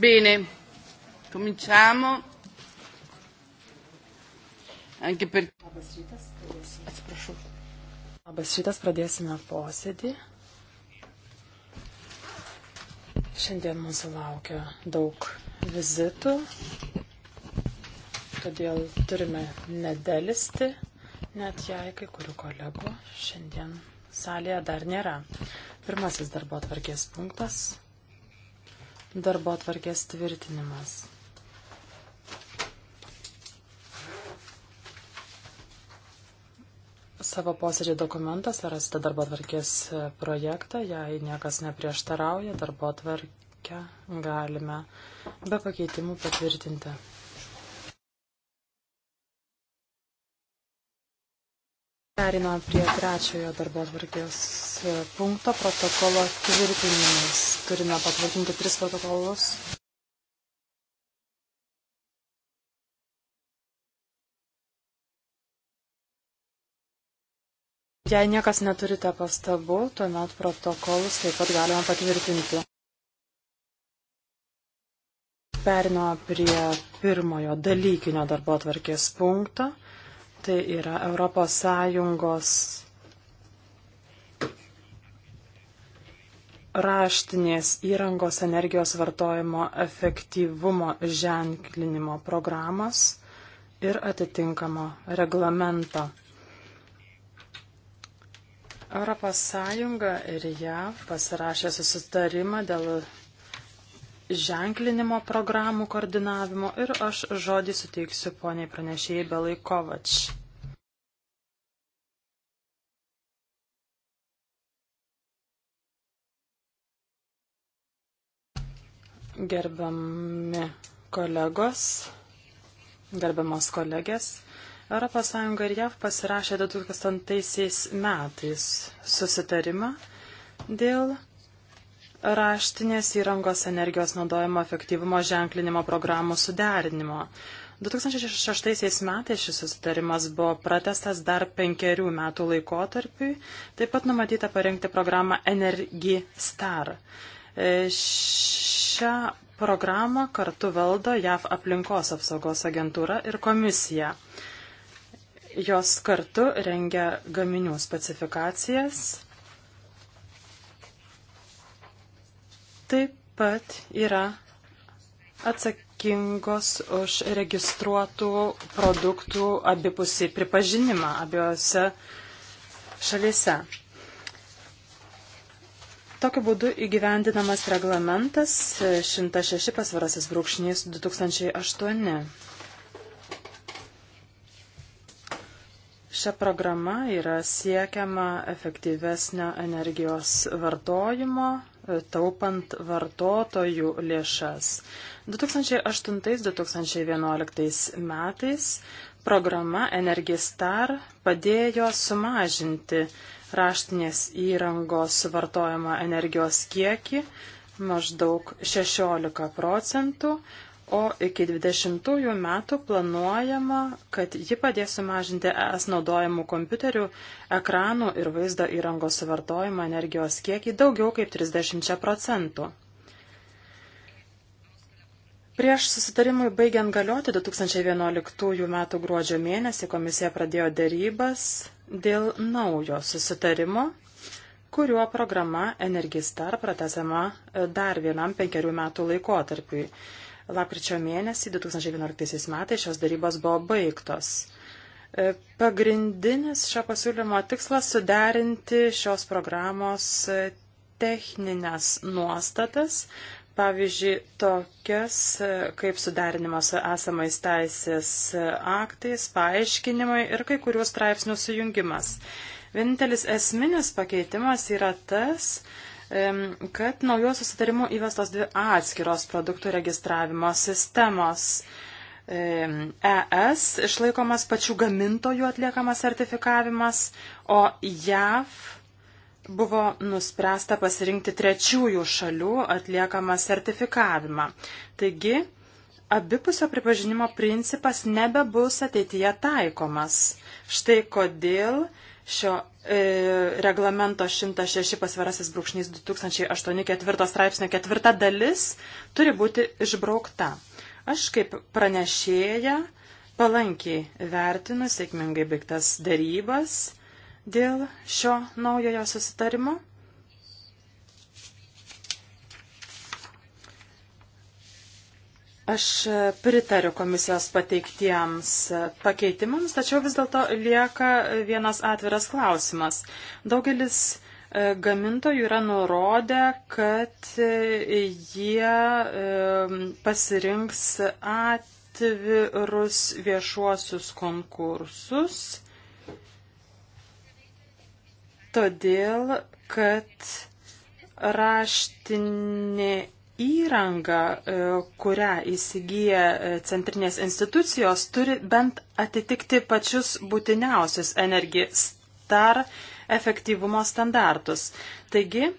Bene, cominciamo. Anche per... Labas rytas, pradėsime. Atsiprašau. Labas rytas, pradėsime posėdį. Šiandien mūsų laukia daug vizitų, todėl turime nedelisti, net jei kai kurių kolegų šiandien salėje dar nėra. Pirmasis darbo atvarkės punktas darbo atvarkės tvirtinimas. Savo posėdžio dokumentas rasite darbo atvarkės projektą, jei niekas neprieštarauja, darbo atvarkę galime be pakeitimų patvirtinti. Perinam prie trečiojo darbo atvarkės punkto protokolo tvirtinimas. Turime patvirtinti tris protokolus. Jei niekas neturite pastabų, tuomet protokolus taip pat galima patvirtinti. Perinome prie pirmojo dalykinio darbo atvarkės punkto. Tai yra Europos Sąjungos raštinės įrangos energijos vartojimo efektyvumo ženklinimo programos ir atitinkamo reglamento. Europos Sąjunga ir JAV pasirašė susitarimą dėl ženklinimo programų koordinavimo ir aš žodį suteiksiu poniai pranešėjai Belai Kovač. Gerbiami kolegos, gerbiamos kolegės, ES ir JAV pasirašė 2000 metais susitarimą dėl raštinės įrangos energijos naudojimo efektyvumo ženklinimo programų suderinimo. 2006 metais šis susitarimas buvo pratestas dar penkerių metų laikotarpiui, taip pat numatyta parengti programą Energy Star. Šią programą kartu valdo JAV aplinkos apsaugos agentūra ir komisija. Jos kartu rengia gaminių specifikacijas. Taip pat yra atsakingos už registruotų produktų abipusį pripažinimą abiejose šalyse. Tokiu būdu įgyvendinamas reglamentas 106 e, pasvarasis brūkšnys 2008. Šią programą yra siekiama efektyvesnio energijos vartojimo, e, taupant vartotojų lėšas. 2008-2011 metais programa Energistar padėjo sumažinti raštinės įrangos vartojama energijos kiekį maždaug 16 procentų, o iki 20 metų planuojama, kad ji padės sumažinti es naudojamų kompiuterių, ekranų ir vaizdo įrangos suvartojimą energijos kiekį daugiau kaip 30 procentų. Prieš susitarimui baigiant galioti 2011 m. gruodžio mėnesį komisija pradėjo dėrybas dėl naujo susitarimo, kuriuo programa Energistar pratesama e, dar vienam penkerių metų laikotarpiui. Lapkričio mėnesį 2011 metais šios darybos buvo baigtos. E, pagrindinis šio pasiūlymo tikslas suderinti šios programos e, techninės nuostatas Pavyzdžiui, tokias e, kaip sudarinimas su esamais teisės aktais, paaiškinimai ir kai kurių straipsnių sujungimas. Vienintelis esminis pakeitimas yra tas, kad naujo susitarimu įvestos dvi atskiros produktų registravimo sistemos. ES e išlaikomas pačių gamintojų atliekamas sertifikavimas, o JAV buvo nuspręsta pasirinkti trečiųjų šalių atliekamą sertifikavimą. Taigi, abipusio pripažinimo principas nebebus ateityje taikomas. Štai kodėl šio e, reglamento 106 pasvirasis brūkšnys 2008 ketvirto straipsnio ketvirta dalis turi būti išbraukta. Aš kaip pranešėja palankiai vertinu sėkmingai baigtas darybas dėl šio naujojo susitarimo. Aš pritariu komisijos pateiktiems pakeitimams, tačiau vis dėlto lieka vienas atviras klausimas. Daugelis e, gamintojų yra nurodę, kad e, jie e, pasirinks atvirus viešuosius konkursus todėl kad raštinė įranga, e, kurią įsigyja e, centrinės institucijos, turi bent atitikti pačius būtiniausius energijos star efektyvumo standartus. Taigi,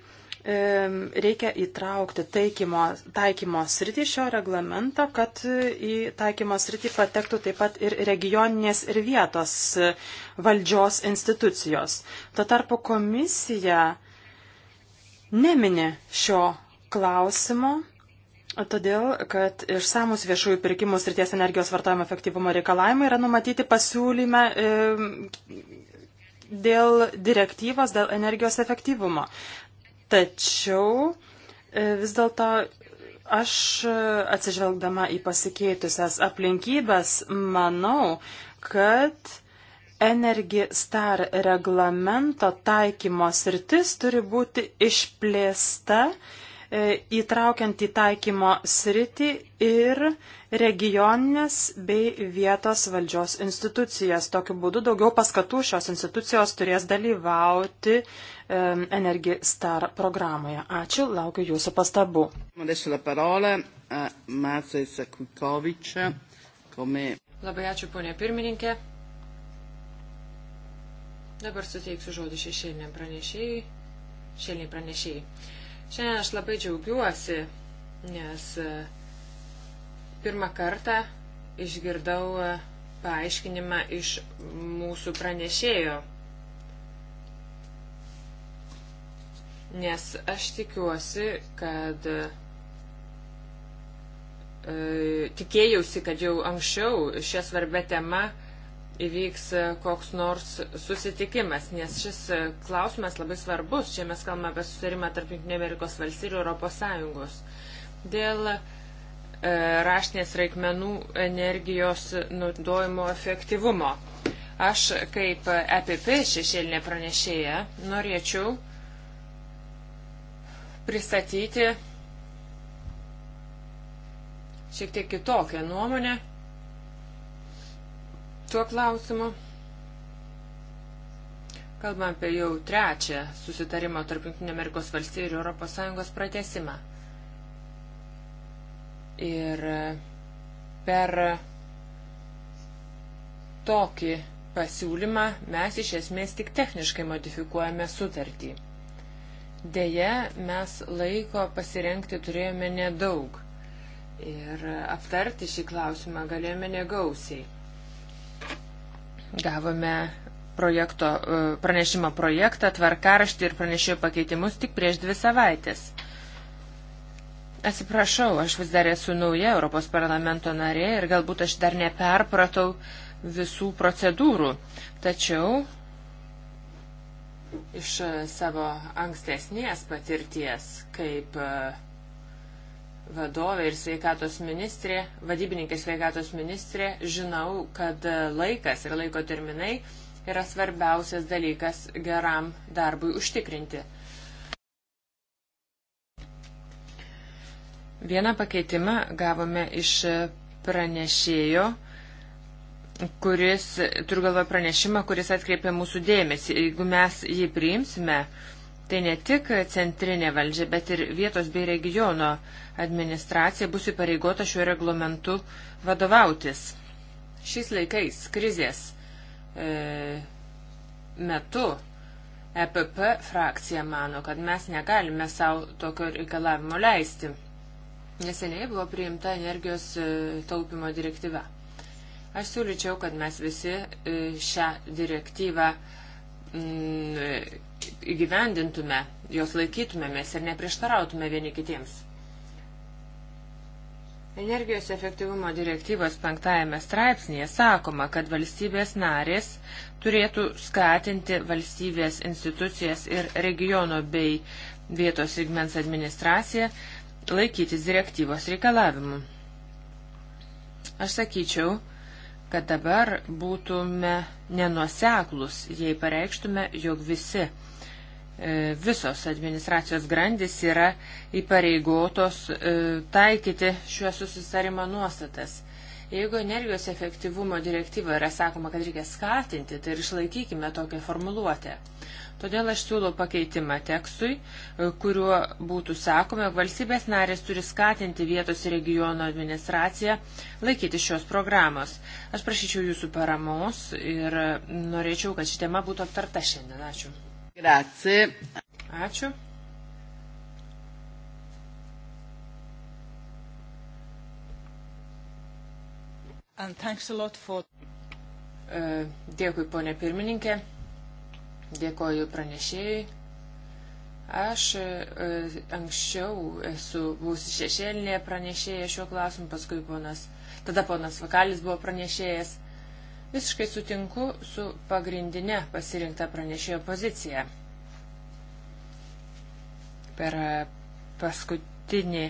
reikia įtraukti taikymo, taikymo sritį šio reglamento, kad į taikymo sritį patektų taip pat ir regioninės ir vietos valdžios institucijos. Tuo tarpu komisija nemini šio klausimo. Todėl, kad išsamus viešųjų pirkimų srities energijos vartojimo efektyvumo reikalavimai yra numatyti pasiūlyme e, dėl direktyvos dėl energijos efektyvumo. Tačiau e, vis dėlto aš e, atsižvelgdama į pasikeitusias aplinkybės manau, kad Energy Star reglamento taikymo sritis turi būti išplėsta E, įtraukiant į taikymo sritį ir regioninės bei vietos valdžios institucijas. Tokiu būdu daugiau paskatų šios institucijos turės dalyvauti e, Energy Star programoje. Ačiū, laukiu jūsų pastabų. Labai ačiū, ponė pirmininkė. Dabar suteiksiu žodį šešėliniam pranešėjai. Šešėliniai pranešėjai. Šiandien aš labai džiaugiuosi, nes e, pirmą kartą išgirdau e, paaiškinimą iš mūsų pranešėjo. Nes aš tikiuosi, kad e, tikėjausi, kad jau anksčiau šią svarbę temą e, įvyks e, koks nors susitikimas, nes šis e, klausimas labai svarbus. Čia mes kalbame apie susitarimą tarp Amerikos valstybių ir Europos Sąjungos. Dėl e, raštinės reikmenų energijos naudojimo efektyvumo. Aš kaip EPP šešėlinė pranešėja norėčiau pristatyti šiek tiek kitokią nuomonę tuo klausimu. Kalbam apie jau trečią susitarimo tarp JAV ir ES pratesimą. Ir e, per tokį pasiūlymą mes iš esmės tik techniškai modifikuojame sutartį. Deja, mes laiko pasirengti turėjome nedaug ir e, aptarti šį klausimą galėjome negausiai. Gavome projekto, e, pranešimo projektą, tvarkaraštį ir pranešėjo pakeitimus tik prieš dvi savaitės. Atsiprašau, aš vis dar esu nauja Europos parlamento narė ir galbūt aš dar neperpratau visų procedūrų. Tačiau iš savo ankstesnės patirties kaip uh, vadovė ir sveikatos ministrė, vadybininkė sveikatos ministrė, žinau, kad laikas ir laiko terminai yra svarbiausias dalykas geram darbui užtikrinti. Vieną pakeitimą gavome iš pranešėjo, kuris, turiu galvą pranešimą, kuris atkreipė mūsų dėmesį. Jeigu mes jį priimsime, Tai ne tik centrinė valdžia, bet ir vietos bei regiono administracija bus įpareigota šiuo reglamentu vadovautis. Šiais laikais krizės e, metu EPP frakcija mano, kad mes negalime savo tokio reikalavimo leisti. Neseniai buvo priimta energijos e, taupimo direktyva. Aš siūlyčiau, kad mes visi e, šią direktyvą mm, įgyvendintume, jos laikytumėmės ir neprieštarautume vieni kitiems. Energijos efektyvumo direktyvos penktajame straipsnėje sakoma, kad valstybės narės turėtų skatinti valstybės institucijas ir regiono bei vietos igmens administraciją laikytis direktyvos reikalavimų. Aš sakyčiau, kad dabar būtume nenuoseklus, jei pareikštume, jog visi E, visos administracijos grandis yra įpareigotos e, taikyti šiuo susitarimo nuostatas. Jeigu energijos efektyvumo direktyva yra sakoma, kad reikia skatinti, tai ir išlaikykime tokią formuluotę. Todėl aš siūlau pakeitimą tekstui, e, kuriuo būtų sakome, valstybės narės turi skatinti vietos regiono administraciją laikyti šios programos. Aš prašyčiau jūsų paramos ir norėčiau, kad ši tema būtų aptarta šiandien. Ačiū. Grazie. Ačiū. For... E, dėkui, ponė pirmininkė. Dėkoju pranešėjai. Aš e, e, anksčiau esu būsi šešėlinė pranešėja šiuo klausimu, paskui ponas, tada ponas Vakalis buvo pranešėjas. Visiškai sutinku su pagrindinė pasirinkta pranešėjo pozicija. Per paskutinį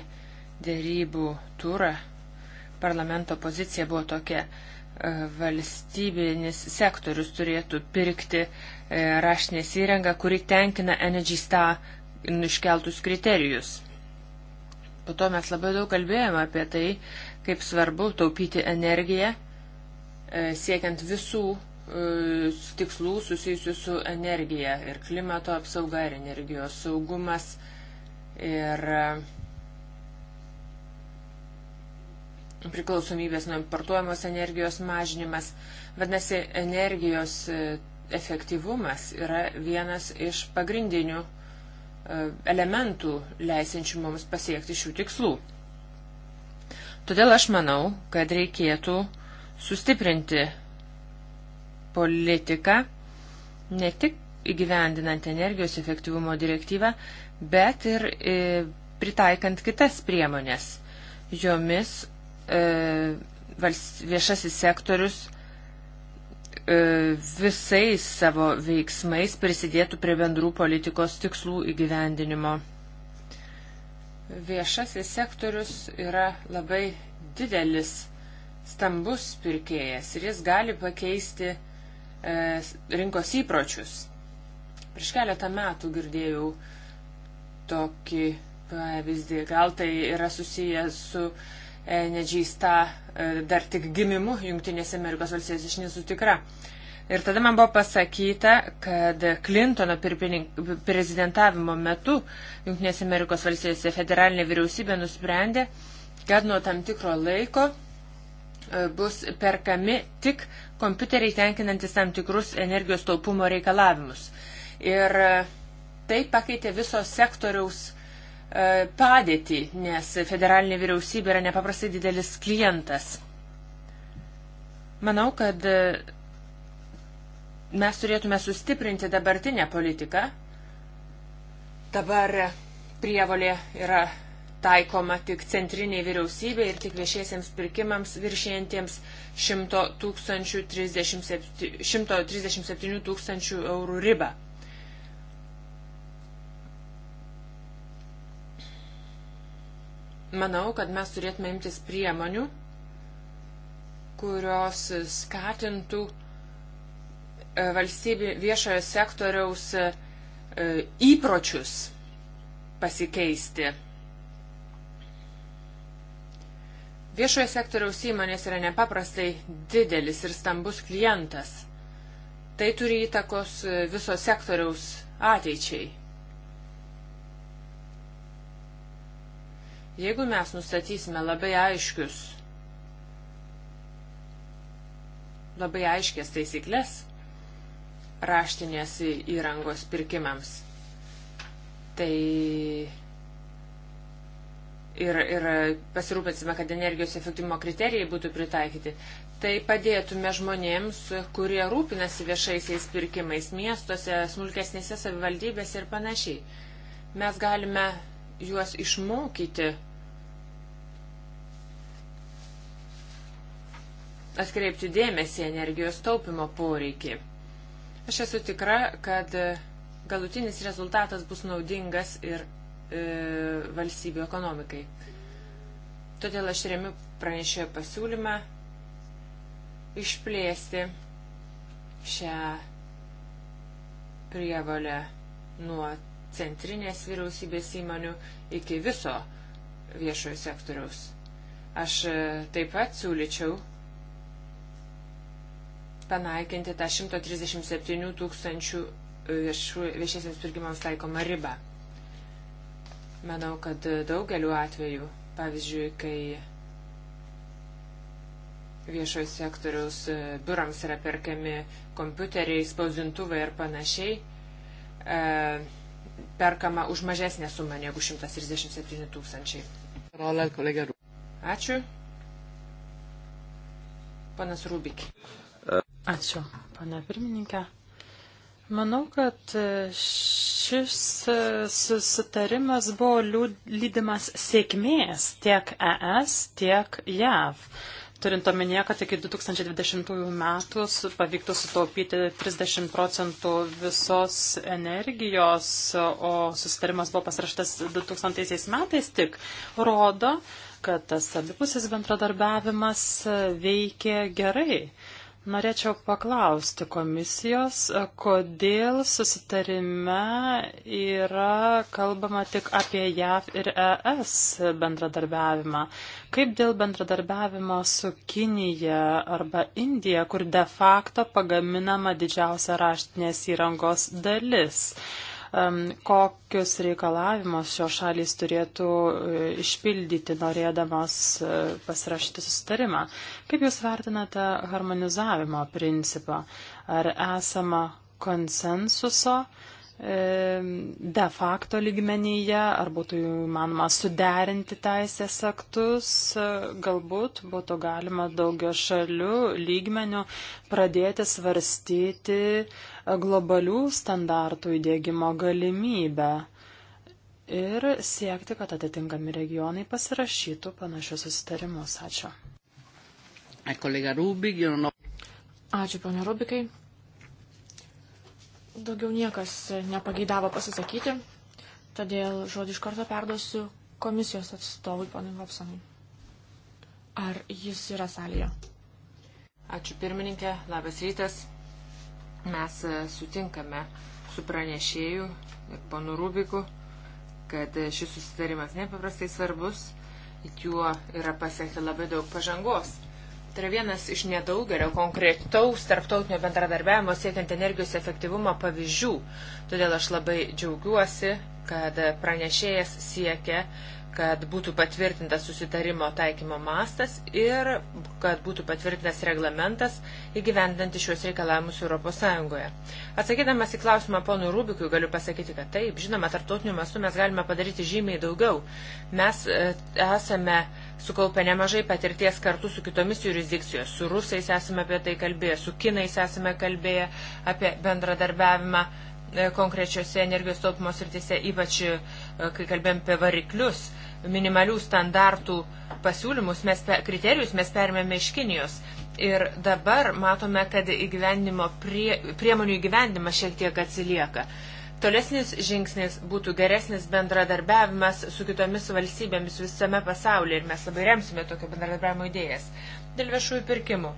dėrybų turą parlamento pozicija buvo tokia e, valstybinis sektorius turėtų pirkti e, rašinės įrangą, kuri tenkina Energy Star iškeltus kriterijus. Po to mes labai daug kalbėjome apie tai, kaip svarbu taupyti energiją E, siekiant visų e, tikslų susijusių su energija ir klimato apsauga ir energijos saugumas ir e, priklausomybės nuo importuojamos energijos mažinimas. Vadinasi, energijos efektyvumas yra vienas iš pagrindinių elementų leisinčių mums pasiekti šių tikslų. Todėl aš manau, kad reikėtų sustiprinti politiką, ne tik įgyvendinant energijos efektyvumo direktyvą, bet ir e, pritaikant kitas priemonės. Jomis e, vals, viešasis sektorius e, visais savo veiksmais prisidėtų prie bendrų politikos tikslų įgyvendinimo. Viešasis sektorius yra labai didelis stambus pirkėjas ir jis gali pakeisti e, rinkos įpročius. Prieš keletą metų girdėjau tokį pavyzdį, gal tai yra susijęs su e, Nedžįsta e, dar tik gimimu Junktinėse Amerikos valstijose, aš nesu tikra. Ir tada man buvo pasakyta, kad Klintono prezidentavimo metu Junktinėse Amerikos valstijose federalinė vyriausybė nusprendė, kad nuo tam tikro laiko E, bus perkami tik kompiuteriai tenkinantis tam tikrus energijos taupumo reikalavimus. Ir e, tai pakeitė viso sektoriaus e, padėtį, nes federalinė vyriausybė yra nepaprastai didelis klientas. Manau, kad mes turėtume sustiprinti dabartinę politiką. Dabar prievolė yra taikoma tik centriniai vyriausybė ir tik viešiesiems pirkimams viršėjantiems 100 137 tūkstančių eurų ribą. Manau, kad mes turėtume imtis priemonių, kurios skatintų e, valstybių viešojo sektoriaus e, įpročius pasikeisti Viešojo sektoriaus įmonės yra nepaprastai didelis ir stambus klientas. Tai turi įtakos e, viso sektoriaus ateičiai. Jeigu mes nustatysime labai aiškius, labai aiškės taisyklės raštinės įrangos pirkimams, tai ir, ir pasirūpinsime, kad energijos efektyvumo kriterijai būtų pritaikyti, tai padėtume žmonėms, kurie rūpinasi viešaisiais pirkimais miestuose, smulkesnėse savivaldybėse ir panašiai. Mes galime juos išmokyti atkreipti dėmesį energijos taupimo poreikį. Aš esu tikra, kad galutinis rezultatas bus naudingas ir E, valstybių ekonomikai. Todėl aš remiu pranešėjo pasiūlymą išplėsti šią prievalę nuo centrinės vyriausybės įmonių iki viso viešojo sektoriaus. Aš e, taip pat siūlyčiau panaikinti tą 137 tūkstančių viešiesiams pirkimams taikomą ribą. Manau, kad daugeliu atveju, pavyzdžiui, kai viešojo sektoriaus e, biurams yra perkami kompiuteriai, spausdintuvai ir panašiai, e, perkama už mažesnę sumą negu 137 tūkstančiai. Ačiū. Panas Rubik. Ačiū, pana pirmininkė. Manau, kad e, šis e, susitarimas buvo lydimas sėkmės tiek ES, tiek JAV. Turint omenyje, kad iki 2020 metų pavyktų sutaupyti 30 procentų visos energijos, o susitarimas buvo pasiraštas 2000 metais tik, rodo, kad tas abipusis bendradarbiavimas e, veikė gerai. Norėčiau paklausti komisijos, e, kodėl susitarime yra kalbama tik apie JAV ir ES bendradarbiavimą. Kaip dėl bendradarbiavimo su Kinija arba Indija, kur de facto pagaminama didžiausia raštinės įrangos dalis? kokius reikalavimus šio šalys turėtų e, išpildyti, norėdamas e, pasirašyti sustarimą. Kaip Jūs vertinate harmonizavimo principą? Ar esama konsensuso? E, de facto lygmenyje, ar būtų įmanoma suderinti teisės aktus, e, galbūt būtų galima daugio šalių lygmenių pradėti svarstyti e, globalių standartų įdėgymo galimybę ir siekti, kad atitinkami regionai pasirašytų panašius susitarimus. Ačiū. Ačiū, ponia Rubikai. Daugiau niekas nepageidavo pasisakyti, todėl žodį iš karto perduosiu komisijos atstovui, ponui Hobsonui. Ar jis yra salėje? Ačiū pirmininkė, labas rytas. Mes e, sutinkame su pranešėju, ponu Rubiku, kad šis susitarimas nepaprastai svarbus, juo yra pasiekti labai daug pažangos Tai yra vienas iš nedaugelio konkretaus tarptautinio bendradarbiavimo siekiant energijos efektyvumo pavyzdžių. Todėl aš labai džiaugiuosi, kad pranešėjas siekia kad būtų patvirtintas susitarimo taikymo mastas ir kad būtų patvirtintas reglamentas įgyvendinti šios reikalavimus ES. Atsakydamas į klausimą ponui Rubikui, galiu pasakyti, kad taip, žinoma, tarptautiniu mastu mes galime padaryti žymiai daugiau. Mes e, esame sukaupę nemažai patirties kartu su kitomis jurisdikcijos. Su rusais esame apie tai kalbėję, su kinais esame kalbėję apie bendradarbiavimą e, konkrečiose energijos taupimo srityse, ypač kai kalbėjom apie variklius, minimalių standartų pasiūlymus, mes, kriterijus mes perėmėme iš Kinijos. Ir dabar matome, kad prie, priemonių įgyvendimas šiek tiek atsilieka. Tolesnis žingsnis būtų geresnis bendradarbiavimas su kitomis valstybėmis visame pasaulyje ir mes labai remsime tokio bendradarbiavimo idėjas. Dėl viešųjų pirkimų.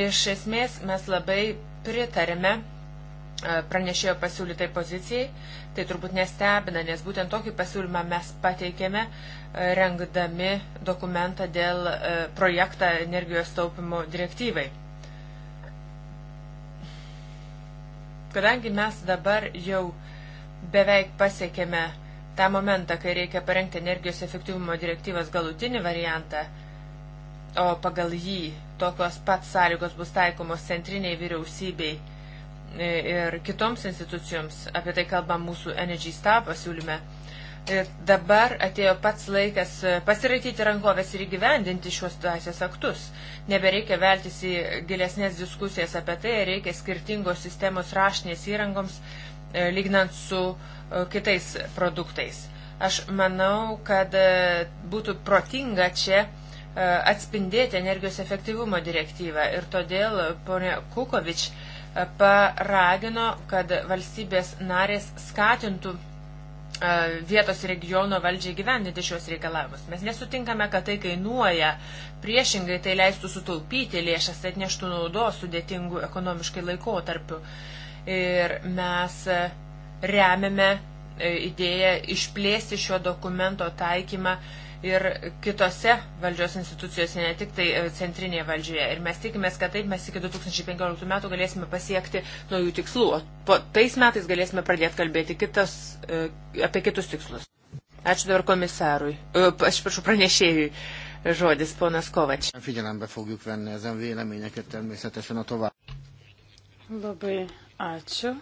Iš esmės mes labai pritarime E, pranešėjo pasiūlytai pozicijai, tai turbūt nestebina, nes būtent tokį pasiūlymą mes pateikėme, e, rengdami dokumentą dėl e, projektą energijos taupimo direktyvai. Kadangi mes dabar jau beveik pasiekėme tą momentą, kai reikia parengti energijos efektyvumo direktyvas galutinį variantą, o pagal jį tokios pat sąlygos bus taikomos centriniai vyriausybei, ir kitoms institucijoms, apie tai kalba mūsų Energy Star pasiūlyme. Ir dabar atėjo pats laikas e, pasiraityti rankovės ir įgyvendinti šiuos teisės aktus. Nebereikia veltis į gilesnės diskusijas apie tai, reikia skirtingos sistemos rašinės įrangoms, e, lygnant su e, kitais produktais. Aš manau, kad būtų protinga čia atspindėti energijos efektyvumo direktyvą ir todėl, ponė Kukovič, paragino, kad valstybės narės skatintų e, vietos regiono valdžiai gyvendinti šios reikalavimus. Mes nesutinkame, kad tai kainuoja, priešingai tai leistų sutaupyti lėšas, tai atneštų naudos sudėtingų ekonomiškai laikotarpių. Ir mes e, remiame e, idėją išplėsti šio dokumento taikymą ir kitose valdžios institucijose, ne tik tai e, centrinėje valdžioje. Ir mes tikimės, kad taip mes iki 2015 metų galėsime pasiekti naujų tikslų, o po tais metais galėsime pradėti kalbėti kitas, e, apie kitus tikslus. Ačiū dabar komisarui, e, aš prašau pranešėjui. Žodis ponas Kovač. Figyelembe fogjuk venni ezen véleményeket természetesen a tovább. Labai ačiū.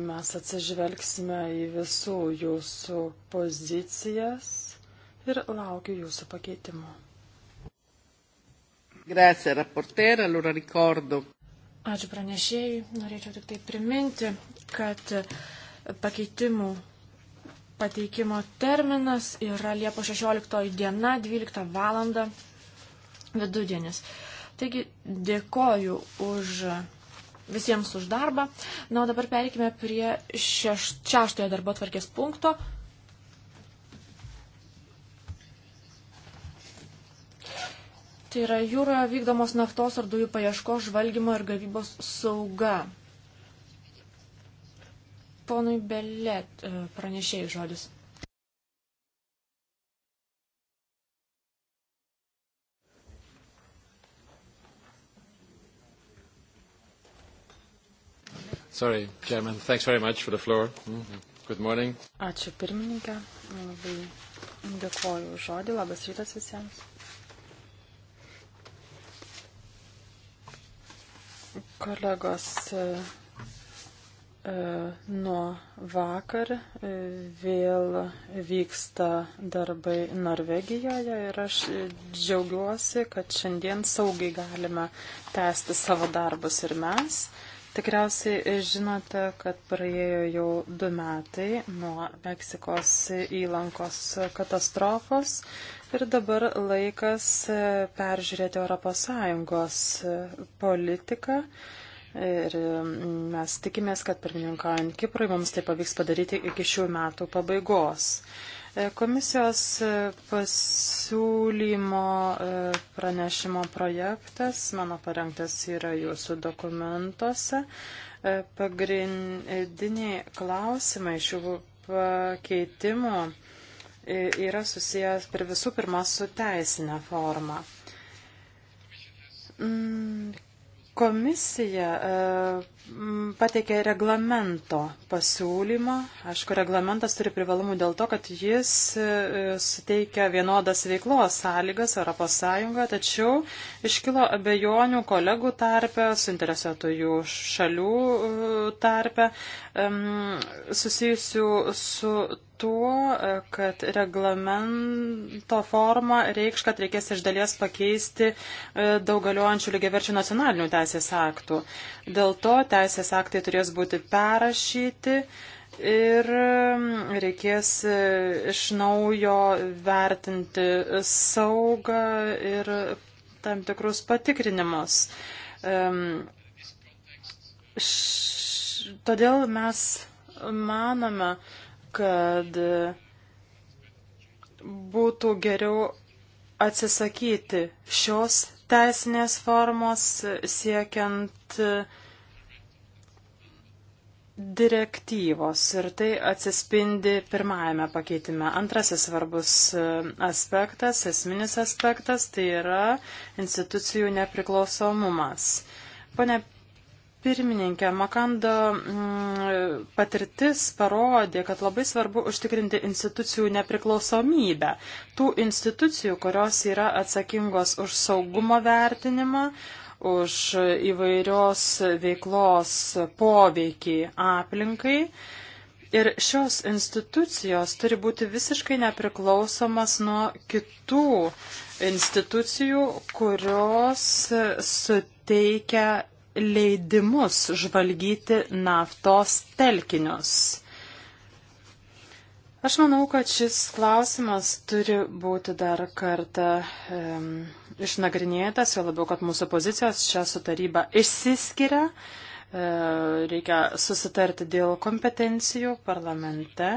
Mes atsižvelgsime į visų jūsų pozicijas ir laukiu jūsų pakeitimų. Grazie, raportėra, allora ricordo. Ačiū pranešėjai. Norėčiau tik tai priminti, kad pakeitimų pateikimo terminas yra Liepo 16 diena, 12 valanda, vidudienis. Taigi dėkoju už visiems už darbą. Na, o dabar perikime prie šeš, šeštojo darbo tvarkės punkto Tai yra jūroje vykdomos naftos ar dujų paieško, žvalgymo ir gavybos sauga. Ponui Belet e, pranešėjai žodis. Sorry, Chairman. Thanks very much for the floor. Mm-hmm. Good morning. Ačiū pirmininkė. Labai dėkuoju už žodį. Labas rytas visiems. Kolegos, e, e, nuo vakar e, vėl vyksta darbai Norvegijoje ir aš džiaugiuosi, kad šiandien saugiai galime tęsti savo darbus ir mes. Tikriausiai žinote, kad praėjo jau du metai nuo Meksikos įlankos katastrofos Ir dabar laikas e, peržiūrėti ES e, politiką. Ir mm, mes tikimės, kad pirmininkaujant Kiprui mums tai pavyks padaryti iki šių metų pabaigos. E, komisijos pasiūlymo pranešimo projektas, mano parengtas yra jūsų dokumentuose. Pagrindiniai klausimai šių pakeitimų yra susijęs per visų pirma su teisinė forma. Mm, komisija e, pateikė reglamento pasiūlymą. Aišku, reglamentas turi privalumų dėl to, kad jis e, suteikia vienodas veiklos sąlygas ES, tačiau iškilo abejonių kolegų tarpe, suinteresuotųjų šalių e, tarpe, susijusių su tuo, e, kad reglamento forma reikš, kad reikės iš dalies pakeisti daug galiojančių lygiaverčių nacionalinių teisės aktų. Dėl to te teisės aktai turės būti perrašyti ir um, reikės uh, iš naujo vertinti saugą ir tam tikrus patikrinimus. Um, todėl mes manome, kad būtų geriau atsisakyti šios teisinės formos siekiant uh, direktyvos ir tai atsispindi pirmajame pakeitime. Antrasis svarbus e, aspektas, esminis aspektas, tai yra institucijų nepriklausomumas. Pane pirmininkė, Makando mm, patirtis parodė, kad labai svarbu užtikrinti institucijų nepriklausomybę. Tų institucijų, kurios yra atsakingos už saugumo vertinimą, už įvairios veiklos poveikį aplinkai. Ir šios institucijos turi būti visiškai nepriklausomas nuo kitų institucijų, kurios suteikia leidimus žvalgyti naftos telkinius. Aš manau, kad šis klausimas turi būti dar kartą um, e, išnagrinėtas, jo labiau, kad mūsų pozicijos čia su taryba išsiskiria. E, reikia susitarti dėl kompetencijų parlamente.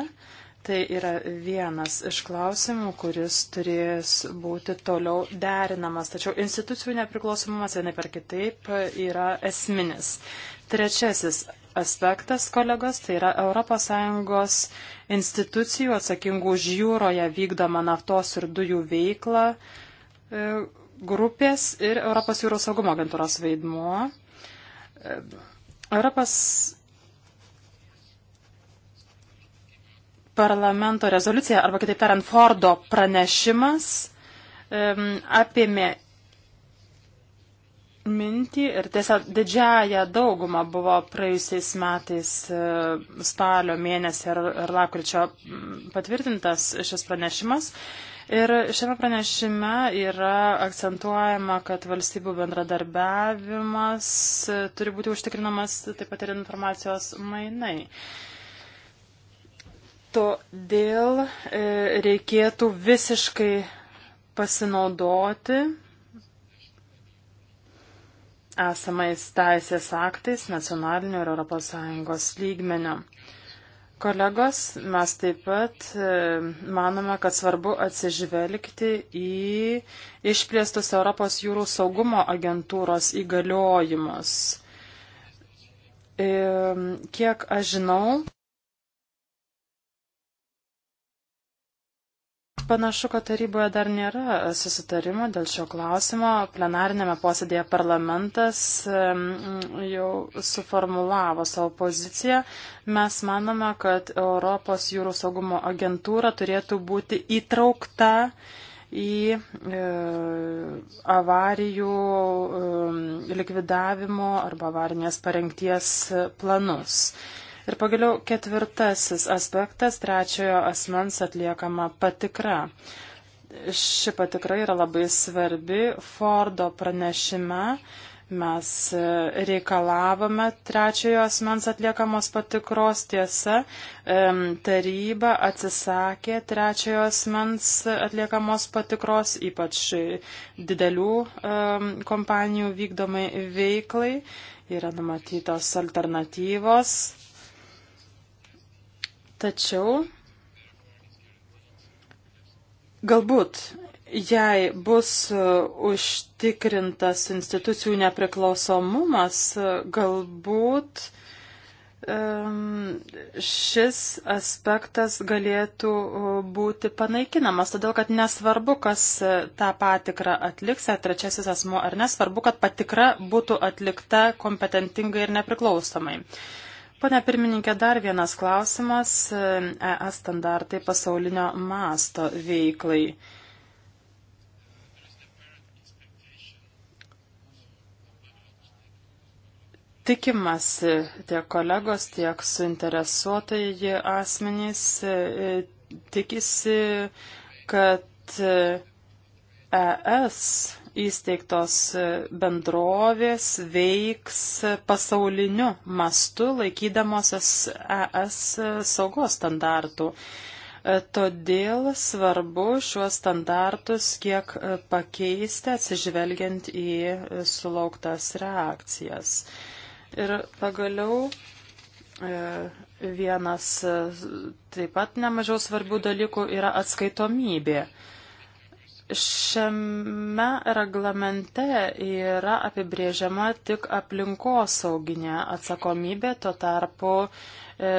Tai yra vienas iš klausimų, kuris turės būti toliau derinamas. Tačiau institucijų nepriklausomumas vienai per kitaip yra esminis. Trečiasis aspektas, kolegos, tai yra ES institucijų atsakingų už jūroje vykdomą naftos ir dujų veiklą e, grupės ir Europos jūros saugumo agentūros vaidmuo. E, Europos parlamento rezoliucija, arba kitaip tariant, Fordo pranešimas apėmė mintį ir tiesiog didžiaja dauguma buvo praėjusiais metais e, spalio mėnesį ir, ir lakrčio patvirtintas šis pranešimas. Ir šiame pranešime yra akcentuojama, kad valstybių bendradarbiavimas e, turi būti užtikrinamas taip pat ir informacijos mainai. Todėl e, reikėtų visiškai pasinaudoti esamais teisės aktais nacionaliniu ir ES lygmeniu. Kolegos, mes taip pat e, manome, kad svarbu atsižvelgti į išplėstus Europos jūrų saugumo agentūros įgaliojimus. E, kiek aš žinau, Panašu, kad taryboje dar nėra susitarimo dėl šio klausimo. Plenarinėme posėdėje parlamentas jau suformulavo savo poziciją. Mes manome, kad Europos jūrų saugumo agentūra turėtų būti įtraukta į e, avarijų likvidavimo arba avarinės parengties planus. Ir pagaliau ketvirtasis aspektas - trečiojo asmens atliekama patikra. Ši patikra yra labai svarbi. Fordo pranešime mes reikalavome trečiojo asmens atliekamos patikros. Tiesa, taryba atsisakė trečiojo asmens atliekamos patikros, ypač didelių kompanijų vykdomai veiklai. Yra numatytos alternatyvos. Tačiau galbūt, jei bus e, užtikrintas institucijų nepriklausomumas, e, galbūt šis aspektas galėtų e, būti panaikinamas, todėl kad nesvarbu, kas tą patikrą atliks, ar trečiasis asmo, ar nesvarbu, kad patikra būtų atlikta kompetentingai ir nepriklausomai. Pone pirmininkė, dar vienas klausimas. ES e standartai pasaulinio masto veiklai. Tikimasi tiek kolegos, tiek suinteresuotai asmenys e, e, tikisi, kad ES įsteigtos bendrovės veiks pasauliniu mastu laikydamosios ES saugos standartų. Todėl svarbu šiuos standartus kiek pakeisti atsižvelgiant į sulauktas reakcijas. Ir pagaliau e, vienas taip pat nemažiau svarbių dalykų yra atskaitomybė. Šiame reglamente yra apibrėžiama tik aplinkosauginė atsakomybė, tuo tarpu e,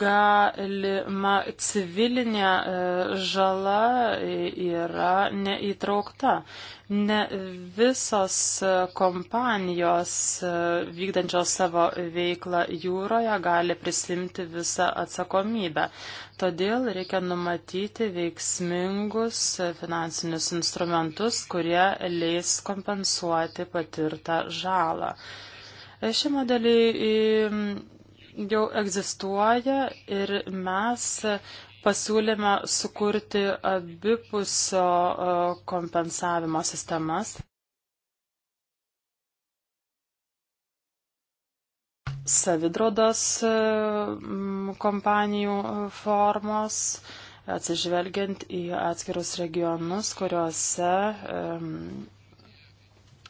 galima civilinė e, žala e, yra neįtraukta. Ne visos e, kompanijos vykdančios savo veiklą jūroje gali prisimti visą atsakomybę. Todėl reikia numatyti veiksmingus finansinius instrumentus, kurie leis kompensuoti patirtą žalą. Šį modelį jau egzistuoja ir mes pasiūlėme sukurti abipusio e, kompensavimo sistemas. Savidrodos e, kompanijų formos, atsižvelgiant į atskirus regionus, kuriuose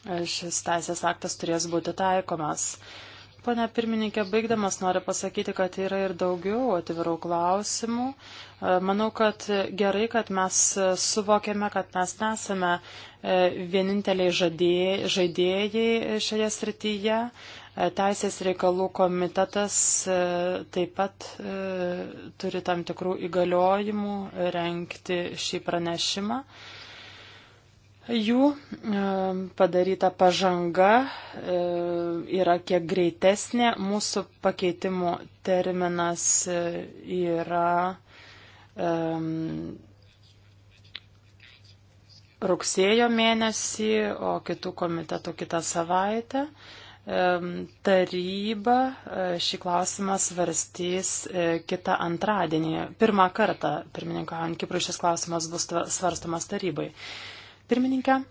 e, šis teisės aktas turės būti taikomas. Pane pirmininkė, baigdamas noriu pasakyti, kad yra ir daugiau atvirų klausimų. E, manau, kad gerai, kad mes suvokėme, kad mes nesame e, vieninteliai žadėjai, žaidėjai šioje srityje. E, Teisės reikalų komitetas taip pat turi tam tikrų įgaliojimų renkti šį pranešimą jų e, padaryta pažanga e, yra kiek greitesnė, mūsų pakeitimo terminas e, yra rugsėjo mėnesį, o kitų komitetų kitą savaitę. Taryba šį klausimą svarstys kitą antradienį. Pirmą kartą, pirmininkaujant Kiprui, šis klausimas bus svarstomas tarybai pirmininkę.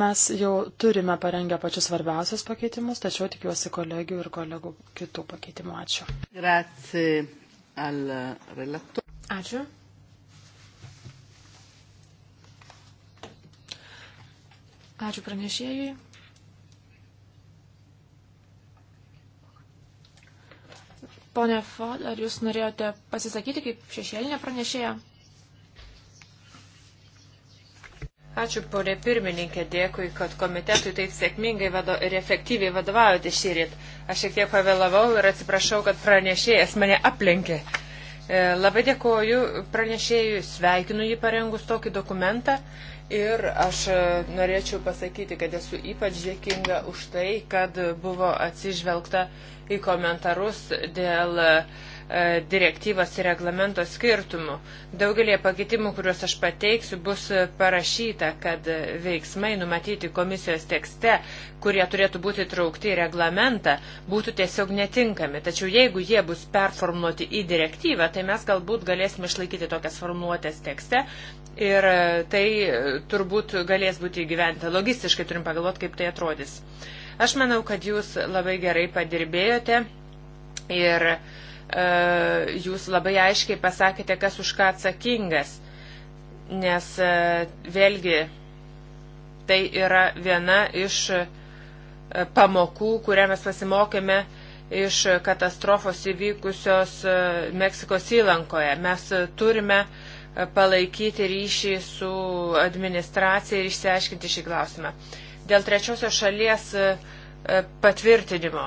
Mes jau turime parengę pačius svarbiausius pakeitimus, tačiau tikiuosi kolegių ir kolegų kitų pakeitimų. Ačiū. Ačiū. Ačiū pranešėjai. Pone Fod, ar jūs norėjote pasisakyti kaip šešėlinė pranešėja? Ačiū, ponė pirmininkė, dėkui, kad komitetui taip sėkmingai vado, ir efektyviai vadovaujate šį rytą. Aš šiek tiek pavėlavau ir atsiprašau, kad pranešėjas mane aplenkė. E, labai dėkoju pranešėjui, sveikinu jį parengus tokį dokumentą Ir aš e, norėčiau pasakyti, kad esu ypač dėkinga už tai, kad buvo atsižvelgta į komentarus dėl uh, E, direktyvos ir reglamento skirtumų. Daugelie pakeitimų, kuriuos aš pateiksiu, bus parašyta, kad veiksmai numatyti komisijos tekste, kurie turėtų būti traukti į reglamentą, būtų tiesiog netinkami. Tačiau jeigu jie bus performuoti į direktyvą, tai mes galbūt galėsime išlaikyti tokias formuotės tekste ir tai turbūt galės būti įgyventa. Logistiškai turim pagalvoti, kaip tai atrodys. Aš manau, kad jūs labai gerai padirbėjote ir uh, E, jūs labai aiškiai pasakėte, kas už ką atsakingas, nes e, vėlgi tai yra viena iš e, pamokų, kurią mes pasimokėme iš katastrofos įvykusios Meksikos įlankoje. Mes turime palaikyti ryšį su administracija ir išsiaiškinti šį klausimą. Dėl trečiosios šalies patvirtinimo.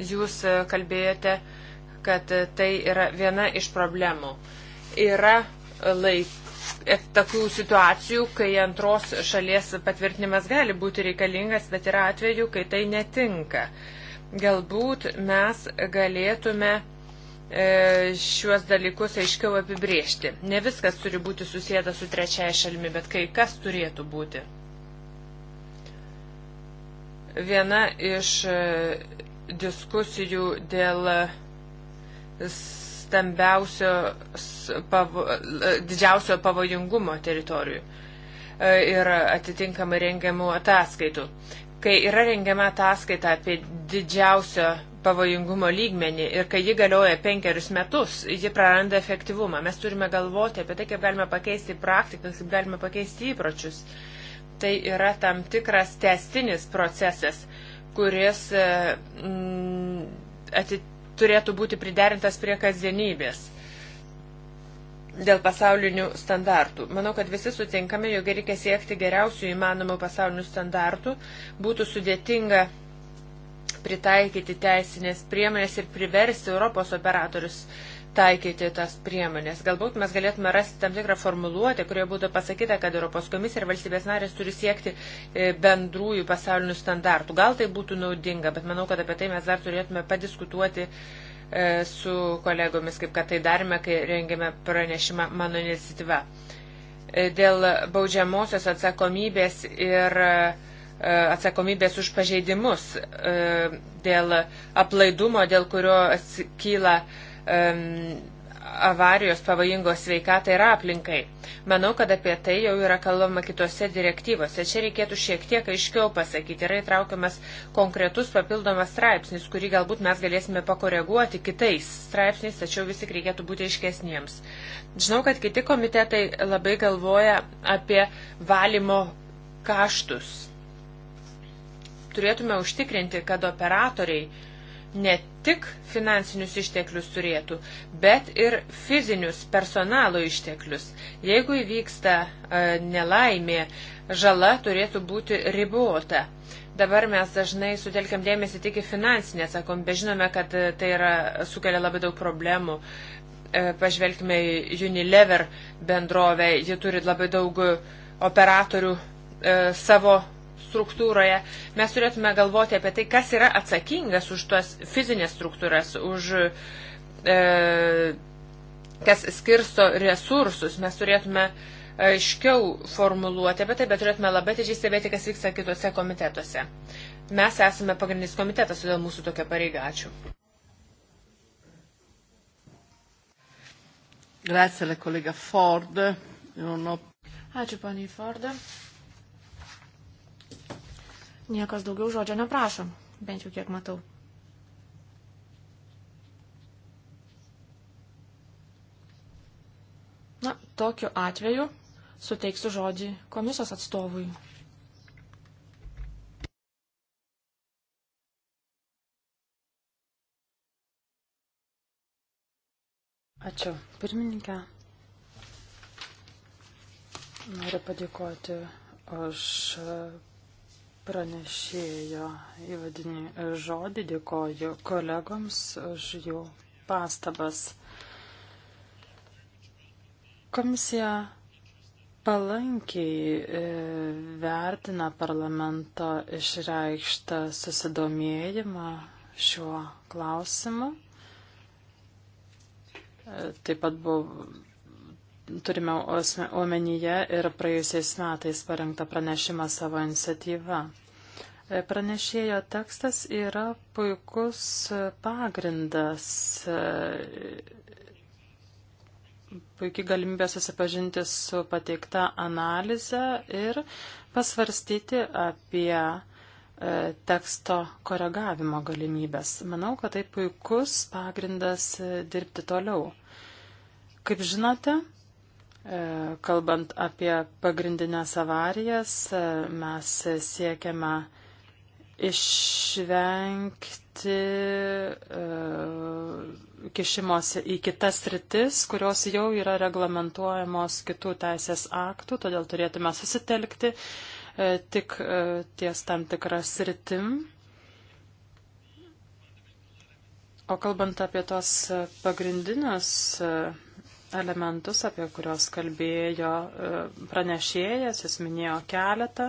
Jūs kalbėjote uh, kad tai yra viena iš problemų. Yra laik, e, tokių situacijų, kai antros šalies patvirtinimas gali būti reikalingas, bet yra atveju, kai tai netinka. Galbūt mes galėtume e, šiuos dalykus aiškiau apibriežti. Ne viskas turi būti susijęta su trečiaja šalimi, bet kai kas turėtų būti. Viena iš e, diskusijų dėl stambiausio, pavo, didžiausio pavojingumo teritorijų e, ir atitinkamai rengiamų ataskaitų. Kai yra rengiama ataskaita apie didžiausio pavojingumo lygmenį ir kai ji galioja penkerius metus, ji praranda efektyvumą. Mes turime galvoti apie tai, kaip galime pakeisti praktikas, kaip galime pakeisti įpročius. Tai yra tam tikras testinis procesas, kuris e, atitinka turėtų būti priderintas prie kasdienybės dėl pasaulinių standartų. Manau, kad visi sutinkame, jog reikia siekti geriausių įmanomų pasaulinių standartų. Būtų sudėtinga pritaikyti teisinės priemonės ir priversti Europos operatorius uh, taikyti tas priemonės. Galbūt mes galėtume rasti tam tikrą formuluotę, kurioje būtų pasakyta, kad Europos komisija ir valstybės narės turi siekti e, bendrųjų pasaulinių standartų. Gal tai būtų naudinga, bet manau, kad apie tai mes dar turėtume padiskutuoti e, su kolegomis, kaip kad tai darėme, kai rengėme pranešimą mano iniciatyva. E, dėl baudžiamosios atsakomybės ir atsakomybės už pažeidimus, dėl aplaidumo, dėl kurio kyla um, avarijos pavojingos sveikatai ir aplinkai. Manau, kad apie tai jau yra kalbama kitose direktyvose. Čia reikėtų šiek tiek aiškiau pasakyti. Yra įtraukiamas konkretus papildomas straipsnis, kurį galbūt mes galėsime pakoreguoti kitais straipsniais, tačiau vis tik reikėtų būti aiškesniems. Žinau, kad kiti komitetai labai galvoja apie valymo kaštus. Turėtume užtikrinti, kad operatoriai ne tik finansinius išteklius turėtų, bet ir fizinius personalo išteklius. Jeigu įvyksta e, nelaimė, žala turėtų būti ribota. Dabar mes dažnai sutelkiam dėmesį tik į finansinę atsakom, bet žinome, kad e, tai yra, sukelia labai daug problemų. E, pažvelgime į Unilever bendrovę, ji turi labai daug operatorių e, savo struktūroje, mes turėtume galvoti apie tai, kas yra atsakingas už tuos fizinės struktūras, už e, kas skirsto resursus. Mes turėtume aiškiau formuluoti apie tai, bet turėtume labai atidžiai stebėti, kas vyksta kitose komitetuose. Mes esame pagrindinis komitetas, todėl mūsų tokia pareiga. Ačiū. Grazie alla collega Ford. Non ho... Ačiū, poniai Ford. Niekas daugiau žodžio neprašom, bent jau kiek matau. Na, tokiu atveju suteiksiu žodį komisijos atstovui. Ačiū, pirmininkė. Noriu padėkoti už pranešėjo įvadinį žodį, dėkoju kolegoms už jų pastabas. Komisija palankiai e, vertina parlamento išreikštą susidomėjimą šiuo klausimu. E, taip pat buvo turime omenyje ir praėjusiais metais parengtą pranešimą savo iniciatyvą. Pranešėjo tekstas yra puikus pagrindas, puikiai galimybė susipažinti su pateikta analize ir pasvarstyti apie e, teksto koregavimo galimybės. Manau, kad tai puikus pagrindas e, dirbti toliau. Kaip žinote, e, kalbant apie pagrindinės avarijas, mes siekiame išvengti e, kišimosi į kitas rytis, kurios jau yra reglamentuojamos kitų teisės aktų, todėl turėtume susitelkti e, tik e, ties tam tikras rytim. O kalbant apie tos pagrindinius e, elementus, apie kuriuos kalbėjo e, pranešėjas, jis minėjo keletą,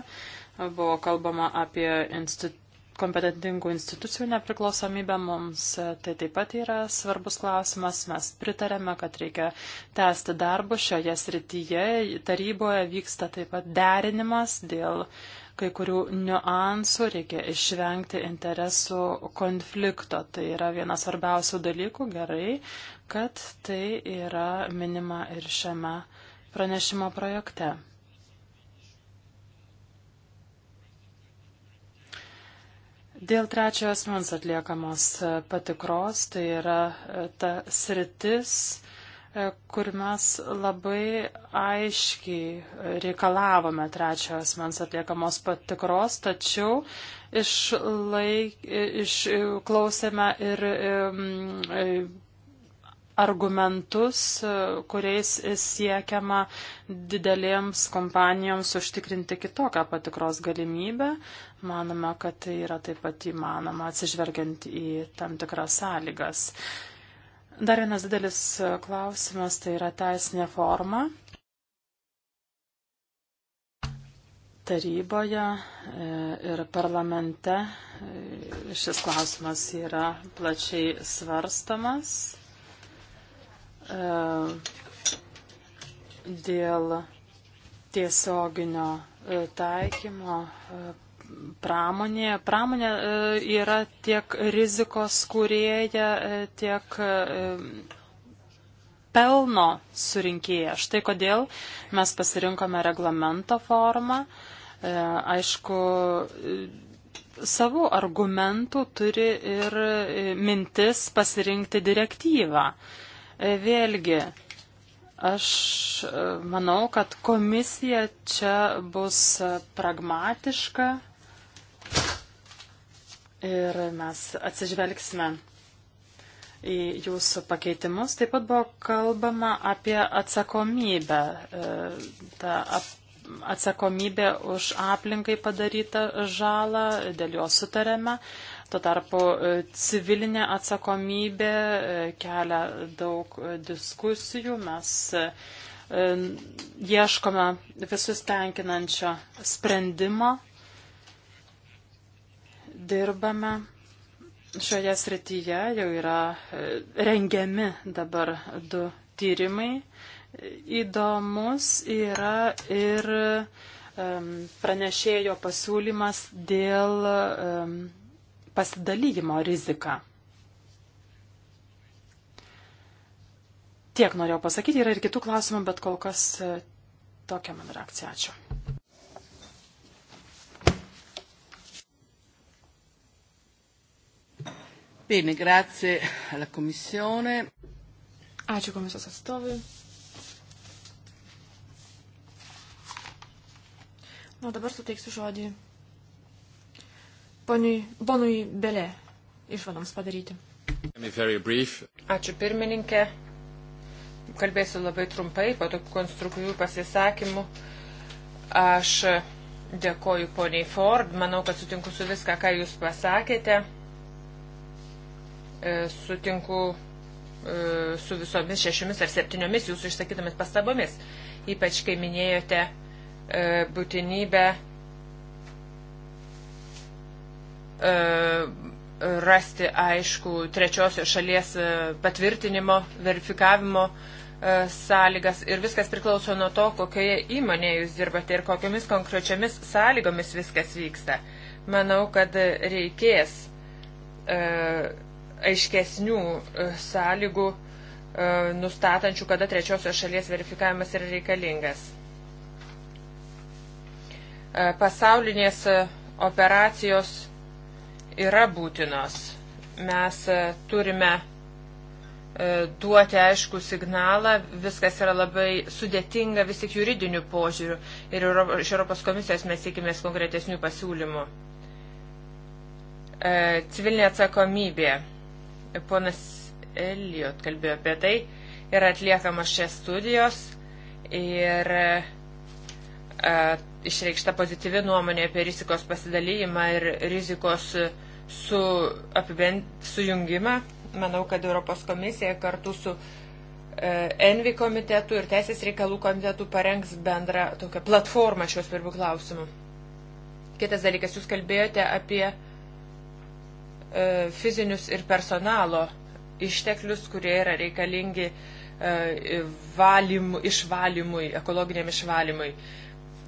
buvo kalbama apie institucijų kompetentingų institucijų nepriklausomybė mums e, tai taip pat yra svarbus klausimas. Mes pritarėme, kad reikia tęsti darbą šioje srityje. Taryboje vyksta taip pat derinimas dėl kai kurių niuansų, reikia išvengti interesų konflikto. Tai yra vienas svarbiausių dalykų, gerai, kad tai yra minima ir šiame pranešimo projekte. Dėl trečiojo asmens atliekamos e, patikros, tai yra e, ta sritis, e, kur mes labai aiškiai reikalavome trečiojo asmens atliekamos patikros, tačiau išlaik, išklausėme ir argumentus, e, kuriais siekiama didelėms kompanijoms užtikrinti kitokią patikros galimybę. Manoma, kad tai yra taip pat įmanoma atsižvelgiant į tam tikras sąlygas. Dar vienas didelis klausimas tai yra teisinė forma. Taryboje e, ir parlamente e, šis klausimas yra plačiai svarstamas. E, dėl tiesioginio e, taikymo e, pramonėje. Pramonė yra tiek rizikos kūrėja, tiek pelno surinkėja. Štai kodėl mes pasirinkome reglamento formą. Aišku, savų argumentų turi ir mintis pasirinkti direktyvą. Vėlgi, aš e, manau, kad komisija čia bus pragmatiška ir mes atsižvelgsime į jūsų pakeitimus. Taip pat buvo kalbama apie atsakomybę. E, Ta atsakomybė už aplinkai padarytą žalą, dėl jo sutarėme. Tuo tarpu e, civilinė atsakomybė e, kelia daug e, diskusijų. Mes ieškome visus tenkinančio sprendimo, dirbame šioje srityje, jau yra rengiami dabar du tyrimai. Įdomus yra ir pranešėjo pasiūlymas dėl pasidalymo riziką. Tiek norėjau pasakyti, yra ir kitų klausimų, bet kol kas e, tokia mano reakcija. Ačiū. Bene, grazie alla Commissione. Ačiū komisijos atstovui. Na, dabar suteiksiu žodį poniui, bonui Belė išvadoms padaryti. Ačiū pirmininkė. Kalbėsiu labai trumpai, po tokių konstruktyvių pasisakymų. Aš dėkoju poniai Ford, manau, kad sutinku su viską, ką jūs pasakėte. E, sutinku e, su visomis šešiomis ar septyniomis jūsų išsakytomis pastabomis, ypač kai minėjote e, būtinybę E, rasti aišku trečiosios šalies e, patvirtinimo, verifikavimo e, sąlygas ir viskas priklauso nuo to, kokioje įmonėje jūs dirbate ir kokiamis konkrečiamis sąlygomis viskas vyksta. Manau, kad reikės aiškesnių sąlygų nustatančių, kada trečiosios šalies verifikavimas yra reikalingas. Pasaulinės operacijos yra būtinos. Mes e, turime e, duoti aišku signalą, viskas yra labai sudėtinga vis tik juridinių požiūrių ir iš Europos komisijos mes tikimės konkretesnių pasiūlymų. E, civilinė atsakomybė. Ponas Elijot kalbėjo apie tai. Yra atliekamas šias studijos ir išreikšta pozityvi nuomonė apie rizikos pasidalyjimą ir rizikos su apibent sujungimą. Manau, kad Europos komisija kartu su e, Envi komitetu ir Teisės reikalų komitetu parengs bendrą tokią platformą šios svarbių klausimų. Kitas dalykas, jūs kalbėjote apie e, fizinius ir personalo išteklius, kurie yra reikalingi e, valym, išvalymui, ekologiniam išvalymui.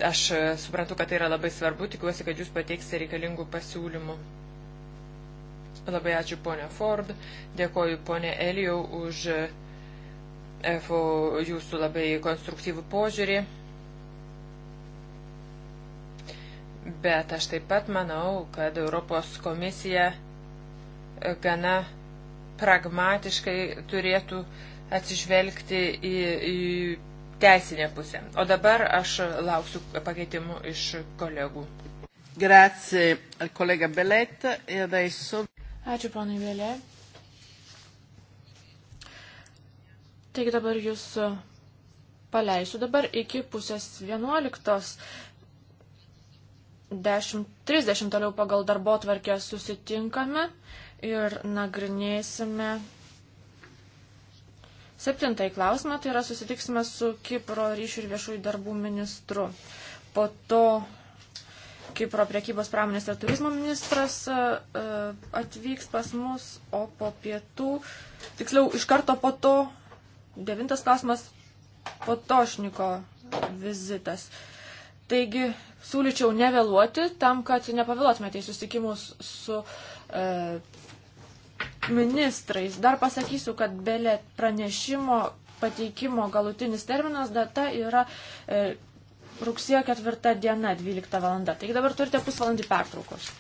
Aš e, suprantu, kad tai yra labai svarbu, tikiuosi, kad jūs pateiksite reikalingų pasiūlymų. Labai ačiū ponė Ford, dėkoju ponė Elijau už e, FO jūsų labai konstruktyvų požiūrį. Bet aš taip pat manau, kad Europos komisija e, gana pragmatiškai turėtų atsižvelgti į, į teisinė pusė. O dabar aš lauksiu pakeitimų iš kolegų. Grazie, kolega Belet. E adesso... Ačiū, ponai Vėlė. Taigi dabar jūs paleisiu dabar iki pusės vienuoliktos. 10.30 toliau pagal darbo tvarkę susitinkame ir nagrinėsime Septintai klausimą, tai yra susitiksime su Kipro ryšių ir viešųjų darbų ministru. Po to Kipro priekybos pramonės ir turizmo ministras e, e, atvyks pas mus, o po pietų, tiksliau, iš karto po to, devintas klausimas, po tošniko vizitas. Taigi, siūlyčiau nevėluoti tam, kad nepavėluotumėte į susitikimus su e, ministrais. Dar pasakysiu, kad belė pranešimo pateikimo galutinis terminas data yra e, rugsėjo 4 diena 12 valanda. Taigi dabar turite pusvalandį pertraukos.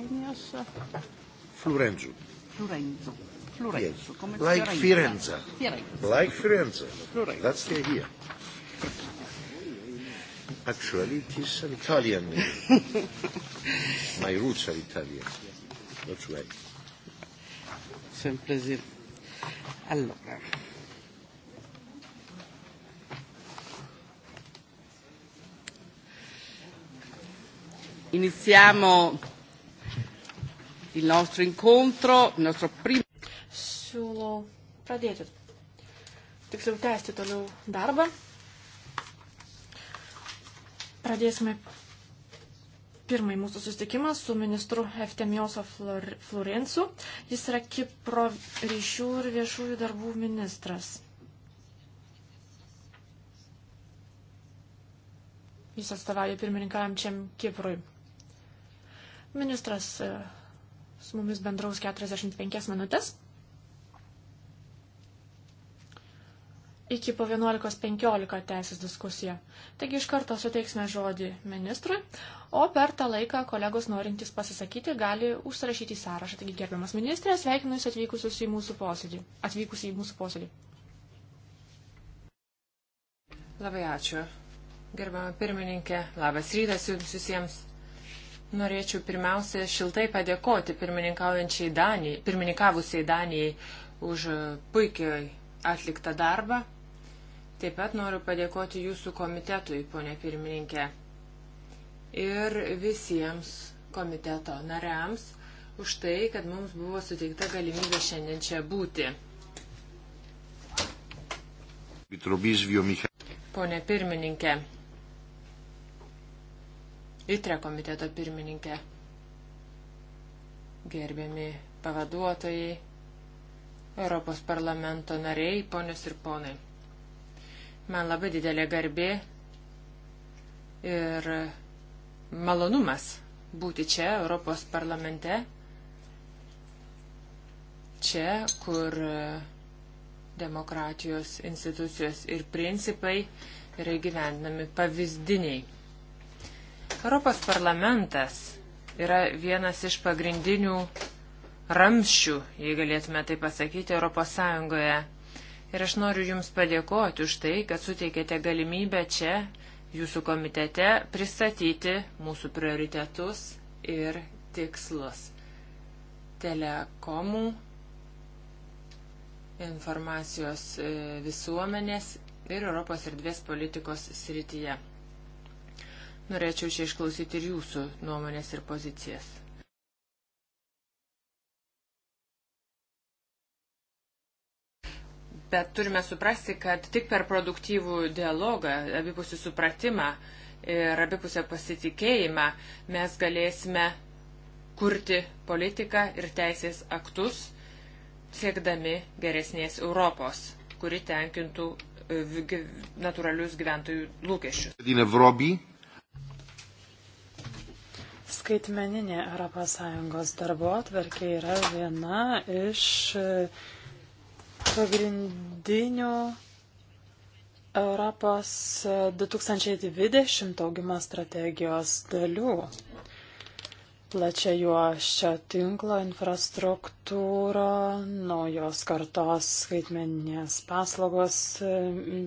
Florenius? Florenzo. Florenzo. Florenzo. Yes. Come like Firenze. Firenze. Like Firenze. Florenzo. That's the idea. Actually, it is an Italian name. My roots are Italian. That's why. It's a pleasure. Allora. Iniziamo il nostro incontro, il nostro primo. Siūlau pradėti. Tiksliau tęsti toliau darbą. Pradėsime pirmąjį mūsų susitikimą su ministru Eftemijoso Florencu. Jis yra Kipro ryšių ir viešųjų darbų ministras. Jis atstovauja pirmininkavimčiam Kiprui. Ministras e, su mumis bendraus 45 minutės. Iki po 11.15 tęsis diskusija. Taigi iš karto suteiksime žodį ministrui, o per tą laiką kolegos norintys pasisakyti gali užsirašyti į sąrašą. Taigi gerbiamas ministrė, sveikinu Jūs atvykusius į mūsų posėdį. Atvykus į mūsų posėdį. Labai ačiū. Gerbama pirmininkė, labas rytas jums visiems. Norėčiau pirmiausia šiltai padėkoti pirmininkaujančiai Danijai, pirmininkavusiai Danijai už puikiai atliktą darbą. Taip pat noriu padėkoti jūsų komitetui, ponė pirmininkė, ir visiems komiteto nariams už tai, kad mums buvo suteikta galimybė šiandien čia būti. Pone pirmininkė, ITRE komiteto pirmininkė, gerbiami pavaduotojai, Europos parlamento nariai, ponios ir ponai. Man labai didelė garbė ir malonumas būti čia, Europos parlamente, čia, kur demokratijos institucijos ir principai yra gyvendami pavyzdiniai. Europos parlamentas yra vienas iš pagrindinių ramščių, jei galėtume tai pasakyti, Europos Sąjungoje. Ir aš noriu Jums padėkoti už tai, kad suteikėte galimybę čia, Jūsų komitete, pristatyti mūsų prioritetus ir tikslus. Telekomų, informacijos e, visuomenės ir Europos erdvės politikos srityje. Norėčiau čia išklausyti ir jūsų nuomonės ir pozicijas. Bet turime suprasti, kad tik per produktyvų dialogą, abipusį supratimą ir abipusę pasitikėjimą mes galėsime kurti politiką ir teisės aktus, siekdami geresnės Europos, kuri tenkintų e, natūralius gyventojų lūkesčius. Skaitmeninė ES darbo atverkė yra viena iš e, pagrindinių Europos 2020 e, augimo strategijos dalių plačia juoščio tinklo infrastruktūra, naujos kartos skaitmeninės paslaugos e,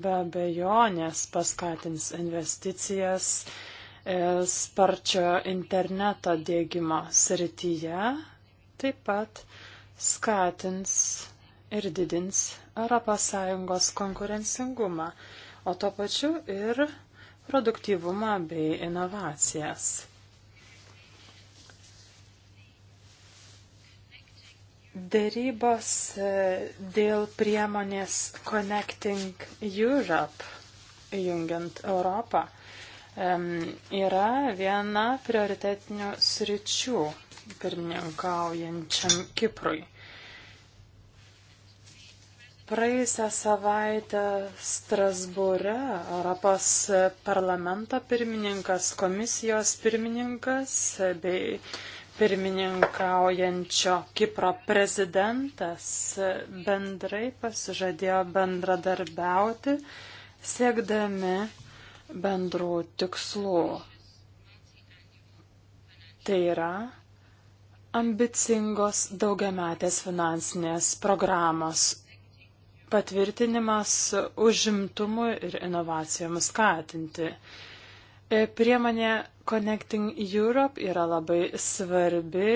be abejonės paskatins investicijas E, sparčio interneto dėgymo srityje taip pat skatins ir didins ES konkurencingumą, o to pačiu ir produktyvumą bei inovacijas. Dėrybos e, dėl priemonės Connecting Europe, jungiant Europą, yra viena prioritetinių sričių pirmininkaujančiam Kiprui. Praėjusią savaitę Strasbūre Europos parlamento pirmininkas, komisijos pirmininkas bei pirmininkaujančio Kipro prezidentas bendrai pasižadėjo bendradarbiauti, siekdami bendrų tikslų. Tai yra ambicingos daugiametės finansinės programos patvirtinimas užimtumui ir inovacijoms skatinti. E, priemonė Connecting Europe yra labai svarbi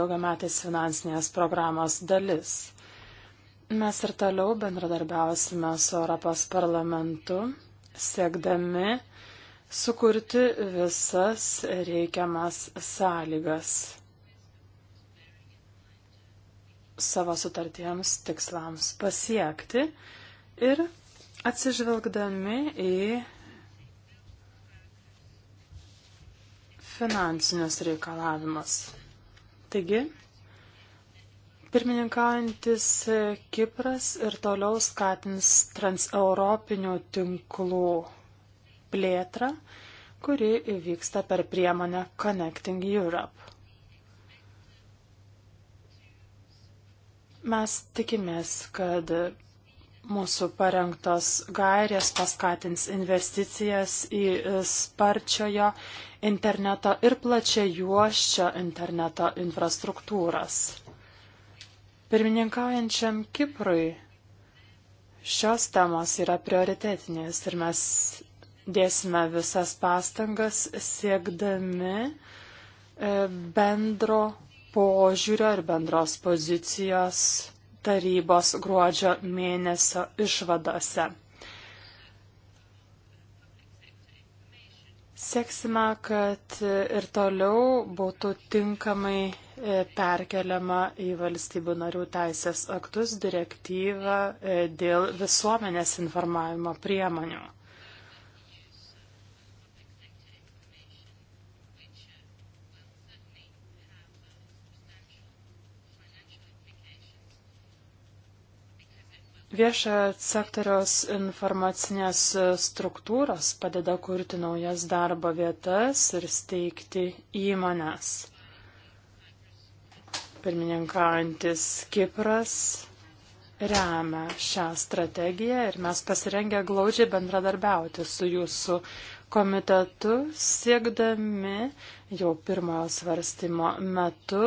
daugiametės finansinės programos dalis. Mes ir toliau bendradarbiausime su Europos parlamentu sekdami sukurti visas reikiamas sąlygas savo sutartiems tikslams pasiekti ir atsižvelgdami į finansinius reikalavimus. Taigi, Pirmininkaujantis Kipras ir toliau skatins transeuropinių tinklų plėtrą, kuri vyksta per priemonę Connecting Europe. Mes tikimės, kad mūsų parengtos gairės paskatins investicijas į sparčiojo interneto ir plačia juoščio interneto infrastruktūras. Pirmininkaujančiam Kiprui šios temos yra prioritetinės ir mes dėsime visas pastangas siekdami e, bendro požiūrio ir bendros pozicijos tarybos gruodžio mėnesio išvadose. Seksime, kad ir toliau būtų tinkamai E, perkeliama į valstybių narių teisės aktus direktyva e, dėl visuomenės informavimo priemonių. Viešojo sektoriaus informacinės struktūros padeda kurti naujas darbo vietas ir steigti įmonės. Pirmininkaujantis Kipras remia šią strategiją ir mes pasirengę glaudžiai bendradarbiauti su jūsų komitetu, siekdami jau pirmojo svarstymo metu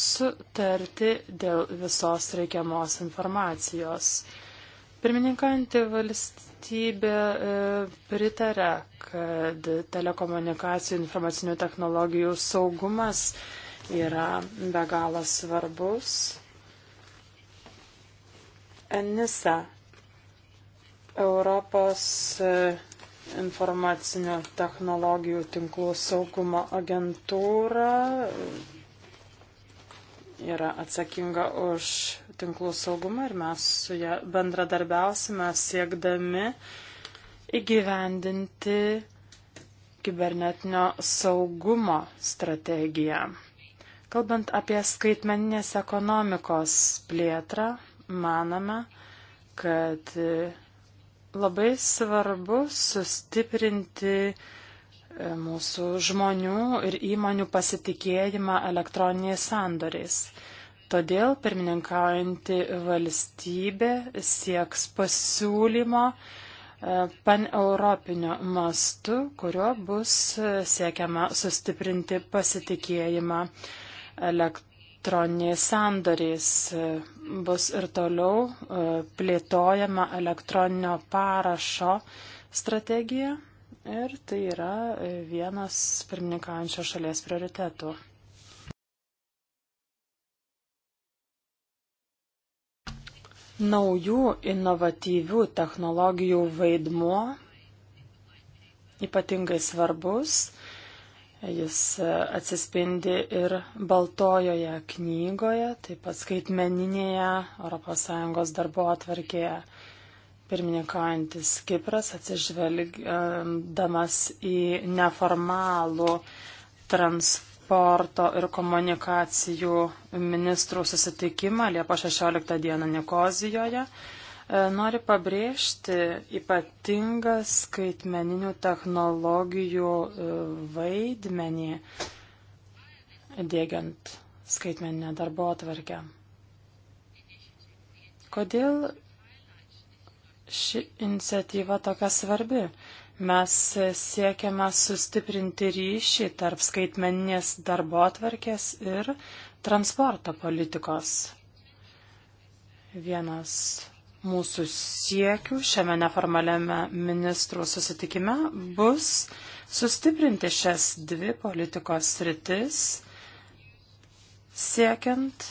sutarti dėl visos reikiamos informacijos. Pirmininkanti valstybė e, pritarė, kad telekomunikacijų informacinių technologijų saugumas yra be galo svarbus. Enisa, Europos e, informacinių technologijų tinklų saugumo agentūra e, yra atsakinga už tinklų saugumą ir mes su ją bendradarbiausime siekdami įgyvendinti kibernetinio saugumo strategiją. Kalbant apie skaitmeninės ekonomikos plėtrą, manome, kad labai svarbu sustiprinti e, mūsų žmonių ir įmonių pasitikėjimą elektroniniais sandoriais. Todėl pirmininkaujanti valstybė sieks pasiūlymo e, paneuropinio mastu, kurio bus siekiama sustiprinti pasitikėjimą elektroniniais sandoriais. Bus ir toliau e, plėtojama elektroninio parašo strategija ir tai yra e, vienas pirmininkaujančios šalies prioritetų. naujų inovatyvių technologijų vaidmuo ypatingai svarbus Jis e, atsispindi ir baltojoje knygoje, taip pat skaitmeninėje ES darbo atvarkėje. Pirmininkaujantis Kipras atsižvelgdamas e, į neformalų transporto ir komunikacijų ministrų susitikimą Liepo 16 dieną Nikozijoje E, noriu pabrėžti ypatingą skaitmeninių technologijų e, vaidmenį dėgiant skaitmeninę darbo atvarkę. Kodėl ši iniciatyva tokia svarbi? Mes siekiame sustiprinti ryšį tarp skaitmeninės darbo atvarkės ir transporto politikos. Vienas mūsų siekių šiame neformaliame ministrų susitikime bus sustiprinti šias dvi politikos sritis, siekiant,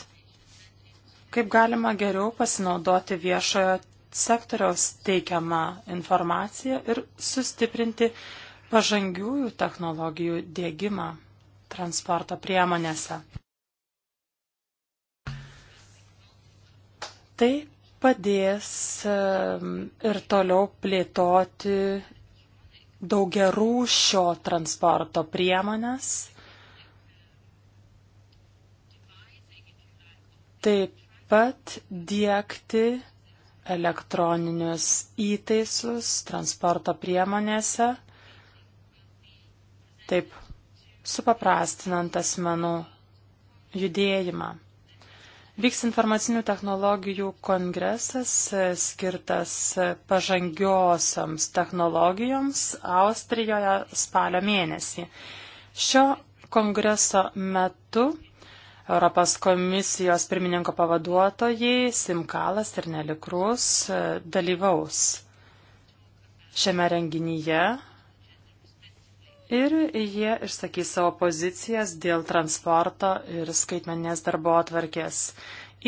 kaip galima geriau pasinaudoti viešojo sektoriaus teikiamą informaciją ir sustiprinti pažangiųjų technologijų dėgymą transporto priemonėse. Tai padės ir toliau plėtoti daugiarūšio transporto priemonės. Taip pat dėkti elektroninius įtaisus transporto priemonėse, taip supaprastinant asmenų judėjimą. Vyks informacinių technologijų kongresas e, skirtas e, pažangiosiams technologijoms Austrijoje spalio mėnesį. Šio kongreso metu Europos komisijos pirmininko pavaduotojai Simkalas ir Nelikrus e, dalyvaus. Šiame renginyje ir jie išsakys savo pozicijas dėl transporto ir skaitmeninės darbo atvarkės.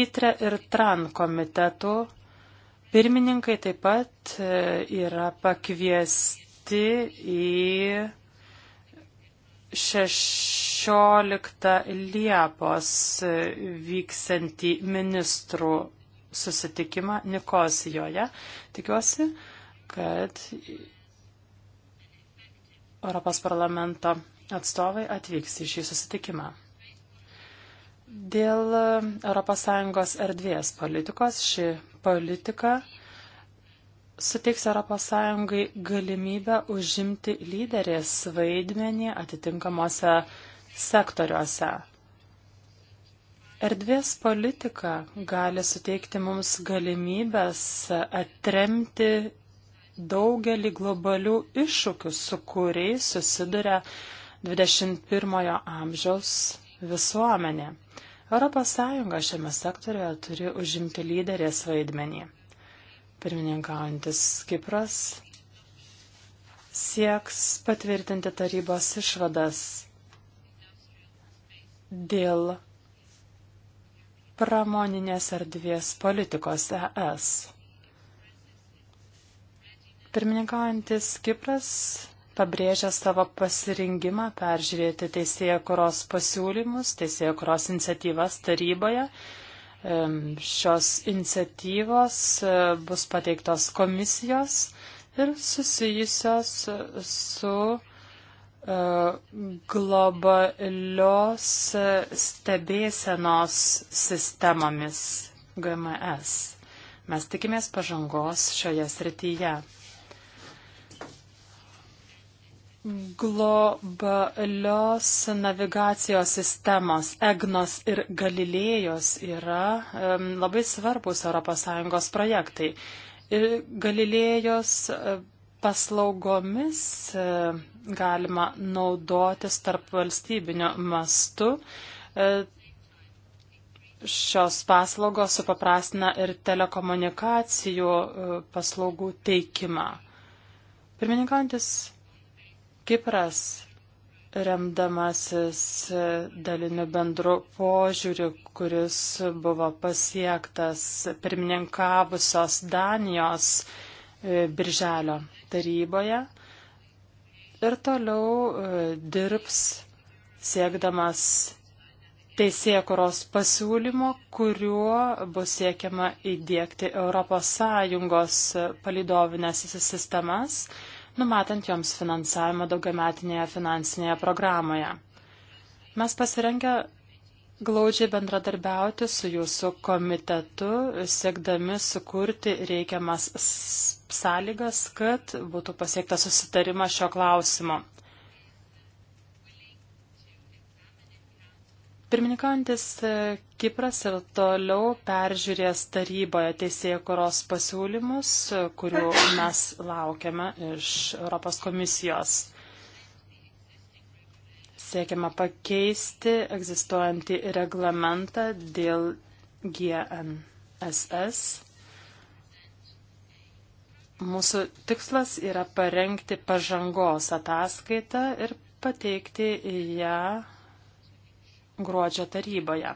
ITRE ir TRAN komitetų pirmininkai taip pat e, yra pakviesti į 16 Liepos e, vyksantį ministrų susitikimą Nikosijoje. Tikiuosi, kad Europos parlamento atstovai atvyks į šį susitikimą. Dėl ES erdvės politikos ši politika suteiks ES galimybę užimti lyderės vaidmenį atitinkamuose sektoriuose. Erdvės politika gali suteikti mums galimybės atremti daugelį globalių iššūkių, su kuriais susiduria 21-ojo amžiaus visuomenė. ES šiame sektorioje turi užimti lyderės vaidmenį. Pirmininkaujantis Kipras sieks patvirtinti tarybos išvadas dėl pramoninės erdvės politikos ES. Pirmininkaujantis Kipras pabrėžia savo pasirinkimą peržiūrėti teisėjo kuros pasiūlymus, teisėjo kuros iniciatyvas taryboje. Šios iniciatyvos e, bus pateiktos komisijos ir susijusios su e, globalios stebėsenos sistemomis GMS. Mes tikimės pažangos šioje srityje. Globalios navigacijos sistemos EGNOS ir Galilėjos yra um, labai svarbus ES projektai. Ir Galilėjos e, paslaugomis uh, galima naudotis tarp valstybinio mastu. Uh, šios paslaugos supaprastina ir telekomunikacijų uh, paslaugų teikimą. Pirmininkantis Kipras, remdamasis daliniu bendru požiūriu, kuris buvo pasiektas pirmininkavusios Danijos e, Birželio taryboje, ir toliau e, dirbs siekdamas teisėkuros pasiūlymo, kuriuo bus siekiama įdėkti ES palidovinės sistemas numatant joms finansavimą daugiametinėje finansinėje programoje. Mes pasirengę glaudžiai bendradarbiauti su jūsų komitetu, siekdami sukurti reikiamas sąlygas, kad būtų pasiektas susitarimas šio klausimo. Pirmininkantis e, Kipras ir toliau peržiūrės taryboje teisėkuros pasiūlymus, e, kurių mes laukiame iš Europos komisijos. Siekiama pakeisti egzistuojantį reglamentą dėl GNSS. Mūsų tikslas yra parengti pažangos ataskaitą ir pateikti ją gruodžio taryboje.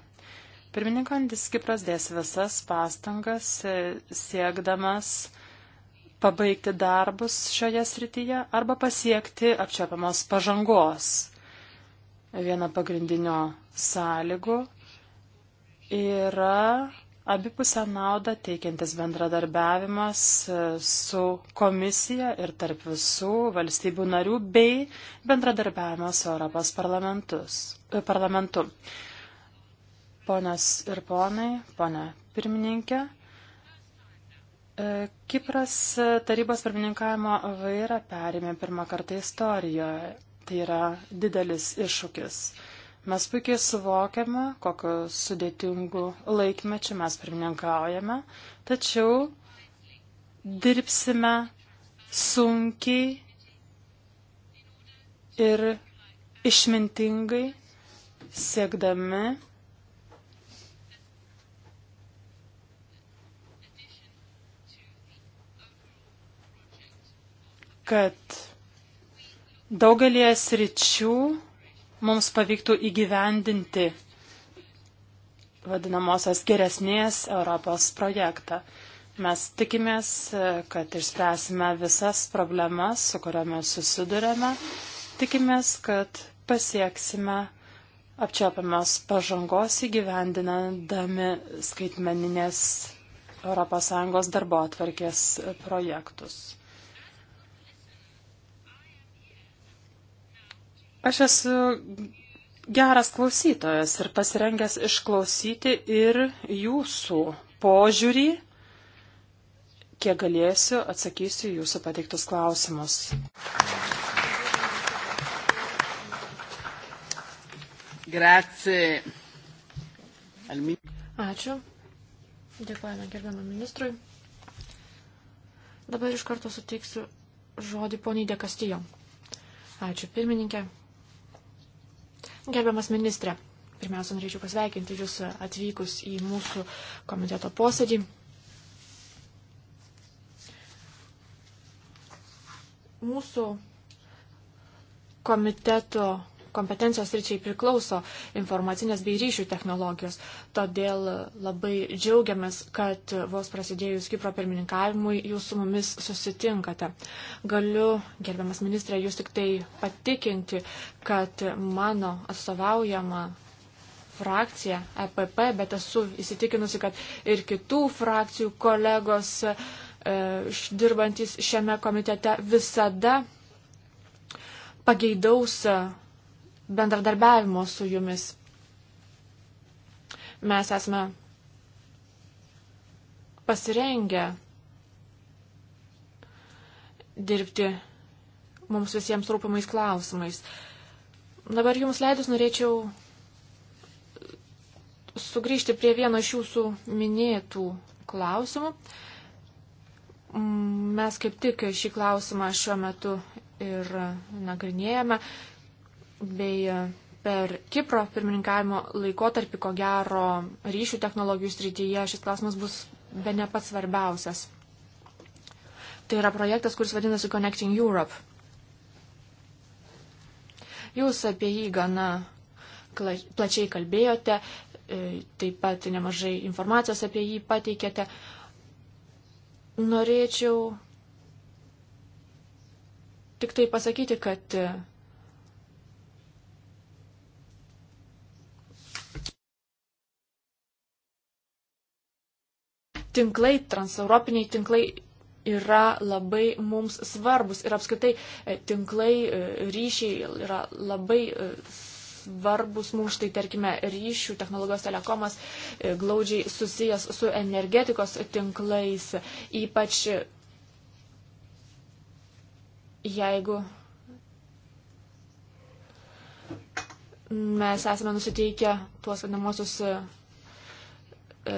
Pirmininkantis Kipras dės visas pastangas e, siekdamas pabaigti darbus šioje srityje arba pasiekti apčiopiamos pažangos. Viena pagrindinio sąlygų yra Abipusę naudą teikiantis bendradarbiavimas e, su komisija ir tarp visų valstybių narių bei bendradarbiavimas su Europos e, parlamentu. Ponios ir ponai, ponia pirmininkė, e, Kipras tarybos pirmininkavimo vairą perėmė pirmą kartą istorijoje. Tai yra didelis iššūkis. Mes puikiai suvokiame, kokiu sudėtingu laikmečiu mes pirmininkaujame, tačiau dirbsime sunkiai ir išmintingai siekdami kad daugelie sričių mums pavyktų įgyvendinti vadinamosios geresnės Europos projektą. Mes tikimės, e, kad išspręsime visas problemas, su kuriomis susidurėme. Tikimės, kad pasieksime apčiopiamas pažangos įgyvendinami skaitmeninės ES darbo atvarkės projektus. Aš esu geras klausytojas ir pasirengęs išklausyti ir jūsų požiūrį. Kiek galėsiu, atsakysiu jūsų pateiktus klausimus. Grazie. Ačiū. Dėkojame gerbiamam ministrui. Dabar iš karto suteiksiu žodį poniai Dekastijo. Ačiū pirmininkė. Gerbiamas ministrė, pirmiausia, norėčiau pasveikinti Jūs atvykus į mūsų komiteto posėdį. Mūsų komiteto kompetencijos ryčiai priklauso informacinės bei ryšių technologijos. Todėl labai džiaugiamės, kad vos prasidėjus Kipro pirmininkavimui jūs su mumis susitinkate. Galiu, gerbiamas ministrė, jūs tik tai patikinti, kad mano atstovaujama frakcija EPP, bet esu įsitikinusi, kad ir kitų frakcijų kolegos e, dirbantis šiame komitete visada pageidaus bendradarbiavimo su jumis. Mes esame pasirengę dirbti mums visiems rūpimais klausimais. Dabar jums leidus norėčiau sugrįžti prie vieno iš jūsų minėtų klausimų. Mes kaip tik šį klausimą šiuo metu ir nagrinėjame bei e, per Kipro pirmininkavimo laikotarpį, ko gero, ryšių technologijų srityje šis klausimas bus be ne pats svarbiausias. Tai yra projektas, kuris vadinasi Connecting Europe. Jūs apie jį gana plačiai kalbėjote, e, taip pat nemažai informacijos apie jį pateikėte. Norėčiau tik tai pasakyti, kad e, tinklai, transeuropiniai tinklai yra labai mums svarbus ir apskritai e, tinklai, e, ryšiai yra labai e, svarbus mums, tai tarkime, ryšių technologijos telekomas glaudžiai susijęs su energetikos tinklais, ypač jeigu mes esame nusiteikę tuos vadinamosius e,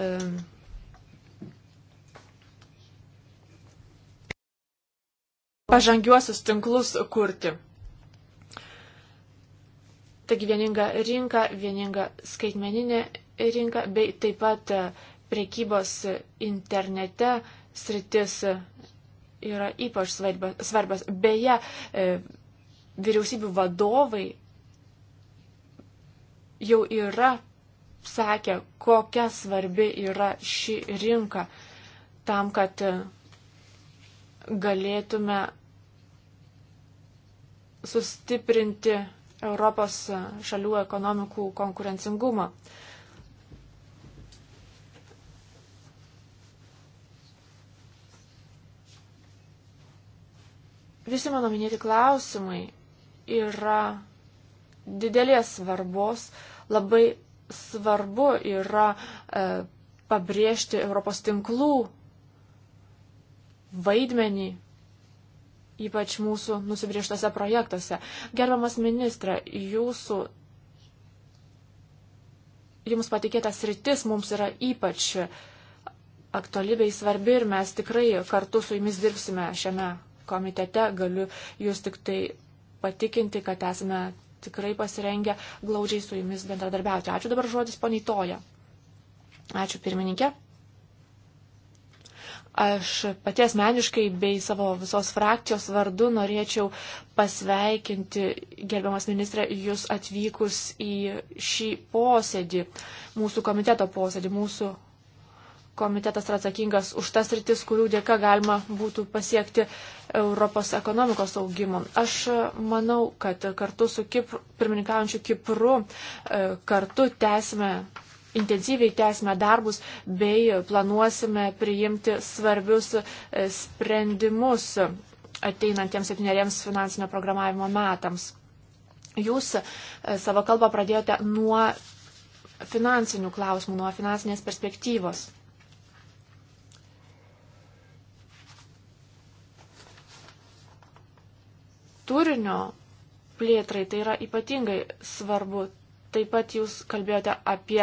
pažangiuosius tinklus kurti. Taigi vieninga rinka, vieninga skaitmeninė rinka, bei taip pat e, prekybos internete sritis yra ypač svarbios. Beje, e, vyriausybių vadovai jau yra sakę, kokia svarbi yra ši rinka tam, kad e, galėtume sustiprinti Europos šalių ekonomikų konkurencingumą. Visi mano minėti klausimai yra didelės svarbos, labai svarbu yra e, pabrėžti Europos tinklų vaidmenį ypač mūsų nusibrieštose projektuose. Gerbiamas ministra, jūsų, jums patikėtas rytis mums yra ypač aktualybei svarbi ir mes tikrai kartu su jumis dirbsime šiame komitete. Galiu jūs tik tai patikinti, kad esame tikrai pasirengę glaudžiai su jumis bendradarbiauti. Ačiū dabar žodis ponytoja. Ačiū pirmininkė. Aš pati asmeniškai bei savo visos frakcijos vardu norėčiau pasveikinti, gerbiamas ministrė, jūs atvykus į šį posėdį, mūsų komiteto posėdį, mūsų komitetas yra atsakingas už tas rytis, kurių dėka galima būtų pasiekti Europos ekonomikos augimo. Aš manau, kad kartu su Kipru, pirmininkaujančiu Kipru e, kartu tęsime intensyviai tęsime darbus bei planuosime priimti svarbius e, sprendimus ateinantiems septyneriems finansinio programavimo metams. Jūs e, savo kalbą pradėjote nuo finansinių klausimų, nuo finansinės perspektyvos. Turinio plėtrai tai yra ypatingai svarbu Taip pat jūs kalbėjote apie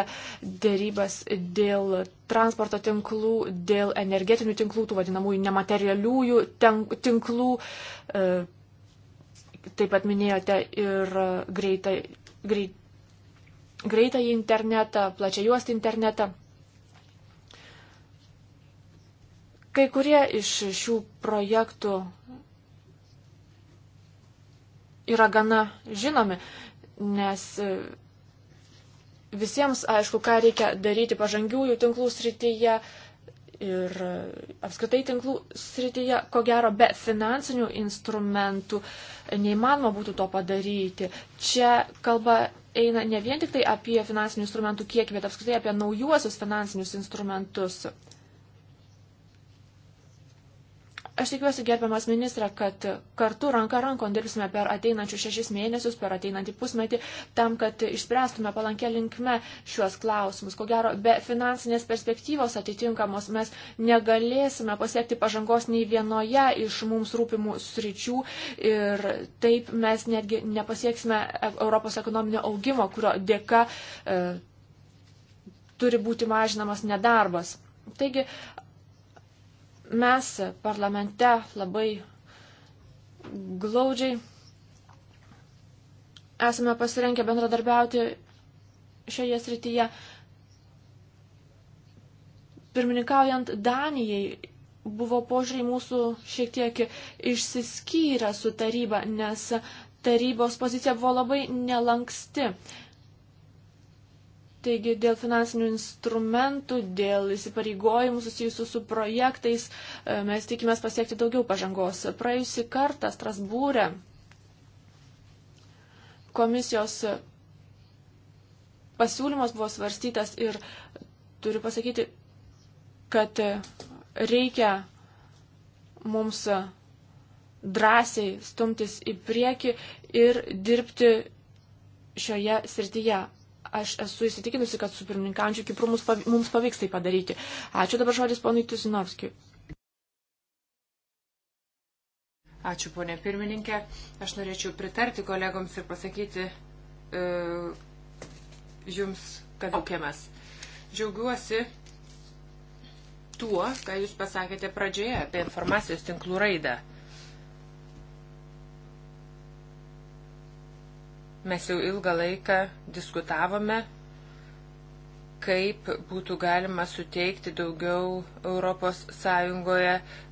dėrybas dėl transporto tinklų, dėl energetinių tinklų, tų vadinamųjų nematerialiųjų tinklų. E, taip pat minėjote ir greitą, greit, greitą internetą, plačią juostą internetą. Kai kurie iš šių projektų yra gana žinomi, nes visiems aišku, ką reikia daryti pažangiųjų tinklų srityje ir apskritai tinklų srityje, ko gero, be finansinių instrumentų neįmanoma būtų to padaryti. Čia kalba eina ne vien tik tai apie finansinių instrumentų kiekį, bet apskritai apie naujuosius finansinius instrumentus. Aš tikiuosi, gerbiamas ministra, kad kartu ranka rankon dirbsime per ateinančius šešis mėnesius, per ateinantį pusmetį, tam, kad išspręstume palankę linkme šiuos klausimus. Ko gero, be finansinės perspektyvos atitinkamos mes negalėsime pasiekti pažangos nei vienoje iš mums rūpimų sričių ir taip mes netgi nepasieksime Europos ekonominio augimo, kurio dėka e, turi būti mažinamas nedarbas. Taigi Mes parlamente labai glaudžiai esame pasirenkę bendradarbiauti šioje srityje. Pirmininkaujant Danijai buvo požiūriai mūsų šiek tiek išsiskyrę su taryba, nes tarybos pozicija buvo labai nelanksti. Taigi dėl finansinių instrumentų, dėl įsipareigojimų susijusių su projektais e, mes tikimės pasiekti daugiau pažangos. Praėjusį kartą Strasbūrė komisijos pasiūlymas buvo svarstytas ir turiu pasakyti, kad reikia mums drąsiai stumtis į priekį ir dirbti šioje srityje aš esu įsitikinusi, kad su pirmininkaujančiu Kipru mums, pav mums pavyks tai padaryti. Ačiū dabar žodis ponui Tusinovskijui. Ačiū, ponė pirmininkė. Aš norėčiau pritarti kolegoms ir pasakyti e, jums, kad laukiamės. Džiaugiuosi tuo, ką jūs pasakėte pradžioje apie informacijos tinklų raidą. Mes jau ilgą laiką diskutavome, kaip būtų galima suteikti daugiau ES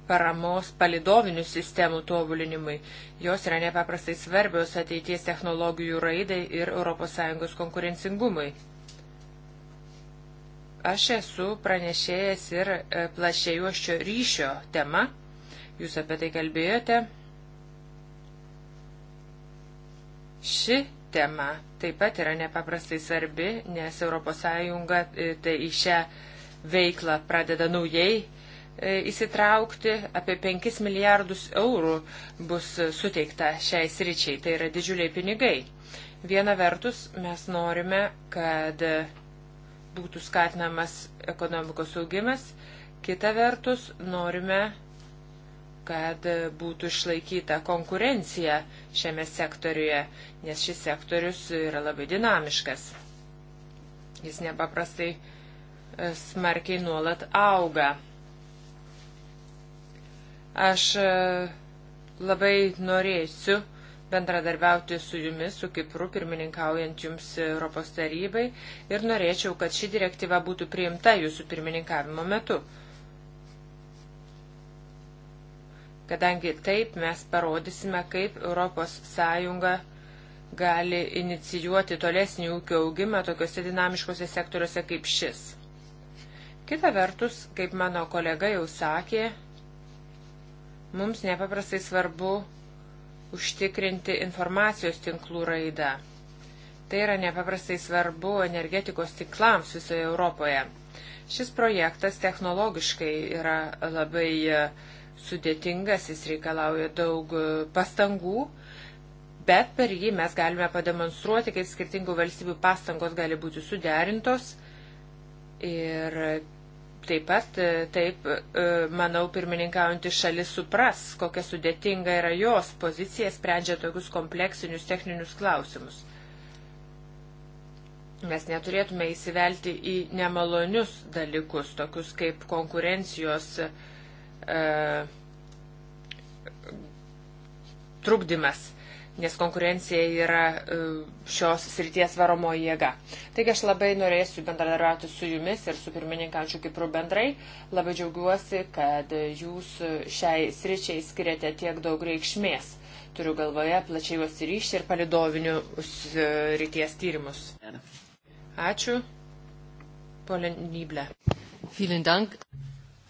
paramos palidovinių sistemų tobulinimui. Jos yra nepaprastai svarbios ateities technologijų raidai ir ES konkurencingumui. Aš esu pranešėjęs ir e, plašėjuoščio ryšio tema. Jūs apie tai kalbėjote. Ši tema taip pat yra nepaprastai svarbi, nes ES e, tai į šią veiklą pradeda naujai e, įsitraukti. Apie 5 milijardus eurų bus suteikta šiai sričiai. Tai yra didžiuliai pinigai. Viena vertus, mes norime, kad būtų skatinamas ekonomikos augimas. Kita vertus, norime, kad būtų išlaikyta konkurencija šiame sektoriuje, nes šis sektorius yra labai dinamiškas. Jis nepaprastai e, smarkiai nuolat auga. Aš e, labai norėsiu bendradarbiauti su jumis, su Kipru, pirmininkaujant jums Europos tarybai ir norėčiau, kad ši direktyva būtų priimta jūsų pirmininkavimo metu. kadangi taip mes parodysime, kaip ES gali inicijuoti tolesnį ūkio augimą tokiuose dinamiškose sektoriuose kaip šis. Kita vertus, kaip mano kolega jau sakė, mums nepaprastai svarbu užtikrinti informacijos tinklų raidą. Tai yra nepaprastai svarbu energetikos tinklams visoje Europoje. Šis projektas technologiškai yra labai uh, sudėtingas, jis reikalauja daug e, pastangų, bet per jį mes galime pademonstruoti, kaip skirtingų valstybių pastangos gali būti suderintos ir taip pat, e, taip, e, manau, pirmininkaujantį šalis supras, kokia sudėtinga yra jos pozicija, sprendžia tokius kompleksinius techninius klausimus. Mes neturėtume įsivelti į nemalonius dalykus, tokius kaip konkurencijos uh, e, trukdymas, nes konkurencija yra e, šios srities varomoji jėga. Taigi aš labai norėsiu bendradarbiauti su jumis ir su pirmininkančiu Kipru bendrai. Labai džiaugiuosi, kad jūs šiai sričiai skiriate tiek daug reikšmės. Turiu galvoje plačiai juos ryšį ir palidovinius e, ryties tyrimus. Ačiū. Polen Nyble. Vielen Dank.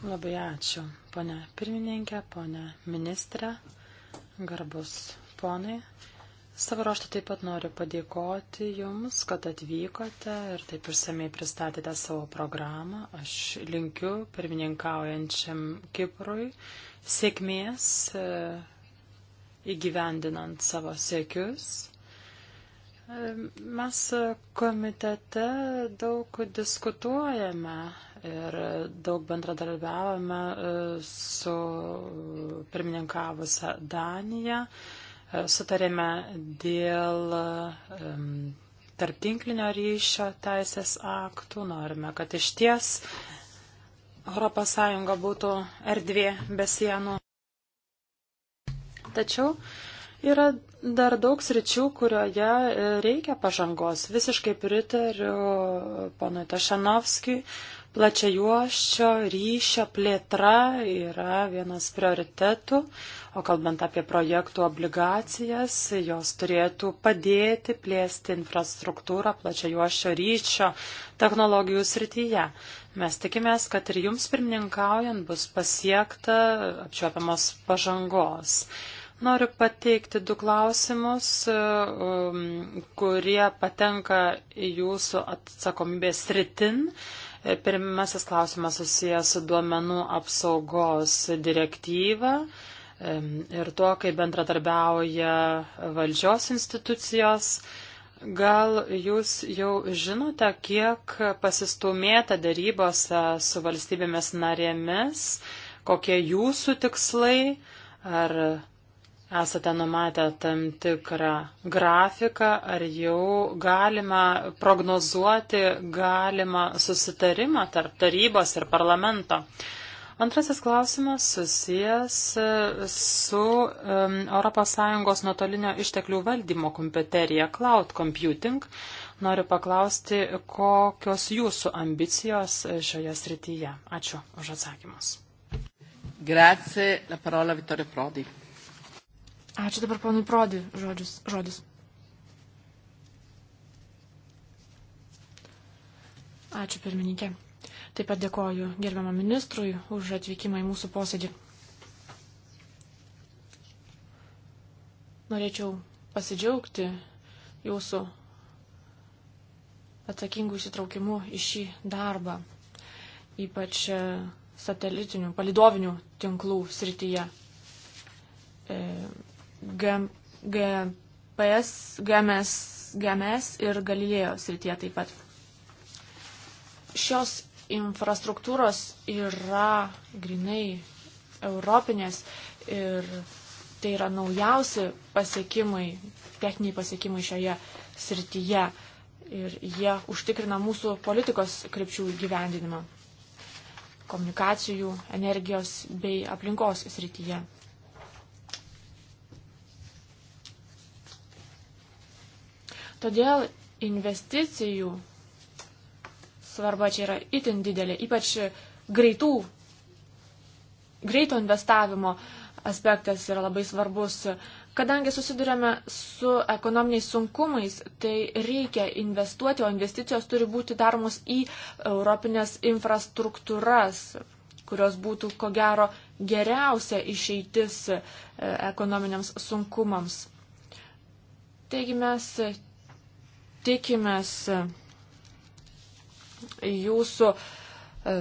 Labai ačiū. Pone pirmininkė, pone ministrė, garbus ponai. Savo raštą taip pat noriu padėkoti Jums, kad atvykote ir taip išsamei pristatėte savo programą. Aš linkiu pirmininkaujančiam Kiprui sėkmės e, įgyvendinant savo siekius. E, mes komitete daug diskutuojame ir daug bendradarbiavome e, su pirmininkavusią Daniją. E, sutarėme dėl tarptinklinio ryšio teisės aktų. Norime, kad iš ties ES būtų erdvė be sienų. Tačiau Yra dar daug sričių, kurioje e, reikia pažangos. Visiškai pritariu ponui Tašanovskijui, Plačiajuoščio ryšio plėtra yra vienas prioritetų, o kalbant apie projektų obligacijas, jos turėtų padėti plėsti infrastruktūrą plačiajuoščio ryšio technologijų srityje. Mes tikimės, kad ir jums pirmininkaujant bus pasiekta apčiuopiamos pažangos. Noriu pateikti du klausimus, um, kurie patenka į jūsų atsakomybės sritin. Pirmasis klausimas susijęs su duomenų apsaugos direktyva ir tuo, kaip bendradarbiauja valdžios institucijos. Gal jūs jau žinote, kiek pasistumėta darybose su valstybėmis narėmis, kokie jūsų tikslai, ar esate numatę tam tikrą grafiką, ar jau galima prognozuoti galimą susitarimą tarp tarybos ir parlamento? Antrasis klausimas susijęs e, su um, ES nuotolinio išteklių valdymo kompiuterija Cloud Computing. Noriu paklausti, kokios jūsų ambicijos e, šioje srityje. Ačiū už atsakymus. Grazie, la parola Vittorio Prodi. Ačiū dabar ponui Prodi žodžius, žodis. Ačiū pirmininkė. Taip pat dėkoju gerbiamą ministrui už atvykimą į mūsų posėdį. Norėčiau pasidžiaugti jūsų atsakingų įsitraukimu į šį darbą, ypač e, satelitinių, palidovinių tinklų srityje. E, GPS, GMS, GMS ir Galilėjos rytie taip pat. Šios infrastruktūros yra grinai europinės ir tai yra naujausi pasiekimai, techniniai pasiekimai šioje srityje ir jie užtikrina mūsų politikos krypčių įgyvendinimą komunikacijų, energijos bei aplinkos srityje. Todėl investicijų svarba čia yra itin didelė, ypač greitų, greito investavimo aspektas yra labai svarbus. Kadangi susidurėme su ekonominiais sunkumais, tai reikia investuoti, o investicijos turi būti daromos į europinės infrastruktūras, kurios būtų, ko gero, geriausia išeitis e, ekonominiams sunkumams. Taigi mes tikimės e, jūsų e,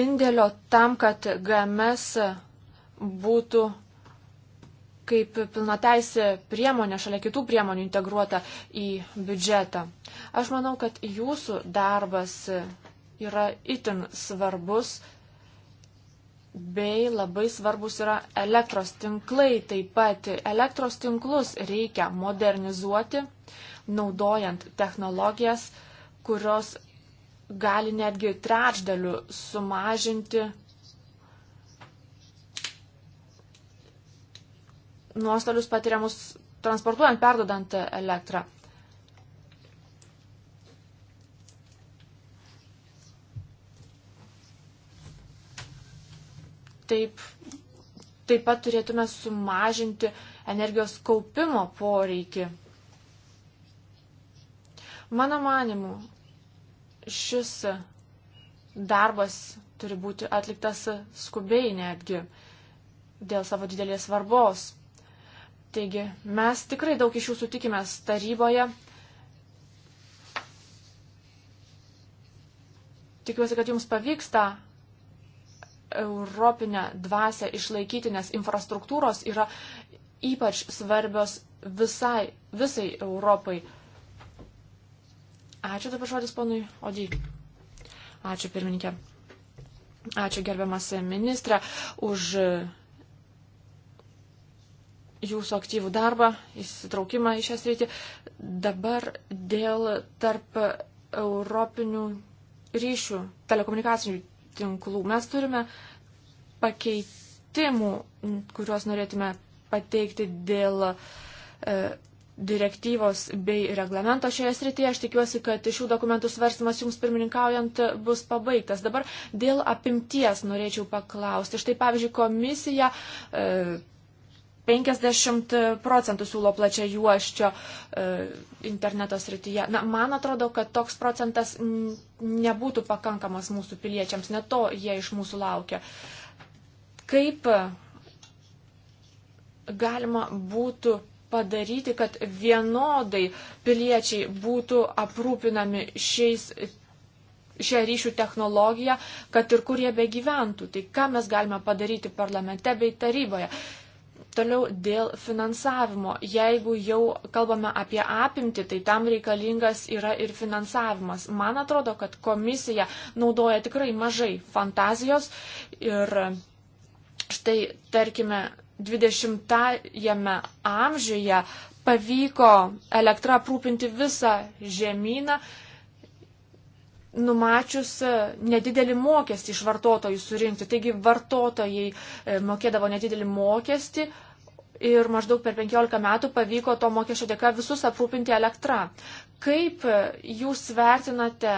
indėlio tam, kad GMS būtų kaip pilnateisė priemonė šalia kitų priemonių integruota į biudžetą. Aš manau, kad jūsų darbas yra itin svarbus bei labai svarbus yra elektros tinklai. Taip pat elektros tinklus reikia modernizuoti naudojant technologijas, kurios gali netgi trečdaliu sumažinti nuostolius patiriamus transportuojant, perdodant elektrą. Taip, taip pat turėtume sumažinti energijos kaupimo poreikį. Mano manimu, šis darbas turi būti atliktas skubiai netgi dėl savo didelės svarbos. Taigi mes tikrai daug iš jūsų tikimės taryboje. Tikiuosi, kad jums pavyks tą europinę dvasę išlaikyti, nes infrastruktūros yra ypač svarbios visai, visai Europai. Ačiū dabar žodis ponui Odį. Ačiū pirmininkė. Ačiū gerbiamas ministrė už jūsų aktyvų darbą, įsitraukimą į šią sritį. Dabar dėl tarp europinių ryšių, telekomunikacinių tinklų mes turime pakeitimų, kuriuos norėtume pateikti dėl e, direktyvos bei reglamento šioje srityje. Aš tikiuosi, kad šių dokumentų svarstymas jums pirmininkaujant bus pabaigtas. Dabar dėl apimties norėčiau paklausti. Štai pavyzdžiui, komisija 50 e, procentų siūlo plačia juoščio e, interneto srityje. Na, man atrodo, kad toks procentas nebūtų pakankamas mūsų piliečiams, net to jie iš mūsų laukia. Kaip galima būtų padaryti, kad vienodai piliečiai būtų aprūpinami šiais, šią ryšių technologiją, kad ir kur jie begyventų. Tai ką mes galime padaryti parlamente bei taryboje. Toliau dėl finansavimo. Jeigu jau kalbame apie apimtį, tai tam reikalingas yra ir finansavimas. Man atrodo, kad komisija naudoja tikrai mažai fantazijos ir štai, tarkime, 20-ame amžiuje pavyko elektrą aprūpinti visą žemyną, numačius e, nedidelį mokestį iš vartotojų surinkti. Taigi vartotojai e, mokėdavo nedidelį mokestį ir maždaug per 15 metų pavyko to mokesčio dėka visus aprūpinti elektrą. Kaip e, jūs vertinate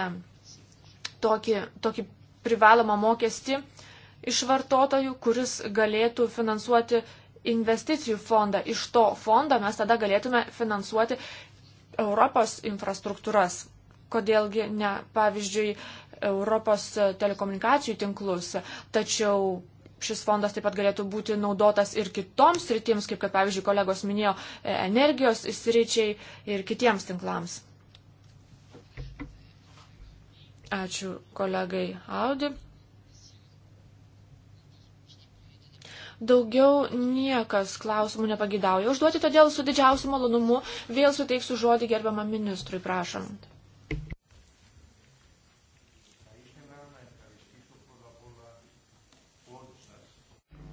tokį, tokį privalomą mokestį? iš vartotojų, kuris galėtų finansuoti investicijų fondą. Iš to fondo mes tada galėtume finansuoti Europos infrastruktūras. Kodėlgi ne, pavyzdžiui, Europos telekomunikacijų tinklus. Tačiau šis fondas taip pat galėtų būti naudotas ir kitoms sritims, kaip kad, pavyzdžiui, kolegos minėjo, e, energijos sričiai ir kitiems tinklams. Ačiū kolegai Audi. Daugiau niekas klausimų nepagidauja užduoti, todėl su didžiausiu malonumu vėl suteiksiu žodį gerbiamam ministrui, prašom.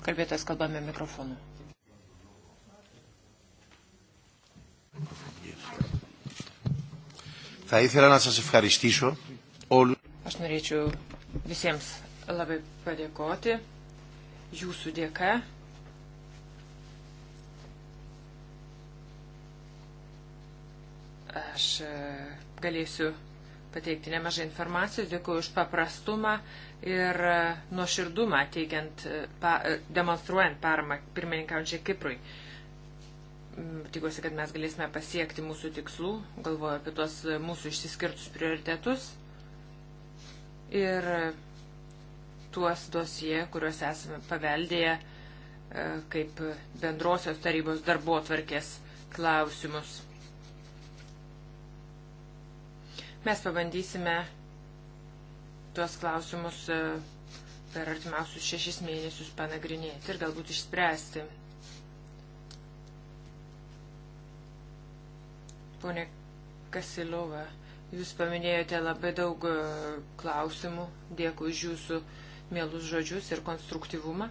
Kalbėtas kalbame mikrofonu. Θα ήθελα να σας ευχαριστήσω όλους. Aš norėčiau visiems labai padėkoti jūsų dėka. Aš e, galėsiu pateikti nemažai informacijos, dėkuoju už paprastumą ir e, nuoširdumą teikiant, e, pa, demonstruojant paramą pirmininkaujančiai Kiprui. Mm, tikiuosi, kad mes galėsime pasiekti mūsų tikslų, galvoju apie tuos mūsų išsiskirtus prioritetus. Ir tuos dosie, kuriuos esame paveldėję e, kaip bendrosios tarybos darbo atvarkės klausimus. Mes pabandysime tuos klausimus e, per artimiausius šešis mėnesius panagrinėti ir galbūt išspręsti. Pone Kasilova, jūs paminėjote labai daug e, klausimų. Dėkui už jūsų mielus žodžius ir konstruktyvumą.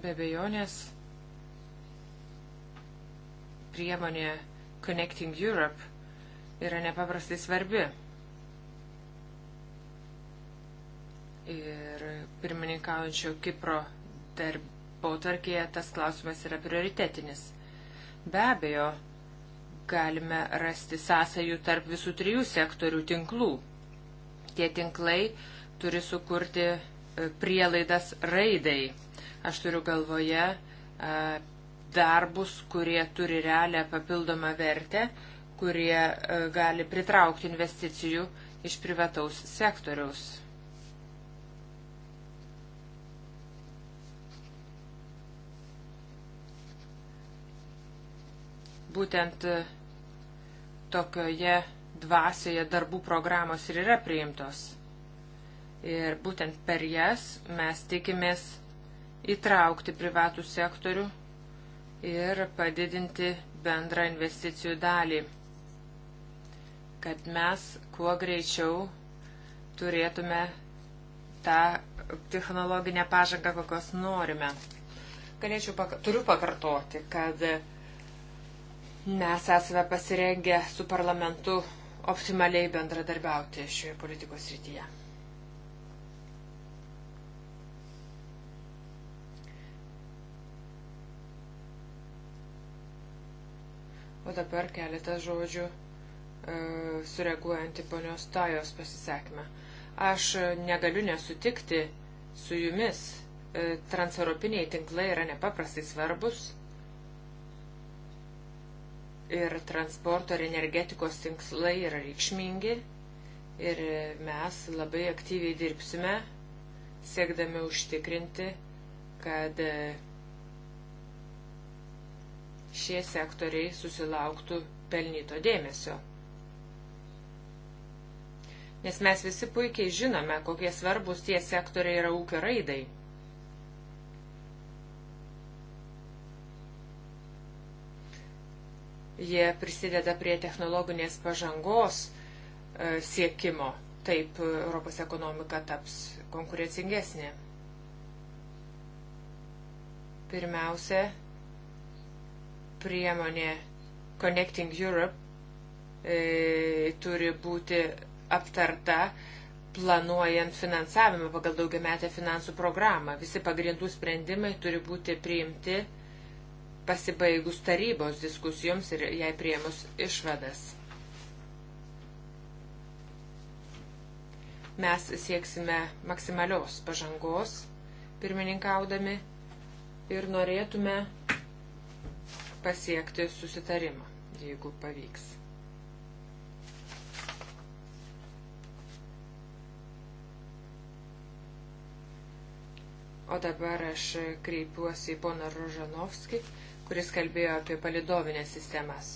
Be bejonės priemonė Connecting Europe yra nepaprastai svarbi. Ir pirmininkaujančio Kipro darbo tarkėje tas klausimas yra prioritetinis. Be abejo, galime rasti sąsajų tarp visų trijų sektorių tinklų Tie tinklai turi sukurti e, prielaidas raidai. Aš turiu galvoje e, darbus, kurie turi realią papildomą vertę, kurie e, gali pritraukti investicijų iš privataus sektoriaus. Būtent tokioje dvasioje darbų programos ir yra priimtos. Ir būtent per jas mes tikimės įtraukti privatų sektorių ir padidinti bendrą investicijų dalį, kad mes kuo greičiau turėtume tą technologinę pažangą, kokios norime. Galėčiau, paka turiu pakartoti, kad mes esame pasirengę su parlamentu optimaliai bendradarbiauti šioje politikos rytyje. O dabar keletas žodžių e, sureaguojant į ponios Tajos pasisakymą. Aš negaliu nesutikti su jumis. E, transeuropiniai tinklai yra nepaprastai svarbus ir transporto ir energetikos tinklai yra reikšmingi ir mes labai aktyviai dirbsime, siekdami užtikrinti, kad e, šie sektoriai susilauktų pelnyto dėmesio. Nes mes visi puikiai žinome, kokie svarbus tie sektoriai yra ūkio raidai. Jie prisideda prie technologinės pažangos e, siekimo. Taip e, Europos ekonomika taps konkurencingesnė. Pirmiausia, priemonė Connecting Europe e, turi būti aptarta planuojant finansavimą pagal daugiametę finansų programą. Visi pagrindų sprendimai turi būti priimti pasibaigus tarybos diskusijoms ir jai priemus išvadas. Mes sieksime maksimalios pažangos pirmininkaudami ir norėtume pasiekti susitarimą, jeigu pavyks. O dabar aš kreipiuosi į poną Rožanovskį kuris kalbėjo apie palidovinės sistemas.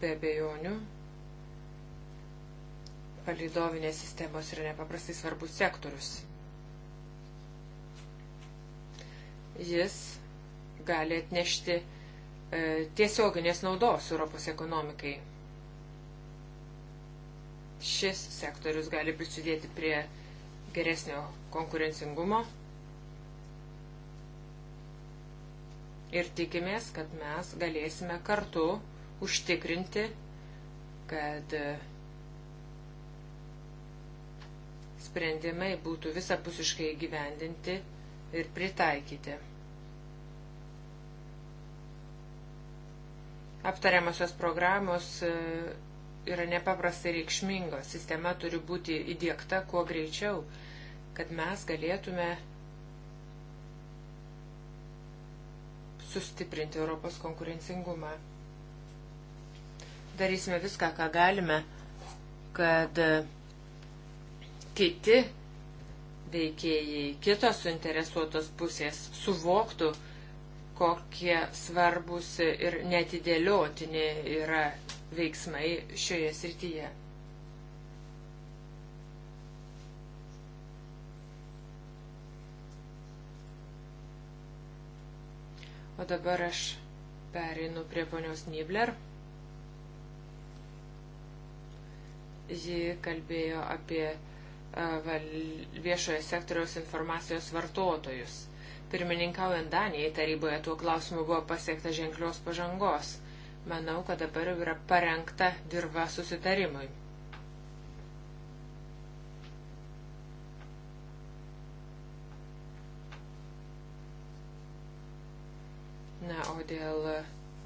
Be abejonių, palidovinės sistemos yra nepaprastai svarbus sektorius. Jis gali atnešti e, tiesioginės naudos Europos ekonomikai. Šis sektorius gali prisidėti prie geresnio konkurencingumo ir tikimės, kad mes galėsime kartu užtikrinti, kad e, sprendimai būtų visapusiškai gyvendinti ir pritaikyti. Aptariamosios programos e, yra nepaprastai reikšmingos. Sistema turi būti įdėkta kuo greičiau, kad mes galėtume sustiprinti Europos konkurencingumą. Darysime viską, ką galime, kad kiti veikėjai, kitos suinteresuotos pusės suvoktų, kokie svarbus ir netidėliotini yra veiksmai šioje srityje. O dabar aš pereinu prie ponios Nibler. Ji kalbėjo apie viešojo sektoriaus informacijos vartotojus. Pirmininkaujant Danijai taryboje tuo klausimu buvo pasiekta ženklios pažangos. Manau, kad dabar jau yra parengta dirba susitarimui. Na, o dėl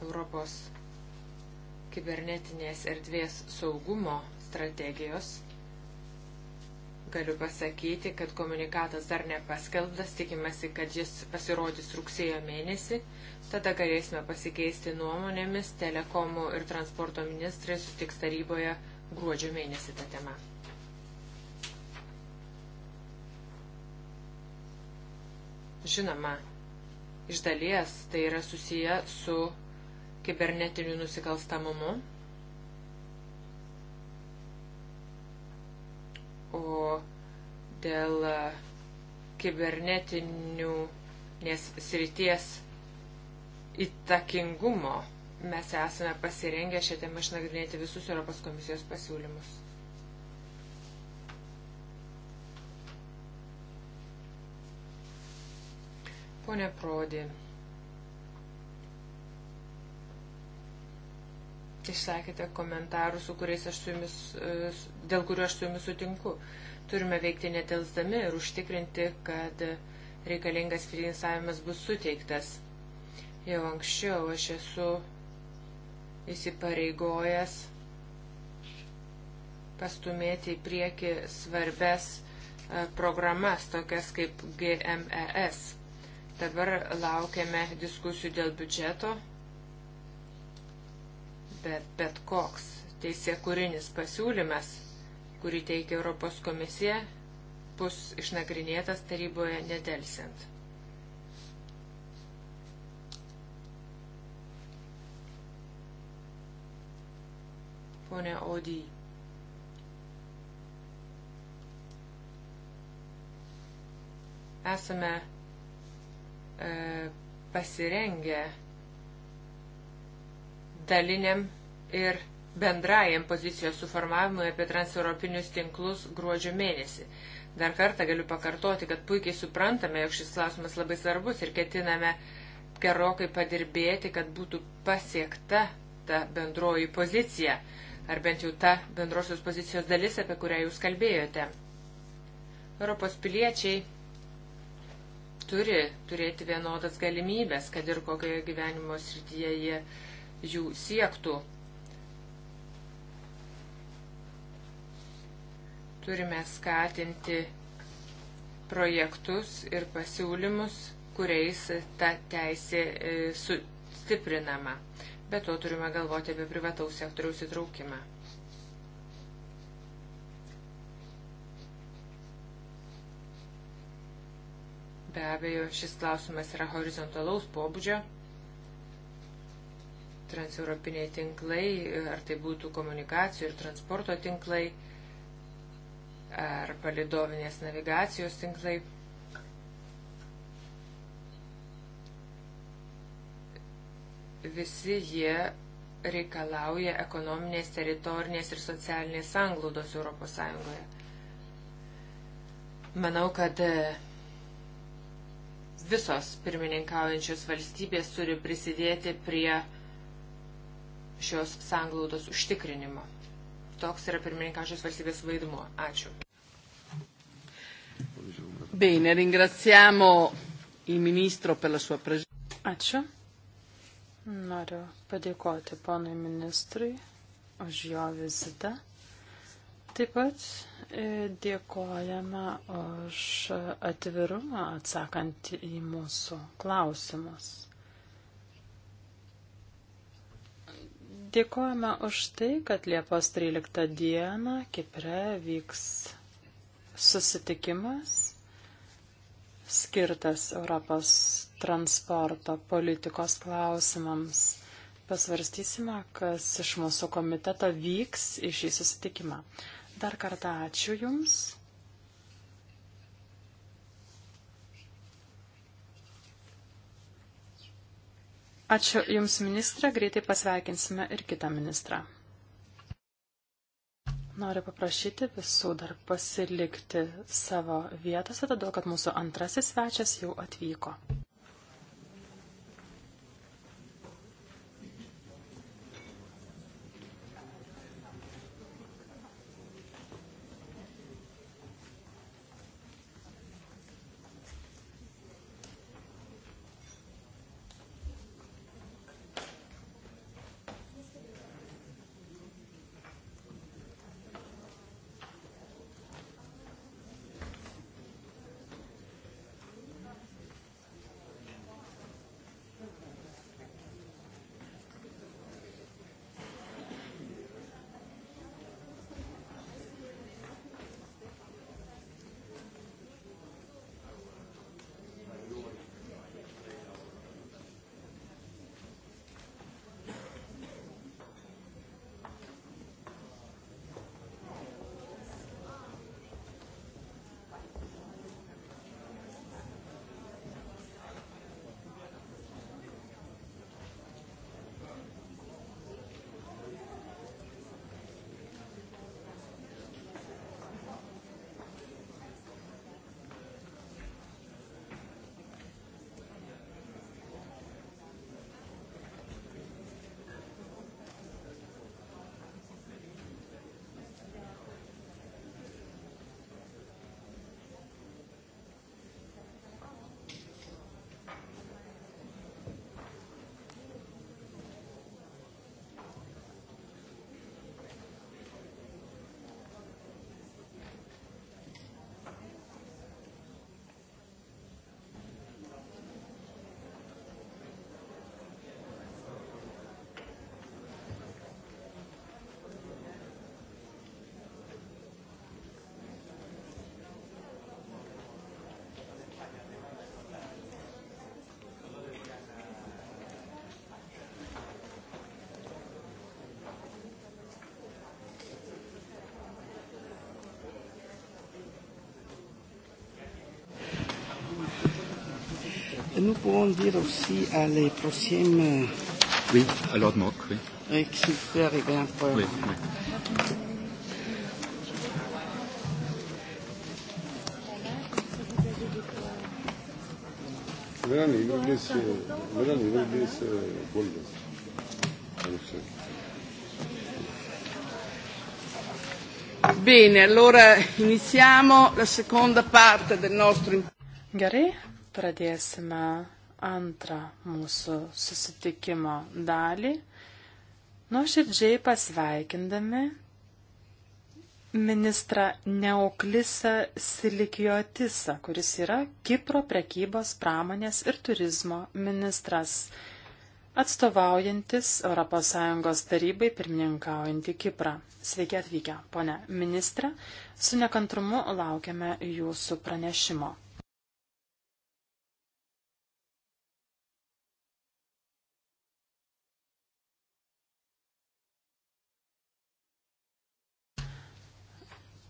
Europos kibernetinės erdvės saugumo strategijos galiu pasakyti, kad komunikatas dar nepaskelbtas, tikimasi, kad jis pasirodys rugsėjo mėnesį. Tada galėsime pasikeisti nuomonėmis, telekomų ir transporto ministrai sutiks taryboje gruodžio mėnesį tą temą. Žinoma, Iš dalies tai yra susiję su kibernetiniu nusikalstamumu. O dėl kibernetinių nes srities įtakingumo mes esame pasirengę šią temą išnagrinėti visus Europos komisijos pasiūlymus. Pone Prodi. Išsakėte komentarų, su kuriais aš su jumis, e, dėl kurių aš su jumis sutinku. Turime veikti netelsdami ir užtikrinti, kad reikalingas finansavimas bus suteiktas. Jau anksčiau aš esu įsipareigojęs pastumėti į priekį svarbes e, programas, tokias kaip GMES Dabar laukiame diskusijų dėl biudžeto, bet bet koks teisėkurinis pasiūlymas, kurį teikia Europos komisija, bus išnagrinėtas taryboje nedelsiant. Pone Odį. Esame E, pasirengę daliniam ir bendrajam pozicijos suformavimui apie transeuropinius tinklus gruodžio mėnesį. Dar kartą galiu pakartoti, kad puikiai suprantame, jog šis klausimas labai svarbus ir ketiname gerokai padirbėti, kad būtų pasiekta ta bendroji pozicija, ar bent jau ta bendrosios pozicijos dalis, apie kurią jūs kalbėjote. Europos piliečiai turi turėti vienodas galimybės, kad ir kokioje gyvenimo srityje jie jų siektų. Turime skatinti projektus ir pasiūlymus, kuriais ta teisė e, sustiprinama. Be to turime galvoti apie privataus sektoriaus įtraukimą. Be abejo, šis klausimas yra horizontalaus pobūdžio. Transeuropiniai tinklai, ar tai būtų komunikacijų ir transporto tinklai, ar palidovinės navigacijos tinklai. Visi jie reikalauja ekonominės, teritorinės ir socialinės sanglaudos ES. Manau, kad visos pirmininkaujančios valstybės turi prisidėti prie šios sanglaudos užtikrinimo. Toks yra pirmininkaujančios valstybės vaidmuo. Ačiū. Bene, ringraziamo il ministro per la sua presenza. Ačiū. Noriu padėkoti ponui ministrui už jo vizitą. Taip pat e, dėkojame už atvirumą atsakant į mūsų klausimus. Dėkojame už tai, kad Liepos 13 dieną Kipre vyks susitikimas skirtas Europos transporto politikos klausimams pasvarstysime, kas iš mūsų komiteto vyks į šį susitikimą. Dar kartą ačiū Jums. Ačiū Jums, ministrė. Greitai pasveikinsime ir kitą ministrą. Noriu paprašyti visų dar pasilikti savo vietose, todėl kad mūsų antrasis svečias jau atvyko. nous pouvons dire aussi à les prochaines. Euh, oui, à Lord Mock, oui. Oui, s'il peut arriver un peu. Oui, oui. Melanie, you will miss, uh, Melanie, you will miss uh, Golden. Bene, allora iniziamo la seconda parte del nostro. Gerai, pradėsime antrą mūsų susitikimo dalį, nuoširdžiai pasveikindami ministrą Neoklisą Silikiotisą, kuris yra Kipro prekybos, pramonės ir turizmo ministras atstovaujantis ES tarybai pirmininkaujantį Kiprą. Sveiki atvykę, ponia ministrė, su nekantrumu laukiame jūsų pranešimo.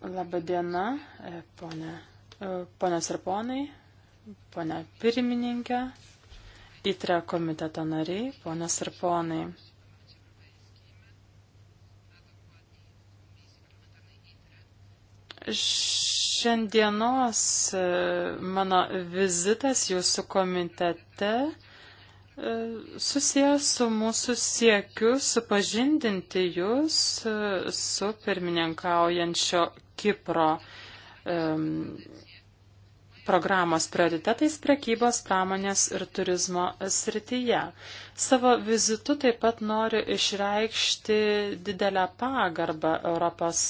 Labadiena, ponė, e, ponės e, ir ponai, ponė pirmininkė, įtre komiteto nariai, ponės ir ponai. Šiandienos e, mano vizitas jūsų komitete susijęs su mūsų siekiu supažindinti jūs su pirmininkaujančio Kipro um, programos prioritetais prekybos, pramonės ir turizmo srityje. Savo vizitu taip pat noriu išreikšti didelę pagarbą Europos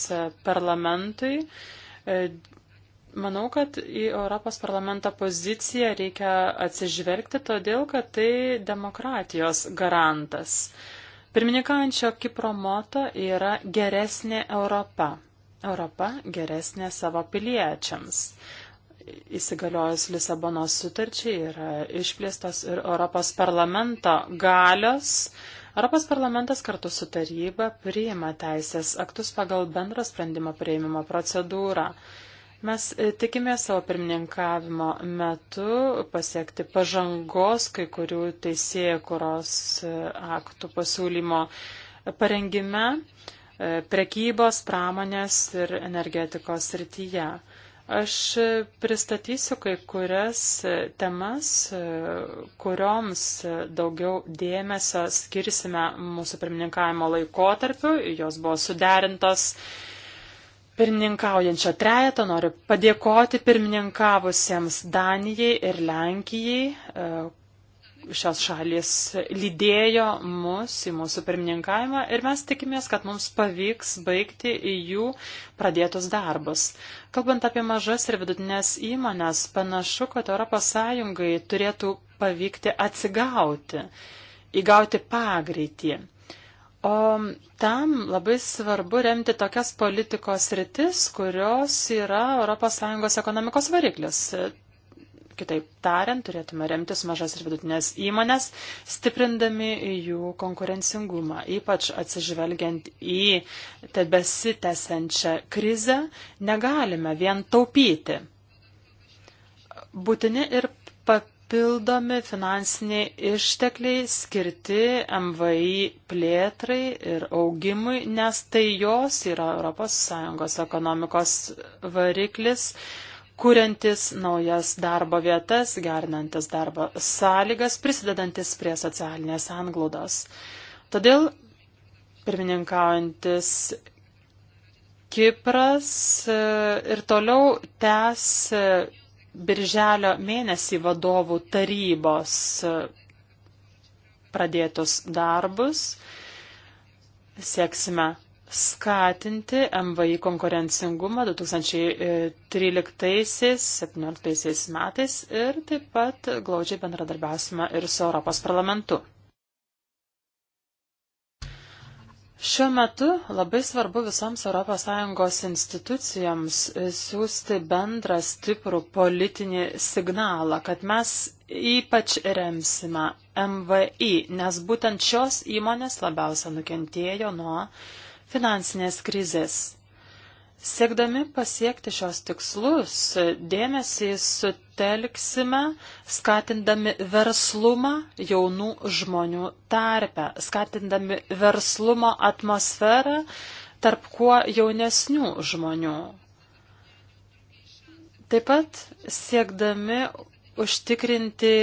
parlamentui. E, manau, kad į Europos parlamento poziciją reikia atsižvelgti, todėl kad tai demokratijos garantas. Pirmininkaujančio Kipro moto yra geresnė Europa. Europa geresnė savo piliečiams. Įsigaliojus Lisabonos sutarčiai yra išplėstos ir Europos parlamento galios. Europos parlamentas kartu su taryba priima teisės aktus pagal bendro sprendimo prieimimo procedūrą. Mes tikimės savo pirmininkavimo metu pasiekti pažangos kai kurių teisėjų kuros aktų pasiūlymo parengime. E, prekybos, pramonės ir energetikos srityje. Aš pristatysiu kai kurias temas, e, kurioms daugiau dėmesio skirsime mūsų pirmininkavimo laikotarpiu. Jos buvo suderintos pirmininkaujančio trejeto. Noriu padėkoti pirmininkavusiems Danijai ir Lenkijai, e, šios šalis lydėjo mus į mūsų pirmininkavimą ir mes tikimės, kad mums pavyks baigti jų pradėtus darbus. Kalbant apie mažas ir vidutinės įmonės, panašu, kad ES turėtų pavykti atsigauti, įgauti pagreitį. O tam labai svarbu remti tokias politikos rytis, kurios yra ES ekonomikos variklis. Kitaip tariant, turėtume remtis mažas ir vidutinės įmonės, stiprindami jų konkurencingumą, ypač atsižvelgiant į tebesitęsiančią krizę, negalime vien taupyti. Būtini ir papildomi finansiniai ištekliai skirti MVI plėtrai ir augimui, nes tai jos yra ES ekonomikos variklis kuriantis naujas darbo vietas, gerinantis darbo sąlygas, prisidedantis prie socialinės anglodos. Todėl pirmininkaujantis Kipras e, ir toliau tęs e, Birželio mėnesį vadovų tarybos e, pradėtus darbus. Sieksime skatinti MVI konkurencingumą 2013-2017 metais ir taip pat glaudžiai bendradarbiausime ir su Europos parlamentu. Šiuo metu labai svarbu visoms ES institucijoms siūsti bendrą stiprų politinį signalą, kad mes ypač remsime MVI, nes būtent šios įmonės labiausia nukentėjo nuo uh, finansinės krizės. Siekdami pasiekti šios tikslus, dėmesį sutelksime, skatindami verslumą jaunų žmonių tarpę, skatindami verslumo atmosferą tarp kuo jaunesnių žmonių. Taip pat siekdami užtikrinti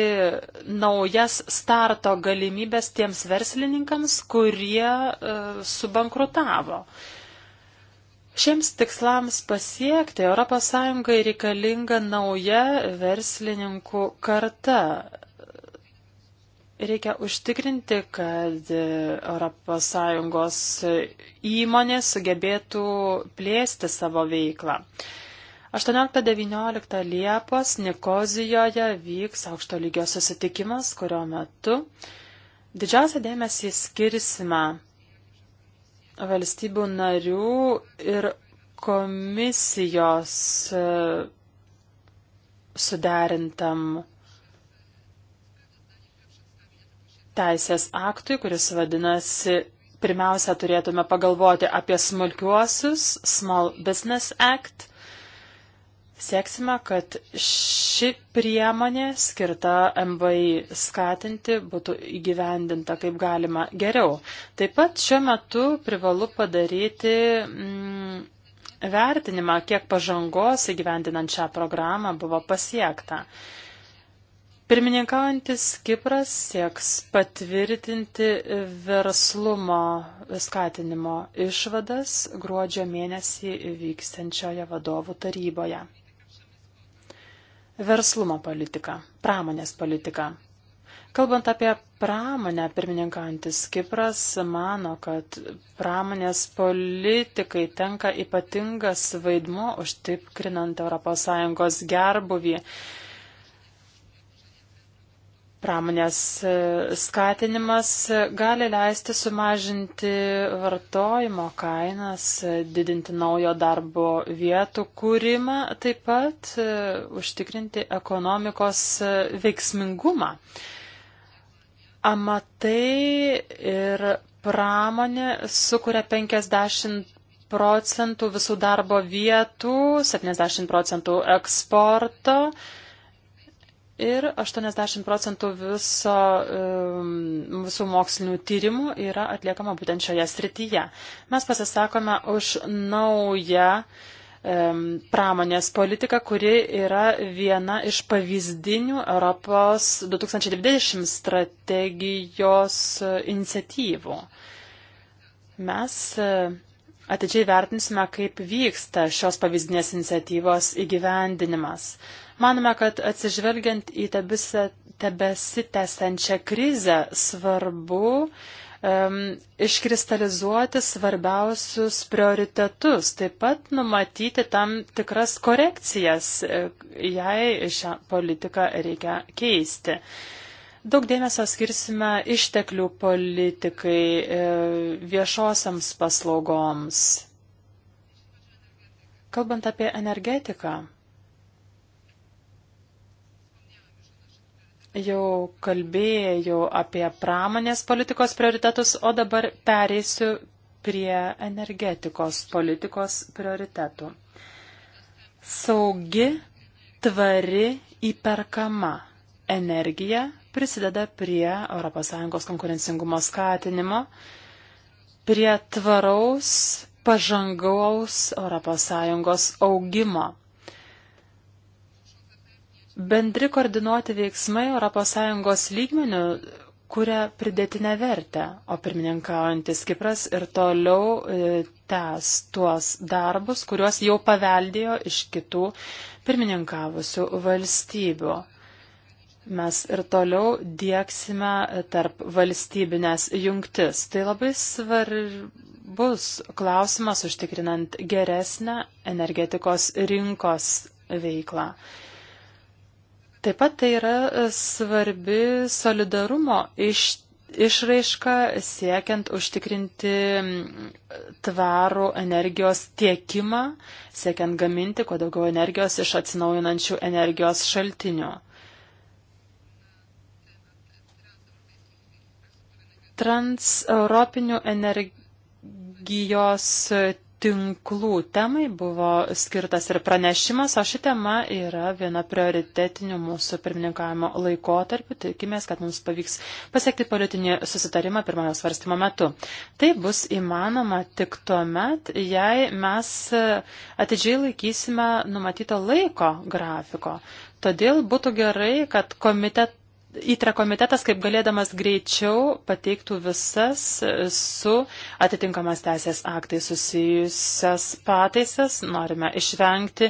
naujas starto galimybės tiems verslininkams, kurie e, subankrutavo. Šiems tikslams pasiekti ES reikalinga nauja verslininkų karta. Reikia užtikrinti, kad ES įmonės sugebėtų plėsti savo veiklą. 18-19 Liepos Nikozijoje vyks aukšto lygio susitikimas, kurio metu didžiausia dėmesį skirsime valstybių narių ir komisijos e, suderintam teisės aktui, kuris vadinasi pirmiausia turėtume pagalvoti apie smulkiuosius Small Business Act. Sėksime, kad ši priemonė skirta MVI skatinti būtų įgyvendinta kaip galima geriau. Taip pat šiuo metu privalu padaryti mm, vertinimą, kiek pažangos įgyvendinant šią programą buvo pasiekta. Pirmininkaujantis Kipras sieks patvirtinti verslumo skatinimo išvadas gruodžio mėnesį vykstančioje vadovų taryboje verslumo politiką, pramonės politiką. Kalbant apie pramonę, pirmininkantis Kipras mano, kad pramonės politikai tenka ypatingas vaidmo užtikrinant ES gerbuvį pramonės e, skatinimas e, gali leisti sumažinti vartojimo kainas, e, didinti naujo darbo vietų kūrimą, taip pat užtikrinti ekonomikos veiksmingumą. Amatai ir pramonė sukuria 50 procentų visų darbo vietų, 70 procentų eksporto, ir 80 procentų viso, um, visų mokslinių tyrimų yra atliekama būtent šioje srityje. Mes pasisakome už naują um, pramonės politika, kuri yra viena iš pavyzdinių Europos 2020 strategijos uh, iniciatyvų. Mes uh, atidžiai vertinsime, kaip vyksta šios pavyzdinės iniciatyvos įgyvendinimas. Manome, kad atsižvelgiant į tebesitęsančią krizę svarbu um, iškristalizuoti svarbiausius prioritetus, taip pat numatyti tam tikras korekcijas, e, jei šią politiką reikia keisti. Daug dėmesio skirsime išteklių politikai e, viešosiams paslaugoms. Kalbant apie energetiką, jau kalbėjau apie pramonės politikos prioritetus, o dabar pereisiu prie energetikos politikos prioritetų. Saugi, tvari, įperkama energija prisideda prie ES konkurencingumo skatinimo, prie tvaraus, pažangaus ES augimo. Bendri koordinuoti veiksmai ES lygmenių kuria pridėtinę vertę, o pirmininkaujantis Kipras ir toliau e, tęs tuos darbus, kuriuos jau paveldėjo iš kitų pirmininkavusių valstybių. Mes ir toliau dieksime tarp valstybinės jungtis. Tai labai svarbus klausimas užtikrinant geresnę energetikos rinkos veiklą. Taip pat tai yra e, svarbi solidarumo iš, išraiška siekiant užtikrinti tvarų energijos tiekimą, siekiant gaminti kuo daugiau energijos iš atsinaujinančių energijos šaltinių. Transeuropinių energijos tinklų temai buvo skirtas ir pranešimas, o ši tema yra viena prioritetinių mūsų pirmininkavimo laikotarpių. Tikimės, kad mums pavyks pasiekti politinį susitarimą pirmojo svarstymo metu. Tai bus įmanoma tik tuo met, jei mes atidžiai laikysime numatyto laiko grafiko. Todėl būtų gerai, kad komitet įtra komitetas, kaip galėdamas greičiau, pateiktų visas e, su atitinkamas teisės aktai susijusias pataisas. Norime išvengti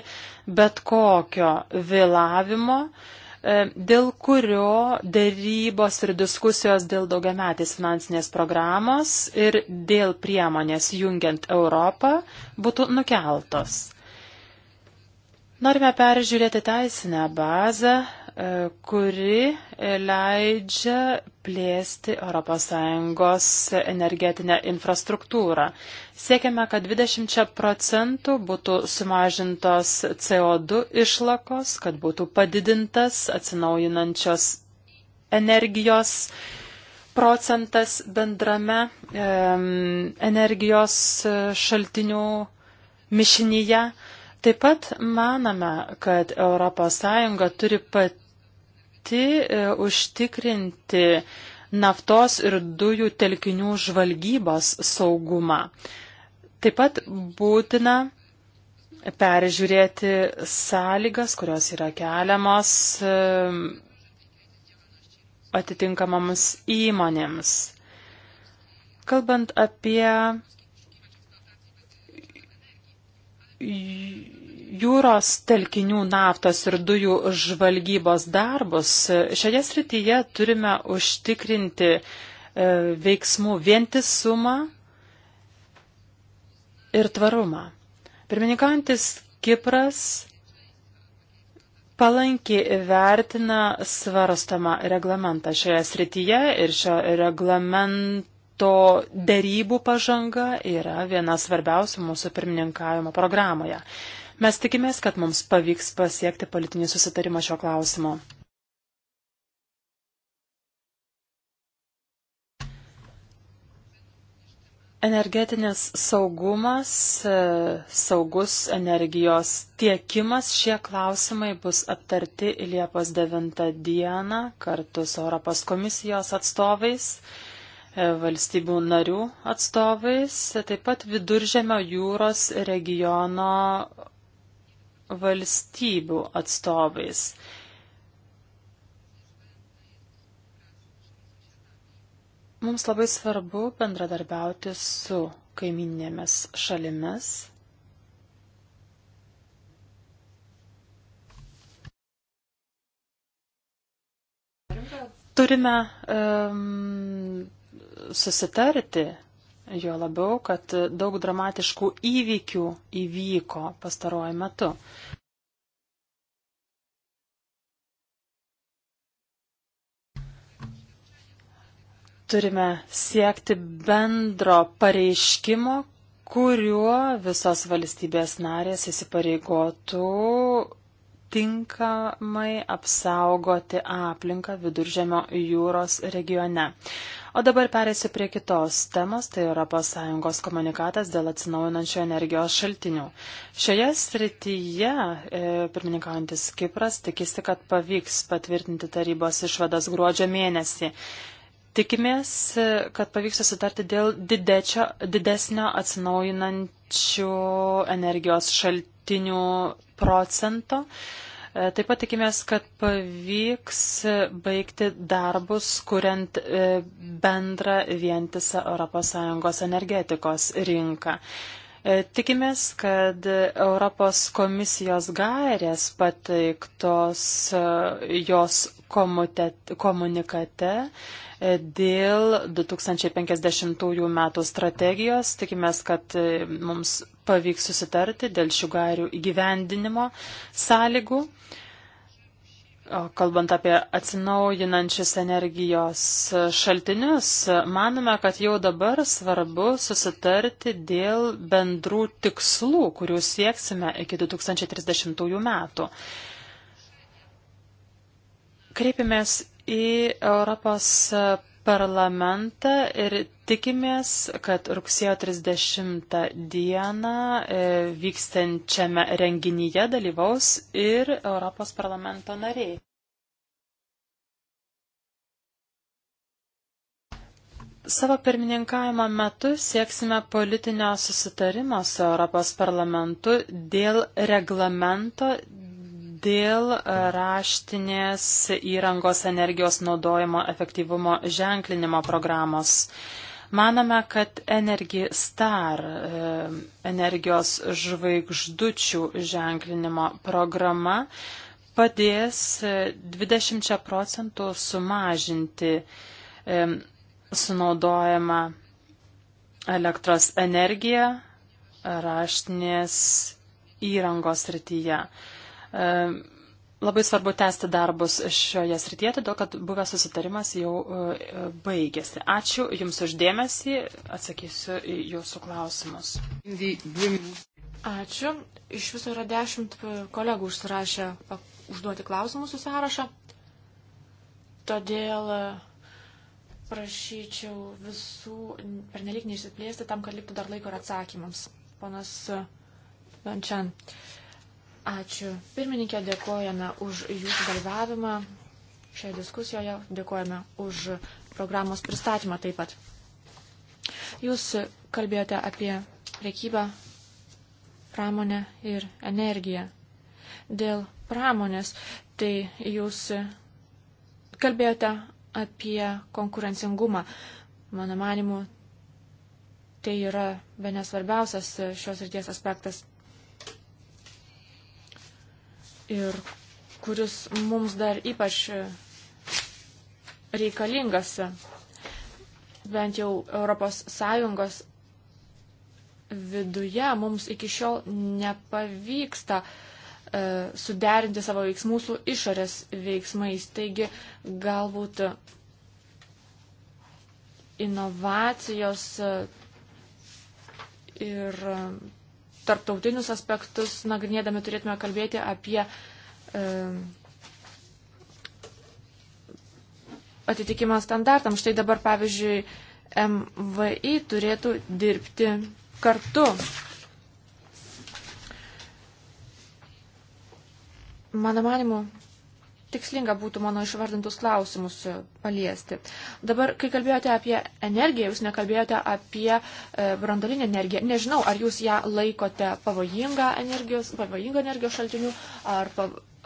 bet kokio vėlavimo, e, dėl kurio dėrybos ir diskusijos dėl daugiametės finansinės programos ir dėl priemonės jungiant Europą būtų nukeltos. Norime peržiūrėti teisinę bazę E, kuri leidžia plėsti ES energetinę infrastruktūrą. Siekiame, kad 20 procentų būtų sumažintos CO2 išlakos, kad būtų padidintas atsinaujinančios energijos procentas bendrame e, energijos šaltinių mišinyje. Taip pat maname, kad ES turi pati e, užtikrinti naftos ir dujų telkinių žvalgybos saugumą. Taip pat būtina peržiūrėti sąlygas, kurios yra keliamos e, atitinkamoms įmonėms. Kalbant apie jūros telkinių naftos ir dujų žvalgybos darbus, šioje srityje turime užtikrinti e, veiksmų vientisumą ir tvarumą. Pirmininkantis Kipras palankiai vertina svarstamą reglamentą šioje srityje ir šio reglamento to dėrybų pažanga yra viena svarbiausių mūsų pirmininkavimo programoje. Mes tikimės, kad mums pavyks pasiekti politinį susitarimą šio klausimo. Energetinis saugumas, e, saugus energijos tiekimas, šie klausimai bus aptarti Liepos 9 dieną kartu su Europos komisijos atstovais. E, valstybių narių atstovais, taip pat viduržėmio jūros regiono valstybių atstovais. Mums labai svarbu bendradarbiauti su kaiminėmis šalimis. Turime um, susitarti, jo labiau, kad daug dramatiškų įvykių įvyko pastaruoju metu. Turime siekti bendro pareiškimo, kuriuo visos valstybės narės įsipareigotų tinkamai apsaugoti aplinką viduržemio jūros regione. O dabar perėsiu prie kitos temos, tai ES komunikatas dėl atsinaujinančių energijos šaltinių. Šioje srityje e, pirmininkaujantis Kipras tikisi, kad pavyks patvirtinti tarybos išvadas gruodžio mėnesį. Tikimės, e, kad pavyks susitarti dėl didečio, didesnio atsinaujinančių energijos šaltinių procento. E, E, taip pat tikimės, kad pavyks baigti darbus, kuriant e, bendrą vientisą ES energetikos rinką. E, tikimės, kad Europos komisijos gairės pateiktos e, jos komutet, komunikate e, dėl 2050 metų strategijos. Tikimės, kad mums pavyks susitarti dėl šių gairių įgyvendinimo sąlygų. Kalbant apie atsinaujinančius energijos šaltinius, manome, kad jau dabar svarbu susitarti dėl bendrų tikslų, kurių sieksime iki 2030 metų. Kreipimės į Europos parlamentą ir tikimės, kad rugsėjo 30 dieną e, vykstančiame renginyje dalyvaus ir Europos parlamento nariai. Savo pirmininkavimo metu sieksime politinio susitarimo su Europos parlamentu dėl reglamento dėl e, raštinės įrangos energijos naudojimo efektyvumo ženklinimo programos. Manome, kad Energy Star e, energijos žvaigždučių ženklinimo programa padės 20 e, procentų sumažinti sunaudojama elektros energija raštinės įrangos rytyje. E, labai svarbu tęsti darbus šioje srityje, todėl kad buvęs susitarimas jau e, baigėsi. Ačiū Jums uždėmesį, atsakysiu į Jūsų klausimus. Ačiū. Iš viso yra dešimt kolegų užsirašę užduoti klausimus į sąrašą. Todėl e, prašyčiau visų pernelyg neišsiplėsti tam, kad liktų dar laiko ir atsakymams. Ponas Vančian. Uh, Ačiū. Pirmininkė, dėkojame už jūsų dalyvavimą šioje diskusijoje, dėkojame už programos pristatymą taip pat. Jūs kalbėjote apie priekybą, pramonę ir energiją. Dėl pramonės, tai jūs kalbėjote apie konkurencingumą. Mano manimu, tai yra be nesvarbiausias šios ryties aspektas ir kuris mums dar ypač reikalingas bent jau ES viduje mums iki šiol nepavyksta e, suderinti savo veiksmų su išorės veiksmais. Taigi galbūt inovacijos e, ir tarptautinius aspektus nagrinėdami turėtume kalbėti apie e, atitikimą standartam. Štai dabar, pavyzdžiui, MVI turėtų dirbti kartu. Mano manimu, tikslinga būtų mano išvardintus klausimus paliesti. Dabar, kai kalbėjote apie energiją, jūs nekalbėjote apie e, brandolinę energiją. Nežinau, ar jūs ją laikote pavojingą energijos, pavojingą energijos šaltiniu ar,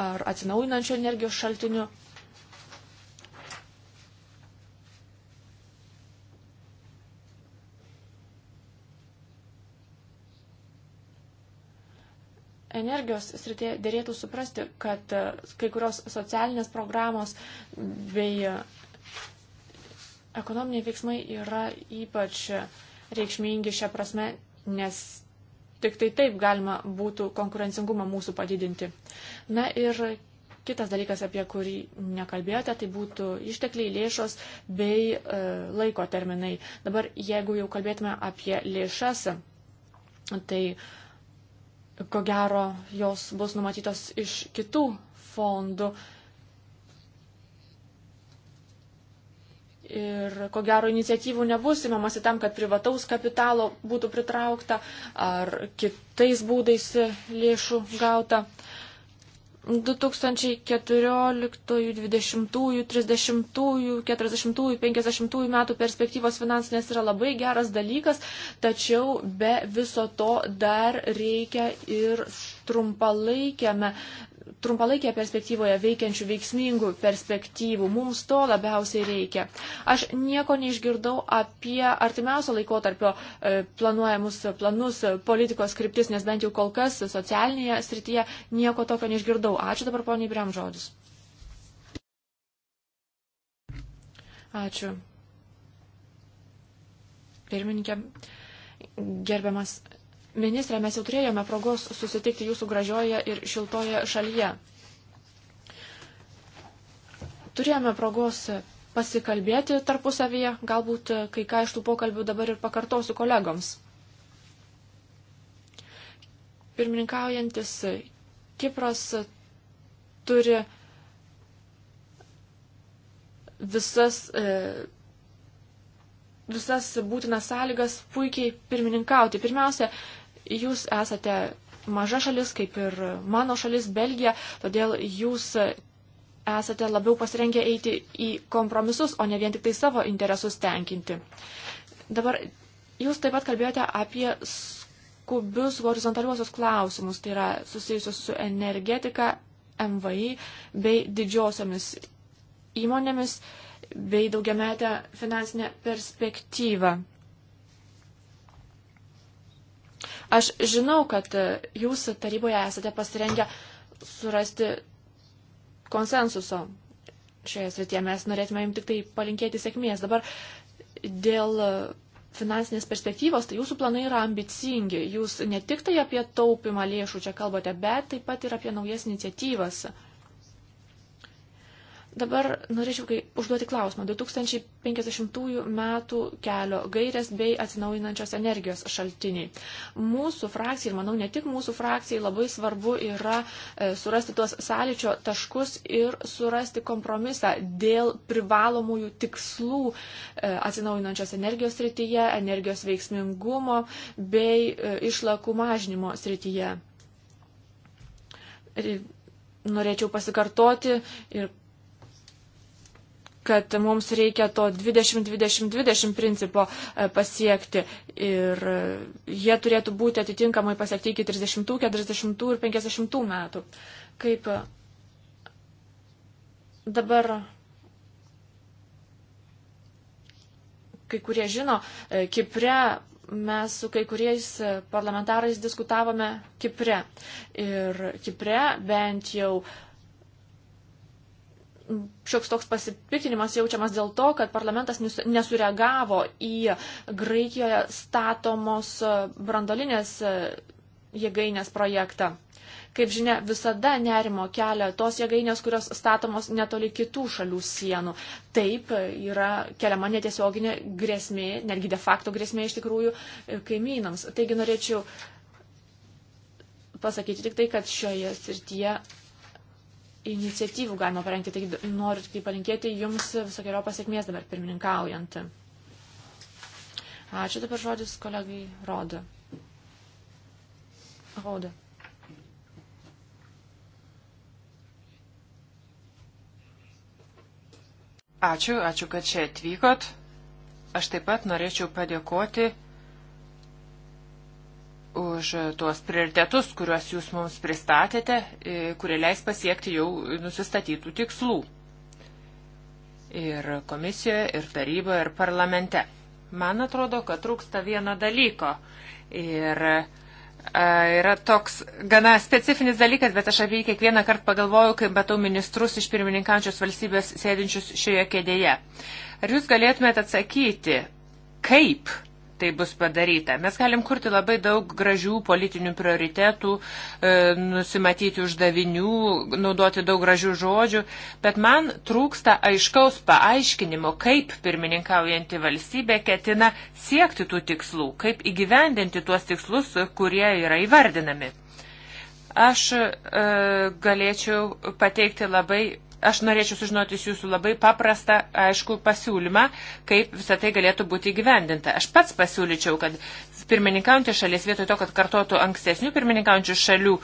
ar atsinaujinančio energijos šaltiniu. energijos srityje dėrėtų suprasti, kad e, kai kurios socialinės programos bei e, ekonominiai veiksmai yra ypač reikšmingi šią prasme, nes tik tai taip galima būtų konkurencingumą mūsų padidinti. Na ir kitas dalykas, apie kurį nekalbėjote, tai būtų ištekliai, lėšos bei e, laiko terminai. Dabar jeigu jau kalbėtume apie lėšas, tai e, ko gero jos bus numatytos iš kitų fondų. Ir ko gero iniciatyvų nebus įmamasi tam, kad privataus kapitalo būtų pritraukta ar kitais būdais lėšų gauta. Uh, 2014, 20, 30, 40, 50 metų perspektyvos finansinės yra labai geras dalykas, tačiau be viso to dar reikia ir trumpalaikiame trumpalaikėje perspektyvoje veikiančių veiksmingų perspektyvų. Mums to labiausiai reikia. Aš nieko neišgirdau apie artimiausio laikotarpio e, planuojamus planus politikos kryptis, nes bent jau kol kas socialinėje srityje nieko tokio neišgirdau. Ačiū dabar poniai Briam žodis. Ačiū. Pirmininkė, gerbiamas Ministrė, mes jau turėjome progos susitikti jūsų gražioje ir šiltoje šalyje. Turėjome progos pasikalbėti tarpusavyje, galbūt kai ką iš tų pokalbių dabar ir pakartosiu kolegoms. Pirmininkaujantis Kipras turi visas, e, visas būtinas sąlygas puikiai pirmininkauti. Pirmiausia, Jūs esate maža šalis, kaip ir mano šalis Belgija, todėl jūs esate labiau pasirengę eiti į kompromisus, o ne vien tik tai savo interesus tenkinti. Dabar jūs taip pat kalbėjote apie skubius horizontaliuosius klausimus, tai yra susijusius su energetika, MVI bei didžiosiomis įmonėmis bei daugiametę finansinę perspektyvą. Aš žinau, kad e, jūs taryboje esate pasirengę surasti konsensuso šioje srityje. Mes norėtume jums tik tai palinkėti sėkmės. Dabar dėl e, finansinės perspektyvos, tai jūsų planai yra ambicingi. Jūs ne tik tai apie taupimą lėšų čia kalbate, bet taip pat ir apie naujas iniciatyvas. Dabar norėčiau kai, užduoti klausimą. 2050 metų kelio gairės bei atsinaujinančios energijos šaltiniai. Mūsų frakcijai, ir manau ne tik mūsų frakcijai, labai svarbu yra e, surasti tuos sąlyčio taškus ir surasti kompromisą dėl privalomųjų tikslų e, atsinaujinančios energijos srityje, energijos veiksmingumo bei e, išlakų mažinimo srityje norėčiau pasikartoti ir kad mums reikia to 20-20-20 principo e, pasiekti ir e, jie turėtų būti atitinkamai pasiekti iki 30, 40 ir 50 metų. Kaip e, dabar kai kurie žino, Kipre mes su kai kuriais parlamentarais diskutavome Kipre. Ir Kipre bent jau uh, šioks toks pasipiktinimas jaučiamas dėl to, kad parlamentas nesureagavo į Graikijoje statomos e, brandolinės e, jėgainės projektą. Kaip žinia, visada nerimo kelia tos jėgainės, kurios statomos netoli kitų šalių sienų. Taip e, yra keliama netiesioginė grėsmė, netgi de facto grėsmė iš tikrųjų kaimynams. Taigi norėčiau pasakyti tik tai, kad šioje srityje iniciatyvų galima parengti. Taigi noriu tik tai palinkėti jums visokiojo pasiekmės dabar pirmininkaujant. Ačiū dabar žodis kolegai Rodo. Rodo. Ačiū, ačiū, kad čia atvykot. Aš taip pat norėčiau padėkoti už tuos prioritetus, kuriuos jūs mums pristatėte, e, kurie leis pasiekti jau nusistatytų tikslų. Ir komisijoje, ir taryboje, ir parlamente. Man atrodo, kad trūksta vieno dalyko. Ir e, yra toks gana specifinis dalykas, bet aš apie jį kiekvieną kartą pagalvoju, kai matau ministrus iš pirmininkančios valstybės sėdinčius šioje kėdėje. Ar jūs galėtumėte atsakyti, kaip tai bus padaryta. Mes galim kurti labai daug gražių politinių prioritetų, e, nusimatyti uždavinių, naudoti daug gražių žodžių, bet man trūksta aiškaus paaiškinimo, kaip pirmininkaujanti valstybė ketina siekti tų tikslų, kaip įgyvendinti tuos tikslus, kurie yra įvardinami. Aš e, galėčiau pateikti labai Aš norėčiau sužinoti iš jūsų labai paprastą, aišku, pasiūlymą, kaip visą tai galėtų būti įgyvendinta. Aš pats pasiūlyčiau, kad pirmininkaujantį šalis vietoj to, kad kartotų ankstesnių pirmininkaujančių šalių e,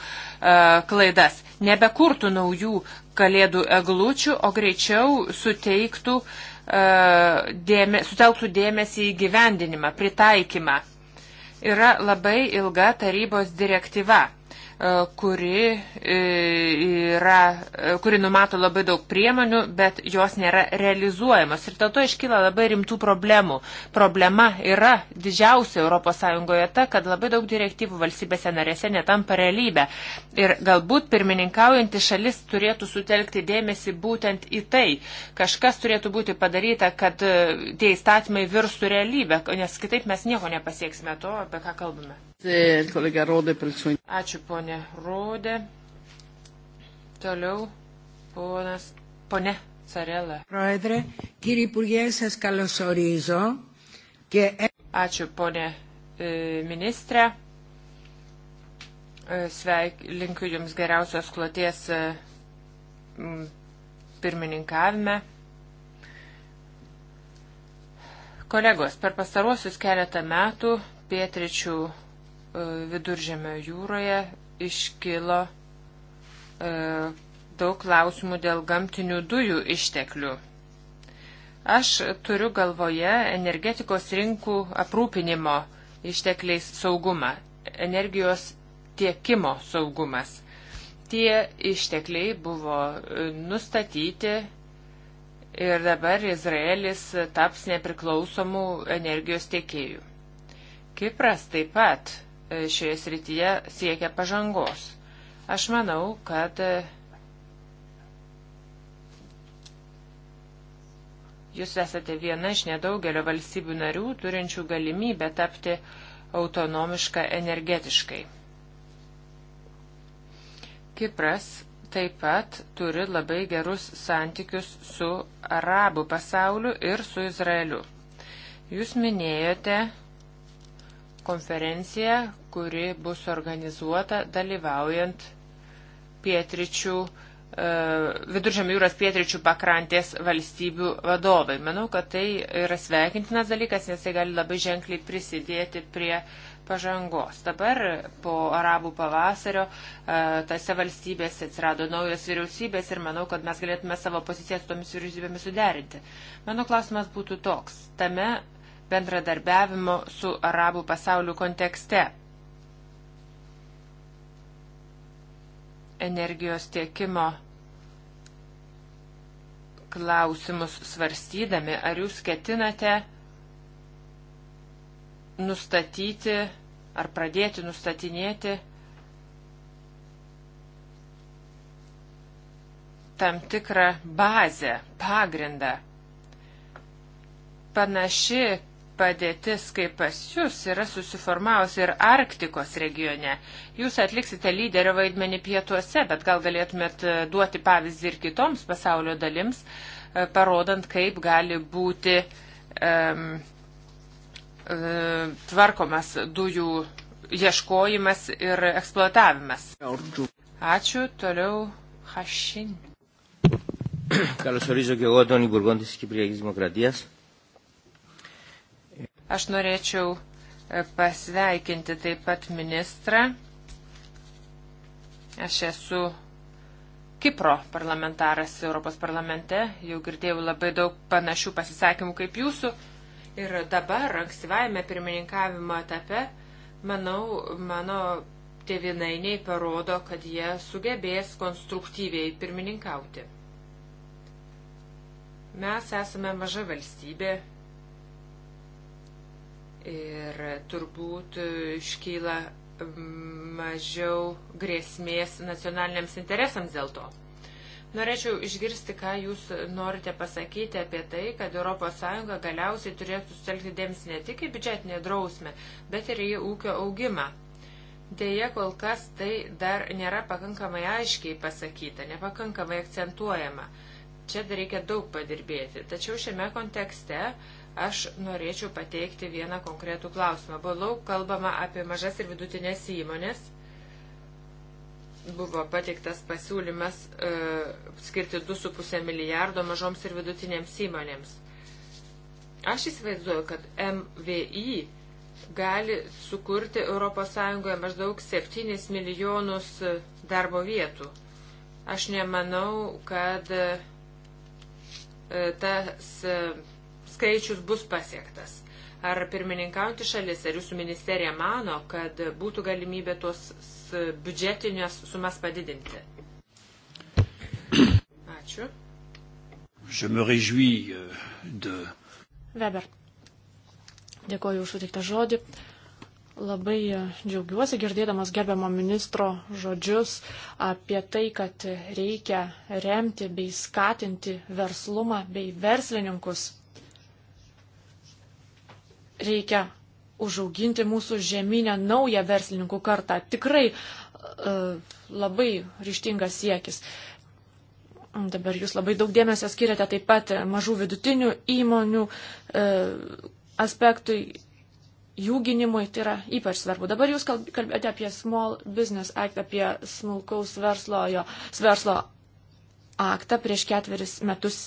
klaidas, nebekurtų naujų kalėdų eglučių, o greičiau suteiktų, e, dėme, sutelktų dėmesį į gyvendinimą, pritaikymą. Yra labai ilga tarybos direktyva E, kuri, e, yra, e, kuri numato labai daug priemonių, bet jos nėra realizuojamos. Ir dėl to iškyla labai rimtų problemų. Problema yra didžiausia ES ta, kad labai daug direktyvų valstybėse narėse netampa realybė. Ir galbūt pirmininkaujanti šalis turėtų sutelkti dėmesį būtent į tai. Kažkas turėtų būti padaryta, kad tie įstatymai virstų realybę, nes kitaip mes nieko nepasieksime to, apie ką kalbame. Ačiū, ponė Rodė. Toliau, ponas, ponė Carela. E- Ačiū, ponė e, ministrė. E, sveik, linkiu Jums geriausios kloties pirmininkavime. Kolegos, per pastaruosius keletą metų pietričių E, viduržėmio jūroje iškilo e, daug klausimų dėl gamtinių dujų išteklių. Aš turiu galvoje energetikos rinkų aprūpinimo ištekliais saugumą, energijos tiekimo saugumas. Tie ištekliai buvo e, nustatyti ir dabar Izraelis taps nepriklausomų energijos tiekėjų. Kipras taip pat šioje srityje siekia pažangos. Aš manau, kad e, jūs esate viena iš nedaugelio valstybių narių turinčių galimybę tapti autonomišką energetiškai. Kipras taip pat turi labai gerus santykius su arabų pasauliu ir su Izraeliu. Jūs minėjote konferenciją, kuri bus organizuota dalyvaujant pietričių, e, viduržėmių jūros pietričių pakrantės valstybių vadovai. Manau, kad tai yra sveikintinas dalykas, nes tai gali labai ženkliai prisidėti prie pažangos. Dabar po arabų pavasario e, tose valstybėse atsirado naujos vyriausybės ir manau, kad mes galėtume savo poziciją su tomis vyriausybėmis suderinti. Mano klausimas būtų toks. Tame bendradarbiavimo su arabų pasauliu kontekste. energijos tiekimo klausimus svarstydami, ar jūs ketinate nustatyti ar pradėti nustatinėti tam tikrą bazę, pagrindą. Panaši padėtis kaip pas jūs yra susiformavusi ir Arktikos regione. Jūs atliksite lyderio vaidmenį pietuose, bet gal galėtumėt e, duoti pavyzdį ir kitoms pasaulio dalims, e, parodant, kaip gali būti um, tvarkomas dujų ieškojimas ir eksploatavimas. Ačiū, toliau Hašin. Καλώς ορίζω και εγώ τον Υπουργό της Κυπριακής Δημοκρατίας. Aš norėčiau e, pasveikinti taip pat ministrą. Aš esu Kipro parlamentaras Europos parlamente, jau girdėjau labai daug panašių pasisakymų kaip jūsų. Ir dabar, ankstyvajame pirmininkavimo etape, manau, mano tėvinainiai parodo, kad jie sugebės konstruktyviai pirmininkauti. Mes esame maža valstybė, Ir turbūt iškyla mm, mažiau grėsmės nacionaliniams interesams dėl to. Norėčiau išgirsti, ką Jūs norite pasakyti apie tai, kad ES galiausiai turėtų sutelkti dėmesį ne tik į biudžetinę drausmę, bet ir į ūkio augimą. Deja, kol kas tai dar nėra pakankamai aiškiai pasakyta, nepakankamai akcentuojama. Čia dar reikia daug padirbėti. Tačiau šiame kontekste uh, Aš norėčiau pateikti vieną konkretų klausimą. Buvo daug kalbama apie mažas ir vidutinės įmonės. Buvo pateiktas pasiūlymas e, skirti 2,5 milijardo mažoms ir vidutinėms įmonėms. Aš įsivaizduoju, kad MVI gali sukurti ES maždaug 7 milijonus e, darbo vietų. Aš nemanau, kad e, tas e, skaičius bus pasiektas? Ar pirmininkauti šalis, ar jūsų ministerija mano, kad būtų galimybė tuos biudžetinės sumas padidinti? Ačiū. Je me réjouis euh, de. Weber. Dėkoju už sutiktą žodį. Labai e, džiaugiuosi girdėdamas gerbiamo ministro žodžius apie tai, kad reikia remti bei skatinti verslumą bei verslininkus reikia užauginti mūsų žemynę naują verslininkų kartą. Tikrai uh, labai ryštingas siekis. Dabar jūs labai daug dėmesio skiriate taip pat mažų vidutinių įmonių uh, aspektui, jų gynimui, tai yra ypač svarbu. Dabar jūs kalbėjote apie Small Business Act, apie smulkaus verslo, jo, verslo aktą prieš ketveris metus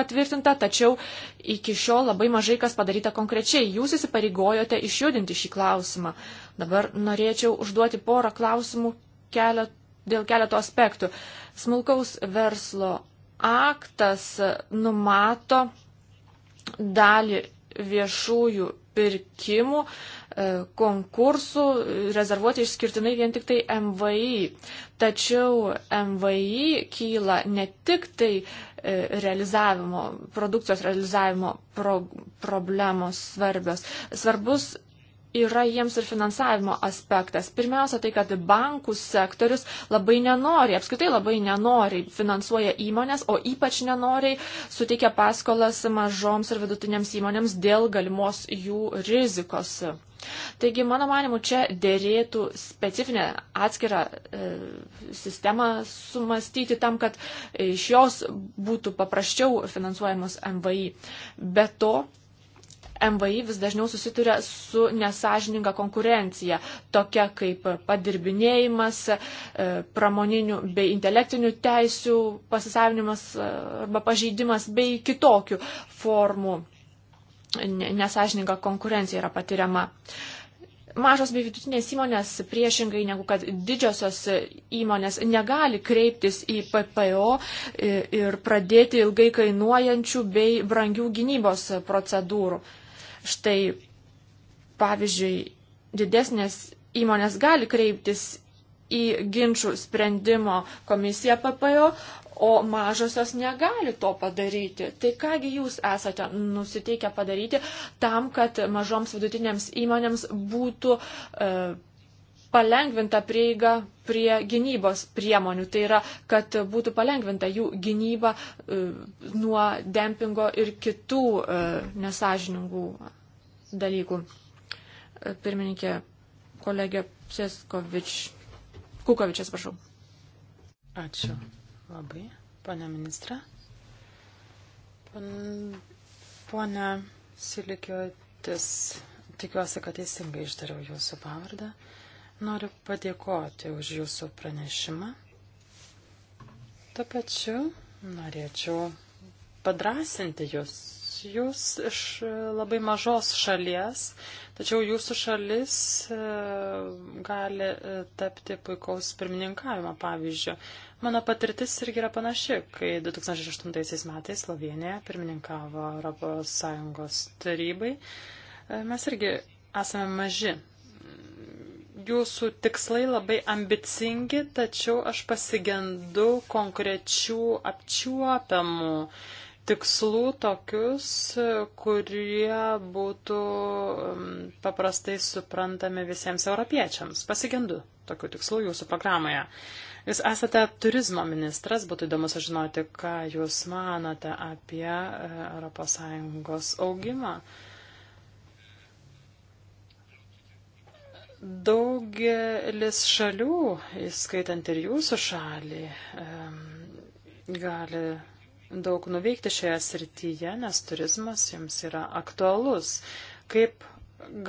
patvirtinta, tačiau iki šiol labai mažai kas padaryta konkrečiai. Jūs įsipareigojote išjudinti šį klausimą. Dabar norėčiau užduoti porą klausimų kelet, dėl keleto aspektų. Smulkaus verslo aktas numato dalį viešųjų pirkimų, e, konkursų rezervuoti išskirtinai vien tik tai MVI. Tačiau MVI kyla ne tik tai E, realizavimo, produkcijos realizavimo pro, problemos svarbios. Svarbus yra jiems ir finansavimo aspektas. Pirmiausia, tai, kad bankų sektorius labai nenori, apskritai labai nenori finansuoja įmonės, o ypač nenoriai suteikia paskolas mažoms ir vidutinėms įmonėms dėl galimos jų rizikos. Taigi, mano manimu, čia dėrėtų specifinę atskirą e, sistemą sumastyti tam, kad iš jos būtų paprasčiau finansuojamos MVI. Be to, MVI vis dažniau susituria su nesažininga konkurencija, tokia kaip padirbinėjimas, e, pramoninių bei intelektinių teisių pasisavinimas e, arba pažeidimas bei kitokių formų nesažininga konkurencija yra patiriama. Mažos bei vidutinės įmonės priešingai negu kad didžiosios įmonės negali kreiptis į PPO e, ir pradėti ilgai kainuojančių bei brangių gynybos procedūrų. Štai, pavyzdžiui, didesnės įmonės gali kreiptis į ginčių sprendimo komisiją PPO, o mažosios negali to padaryti. Tai kągi jūs esate nusiteikę padaryti tam, kad mažoms vidutinėms įmonėms būtų e, palengvinta prieiga prie gynybos priemonių. Tai yra, kad būtų palengvinta jų gynyba e, nuo dempingo ir kitų e, nesažiningų dalykų. E, pirmininkė kolegė Pseskovič. Kukovič, atsiprašau. Ačiū labai, pane ministra. Pone Silikiotis, tikiuosi, kad teisingai ištariau jūsų pavardę. Uh, Noriu padėkoti už jūsų pranešimą. Tuo pačiu norėčiau padrasinti jūs. Jūs iš labai mažos šalies, tačiau jūsų šalis e, gali e, tapti puikaus pirmininkavimo pavyzdžio. Mano patirtis irgi yra panaši, kai 2008 metais Slovenija pirmininkavo ES tarybai. E, mes irgi esame maži jūsų tikslai labai ambicingi, tačiau aš pasigendu konkrečių apčiuopiamų tikslų tokius, kurie būtų um, paprastai suprantami visiems europiečiams. Pasigendu tokių tikslų jūsų programoje. Jūs esate turizmo ministras, būtų įdomu sužinoti, ką jūs manote apie uh, ES augimą. Daugelis šalių, įskaitant ir jūsų šalį, gali daug nuveikti šioje srityje, nes turizmas jums yra aktualus. Kaip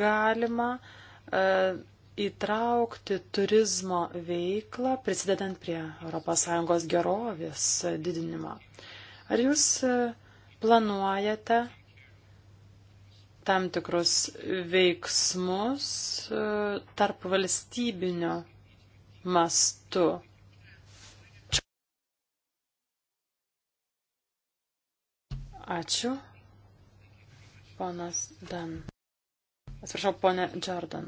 galima e, įtraukti turizmo veiklą, prisidedant prie ES gerovės didinimo. Ar jūs e, planuojate tam tikrus veiksmus e, tarp valstybinio mastu. Ačiū. Ponas Dan. Atsiprašau, ponė Jordan.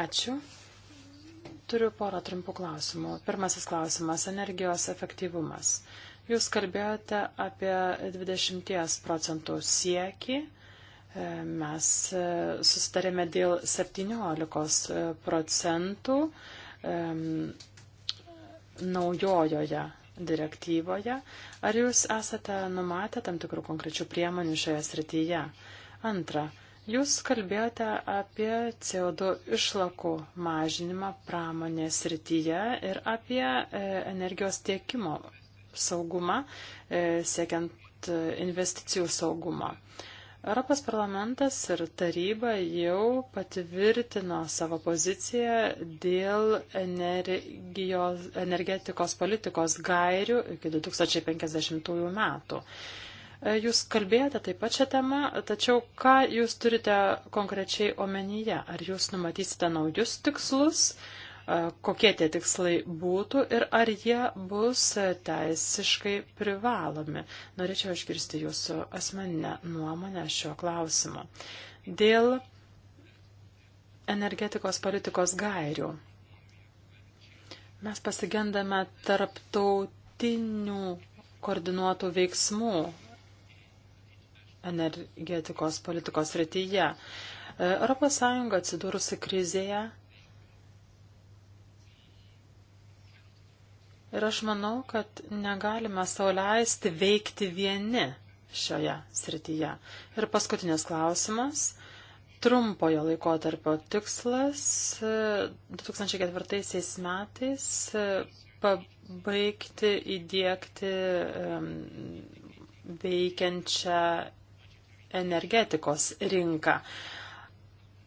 Ačiū. Turiu porą trumpų klausimų. Pirmasis klausimas - energijos efektyvumas. Uh, Jūs kalbėjote apie 20 procentų siekį. E, mes e, susitarėme dėl 17 e, procentų naujojoje direktyvoje. Ar jūs esate numatę tam tikrų konkrečių priemonių šioje srityje? Antra, jūs kalbėjote apie CO2 išlakų mažinimą pramonės srityje ir apie energijos tiekimo saugumą, e, siekiant e, investicijų saugumą. Europos parlamentas ir taryba jau patvirtino savo poziciją dėl energijos, energetikos politikos gairių iki 2050 metų. E, jūs kalbėjote taip pat šią temą, tačiau ką jūs turite konkrečiai omenyje? Ar jūs numatysite naujus tikslus? Uh, kokie tie tikslai būtų ir ar jie bus teisiškai privalomi. Norėčiau išgirsti jūsų asmeninę nuomonę šio klausimo. Dėl energetikos politikos gairių. Mes pasigendame tarptautinių koordinuotų veiksmų energetikos politikos rytyje. ES atsidūrusi krizėje Ir aš manau, kad negalime sauliaisti veikti vieni šioje srityje. Ir paskutinis klausimas. Trumpojo laikotarpio tikslas 2004 e, metais e, pabaigti įdėkti veikiančią energetikos rinką.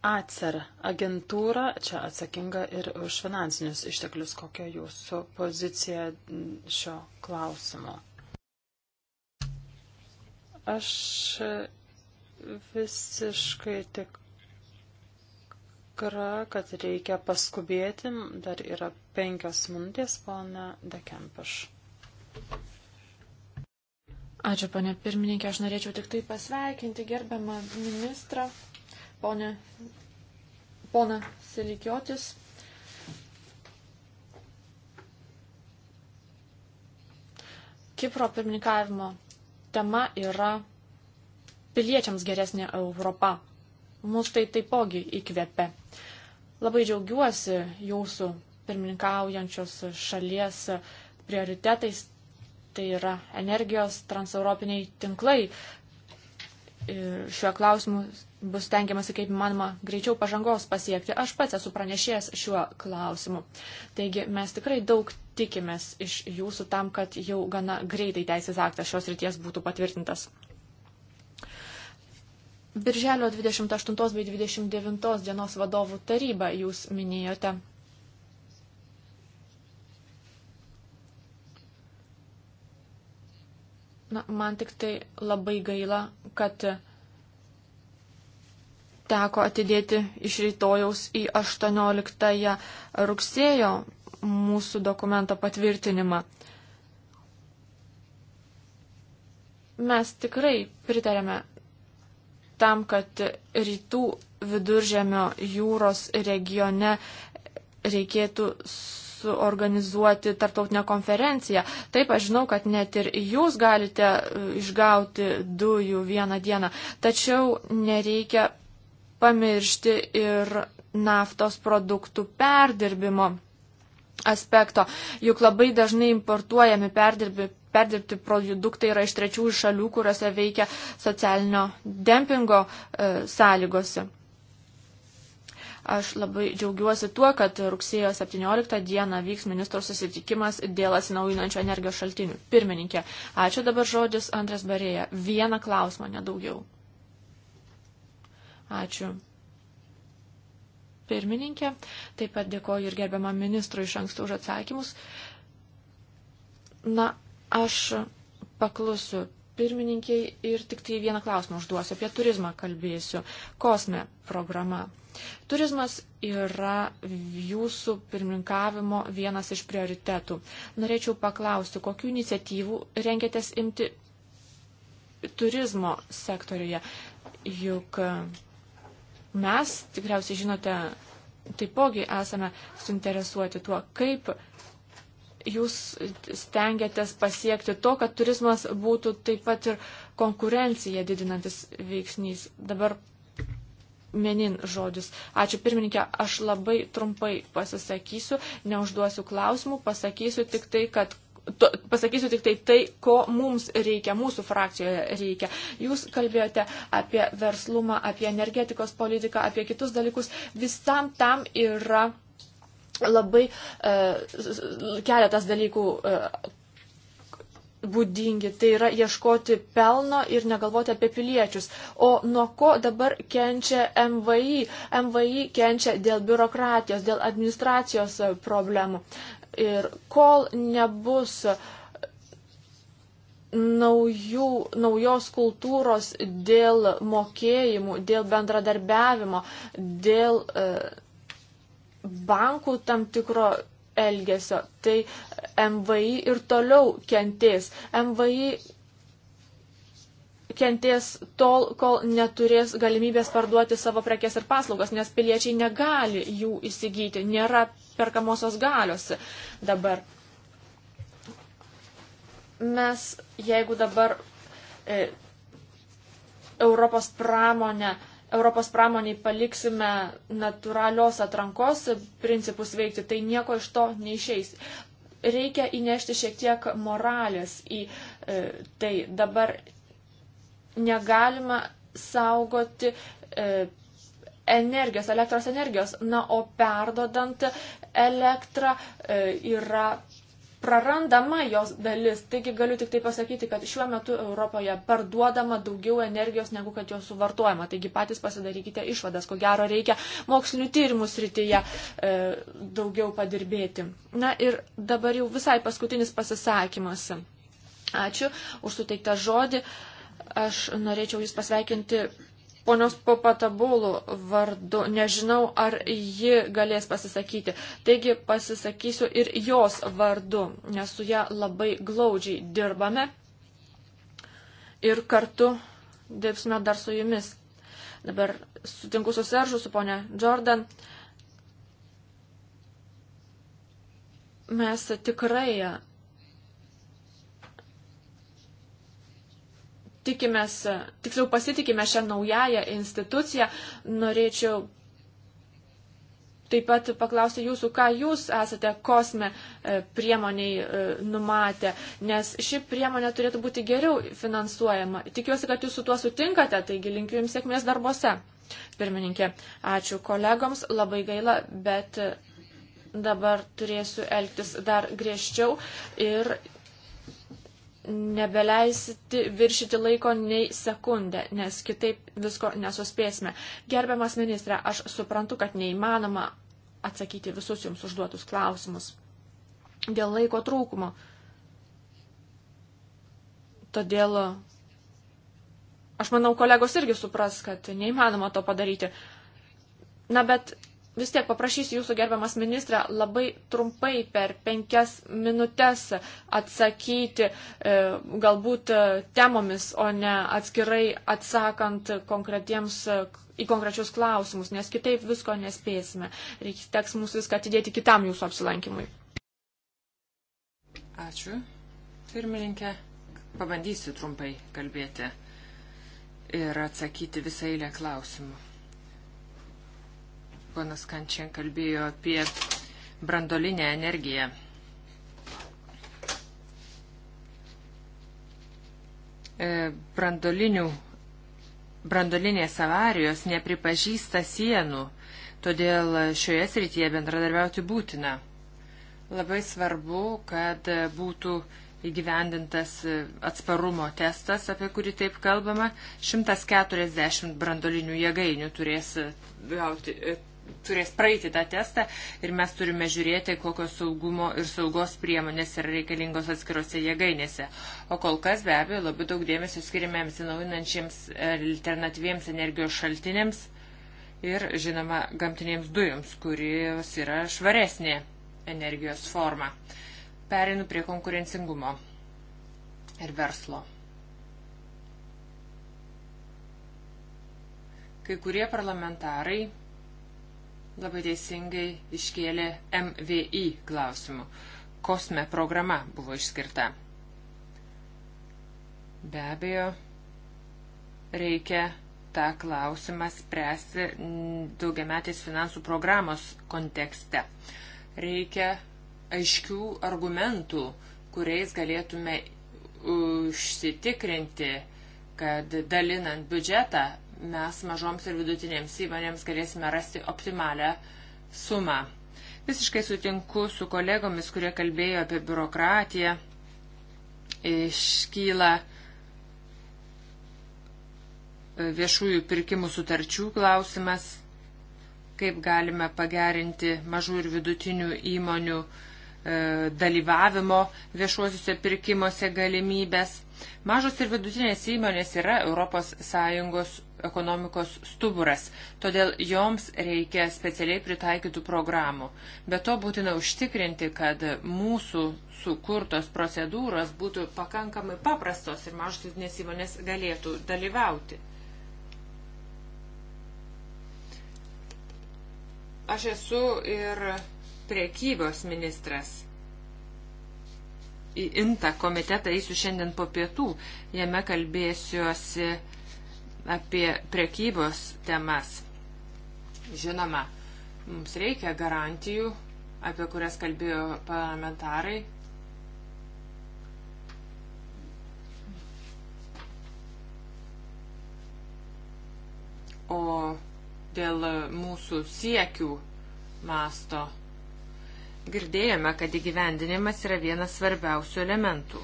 ACER agentūra čia atsakinga ir už finansinius išteklius. Kokia jūsų pozicija šio klausimo? Aš visiškai tik tikra, kad reikia paskubėti. Dar yra penkios minutės, pana Dekempaš. Ačiū, pane pirmininkė, aš norėčiau tik tai pasveikinti gerbiamą ministrą ponę, poną Silikiotis. Kipro pirmininkavimo tema yra piliečiams geresnė Europa. Mūsų tai taipogi įkvėpia. Labai džiaugiuosi jūsų pirmininkaujančios šalies prioritetais, tai yra energijos transeuropiniai tinklai. Šiuo klausimu bus tengiamasi kaip manoma greičiau pažangos pasiekti. Aš pats esu pranešėjęs šiuo klausimu. Taigi mes tikrai daug tikimės iš jūsų tam, kad jau gana greitai teisės aktas šios ryties būtų patvirtintas. Birželio 28 bei 29 dienos vadovų taryba jūs minėjote. Na, man tik tai labai gaila, kad teko atidėti iš rytojaus į 18 rugsėjo mūsų dokumento patvirtinimą. Mes tikrai pritarėme tam, kad rytų viduržėmio jūros regione reikėtų suorganizuoti tartautinę konferenciją. Taip, aš žinau, kad net ir jūs galite e, išgauti dujų vieną dieną, tačiau nereikia pamiršti ir naftos produktų perdirbimo aspekto. Juk labai dažnai importuojami perdirbi, perdirbti produktai yra iš trečiųjų šalių, kuriuose veikia socialinio dempingo e, sąlygose. Aš labai džiaugiuosi tuo, kad rugsėjo 17 dieną vyks ministro susitikimas dėl atsinaujinančio energijos šaltinių. Pirmininkė, ačiū dabar žodis Andres Barėja. Vieną klausimą, nedaugiau. Ačiū. Pirmininkė, taip pat dėkoju ir gerbiamam ministrui iš anksto už atsakymus. Na, aš paklusiu pirmininkiai ir tik tai vieną klausimą užduosiu. Apie turizmą kalbėsiu. Kosme programa. Turizmas yra jūsų pirmininkavimo vienas iš prioritetų. Norėčiau paklausti, kokiu iniciatyvų rengėtės imti turizmo sektoriuje. Juk mes, tikriausiai žinote, taipogi esame suinteresuoti tuo, kaip jūs stengiatės pasiekti to, kad turizmas būtų taip pat ir konkurencija didinantis veiksnys. Dabar menin žodis. Ačiū pirmininkė, aš labai trumpai pasisakysiu, neužduosiu klausimų, pasakysiu tik tai, kad to, pasakysiu tik tai tai, ko mums reikia, mūsų frakcijoje reikia. Jūs kalbėjote apie verslumą, apie energetikos politiką, apie kitus dalykus. Visam tam yra labai e, keletas dalykų. E, būdingi, tai yra ieškoti pelno ir negalvoti apie piliečius. O nuo ko dabar kenčia MVI? MVI kenčia dėl biurokratijos, dėl administracijos e, problemų. Ir kol nebus naujų, naujos kultūros dėl mokėjimų, dėl bendradarbiavimo, dėl e, bankų tam tikro elgesio, tai MVI ir toliau kentės. MVI kentės tol, kol neturės galimybės parduoti savo prekes ir paslaugas, nes piliečiai negali jų įsigyti, nėra perkamosios galios dabar. Mes, jeigu dabar e, Europos pramonę Europos pramoniai paliksime natūralios atrankos principus veikti, tai nieko iš to neišeis. Reikia įnešti šiek tiek moralės į e, tai. Dabar negalima saugoti e, energijos, elektros energijos. Na, o perdodant elektrą e, yra prarandama jos dalis. Taigi galiu tik tai pasakyti, kad šiuo metu Europoje parduodama daugiau energijos, negu kad jos suvartojama. Taigi patys pasidarykite išvadas, ko gero reikia mokslinių tyrimų srityje e, daugiau padirbėti. Na ir dabar jau visai paskutinis pasisakymas. Ačiū už suteiktą žodį. Aš norėčiau Jūs pasveikinti ponios Papatabulų vardu. Nežinau, ar ji galės pasisakyti. Taigi pasisakysiu ir jos vardu, nes su ją labai glaudžiai dirbame ir kartu dirbsime dar su jumis. Dabar sutinku su Seržu, su ponia Jordan. Mes tikrai tikimės, tiksliau pasitikime šią naująją instituciją, norėčiau taip pat paklausti jūsų, ką jūs esate kosme e, priemoniai e, numatę, nes ši priemonė turėtų būti geriau finansuojama. Tikiuosi, kad jūs su tuo sutinkate, taigi linkiu jums sėkmės darbose. Pirmininkė, ačiū kolegoms, labai gaila, bet dabar turėsiu elgtis dar griežčiau ir nebeleisite viršyti laiko nei sekundę, nes kitaip visko nesuspėsime. Gerbiamas ministrė, aš suprantu, kad neįmanoma atsakyti visus jums užduotus klausimus dėl laiko trūkumo. Todėl aš manau, kolegos irgi supras, kad neįmanoma to padaryti. Na, bet vis tiek paprašysiu jūsų gerbiamas ministrė labai trumpai per penkias minutės atsakyti e, galbūt e, temomis, o ne atskirai atsakant konkretiems e, į konkrečius klausimus, nes kitaip visko nespėsime. Reiks teks mums viską atidėti kitam jūsų apsilankimui. Ačiū. Pirmininkė, pabandysiu trumpai kalbėti ir atsakyti visą eilę klausimų. Panas Kančian kalbėjo apie brandolinę energiją. E, brandolinių, brandolinės avarijos nepripažįsta sienų, todėl šioje srityje bendradarbiauti būtina. Labai svarbu, kad būtų įgyvendintas atsparumo testas, apie kurį taip kalbama. 140 brandolinių jėgainių turės gauti turės praeiti tą testą ir mes turime žiūrėti, kokios saugumo ir saugos priemonės yra reikalingos atskirose jėgainėse. O kol kas be abejo labai daug dėmesio skiriame atsinaujinančiems alternatyviems energijos šaltiniams ir, žinoma, gamtinėms dujoms, kurios yra švaresnė energijos forma. Perinu prie konkurencingumo ir verslo. Kai kurie parlamentarai labai teisingai iškėlė MVI klausimų. Kosme programa buvo išskirta. Be abejo, reikia tą klausimą spręsti daugiametės finansų programos kontekste. Reikia aiškių argumentų, kuriais galėtume užsitikrinti, kad dalinant biudžetą mes mažoms ir vidutinėms įmonėms galėsime rasti optimalią sumą. Visiškai sutinku su kolegomis, kurie kalbėjo apie biurokratiją. Iškyla e, viešųjų pirkimų sutarčių klausimas, kaip galime pagerinti mažų ir vidutinių įmonių e, dalyvavimo viešuosiuose pirkimuose galimybės. Mažos ir vidutinės įmonės yra ES ekonomikos stuburas, todėl joms reikia specialiai pritaikytų programų. Be to būtina užtikrinti, kad mūsų sukurtos procedūros būtų pakankamai paprastos ir mažutinės įmonės galėtų dalyvauti. Aš esu ir priekybos ministras į INTA komitetą eisiu šiandien po pietų. Jame kalbėsiuosi apie prekybos temas. Žinoma, mums reikia garantijų, apie kurias kalbėjo parlamentarai. O dėl mūsų siekių masto girdėjome, kad įgyvendinimas yra vienas svarbiausių elementų.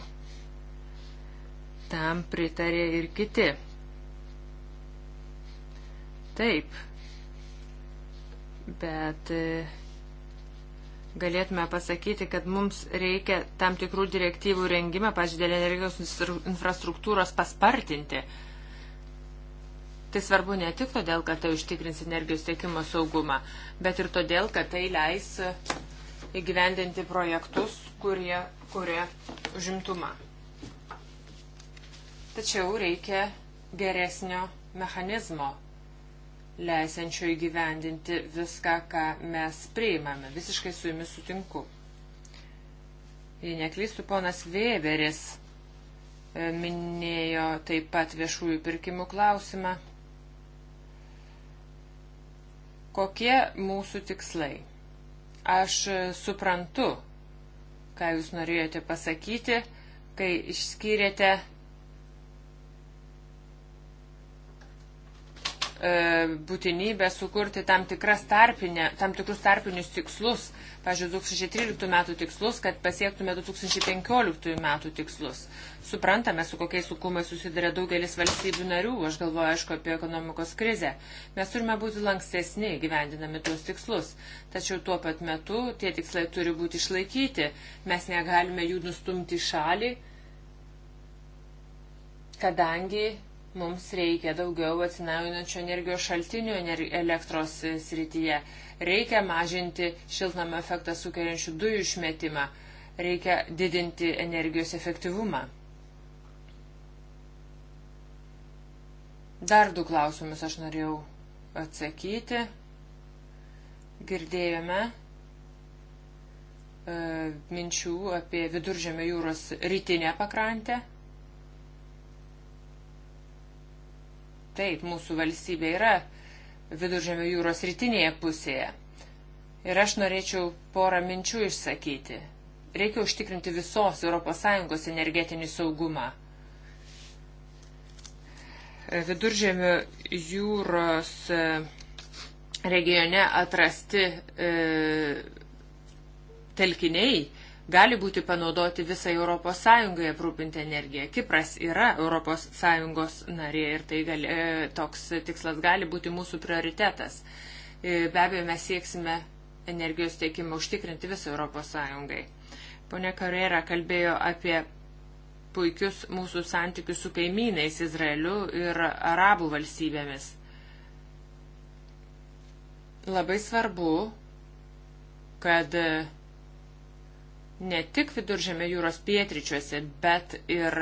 Tam pritarė ir kiti Taip. Bet e, galėtume pasakyti, kad mums reikia tam tikrų direktyvų rengimą, pažiūrėjau, energijos infrastruktūros paspartinti. Tai svarbu ne tik todėl, kad tai užtikrins energijos tiekimo saugumą, bet ir todėl, kad tai leis įgyvendinti projektus, kurie kuria užimtumą. Tačiau reikia geresnio mechanizmo leisiančio įgyvendinti viską, ką mes priimame. Visiškai su jumis sutinku. Jei neklystų, ponas Weberis e, minėjo taip pat viešųjų pirkimų klausimą. Kokie mūsų tikslai? Aš suprantu, ką jūs norėjote pasakyti, kai išskyrėte E, būtinybę sukurti tam, tarpinę, tam tikrus tarpinius tikslus, pažiūrėjau, 2013 metų tikslus, kad pasiektume 2015 metų tikslus. Suprantame, su kokiais sunkumais susiduria daugelis valstybių narių, aš galvoju, aišku, apie ekonomikos krizę. Mes turime būti lankstesni gyvendinami tuos tikslus, tačiau tuo pat metu tie tikslai turi būti išlaikyti, mes negalime jų nustumti šalį, kadangi Mums reikia daugiau atsinaujinančių energijos šaltinių elektros srityje. Reikia mažinti šiltnamio efektą sukeliančių dujų išmetimą. Reikia didinti energijos efektyvumą. Dar du klausimus aš norėjau atsakyti. Girdėjome e, minčių apie viduržėmio jūros rytinę pakrantę. Taip, mūsų valstybė yra viduržėmio jūros rytinėje pusėje. Ir aš norėčiau porą minčių išsakyti. Reikia užtikrinti visos ES energetinį saugumą. Viduržėmio jūros e, regione atrasti e, telkiniai gali būti panaudoti visai ES aprūpinti energiją. Kipras yra ES narė ir tai gali, e, toks tikslas gali būti mūsų prioritetas. E, be abejo, mes sieksime energijos tiekimą užtikrinti visai ES. Pone Karėra kalbėjo apie puikius mūsų santykius su kaimynais Izraeliu ir arabų valstybėmis. Labai svarbu, kad ne tik viduržėme jūros pietričiuose, bet ir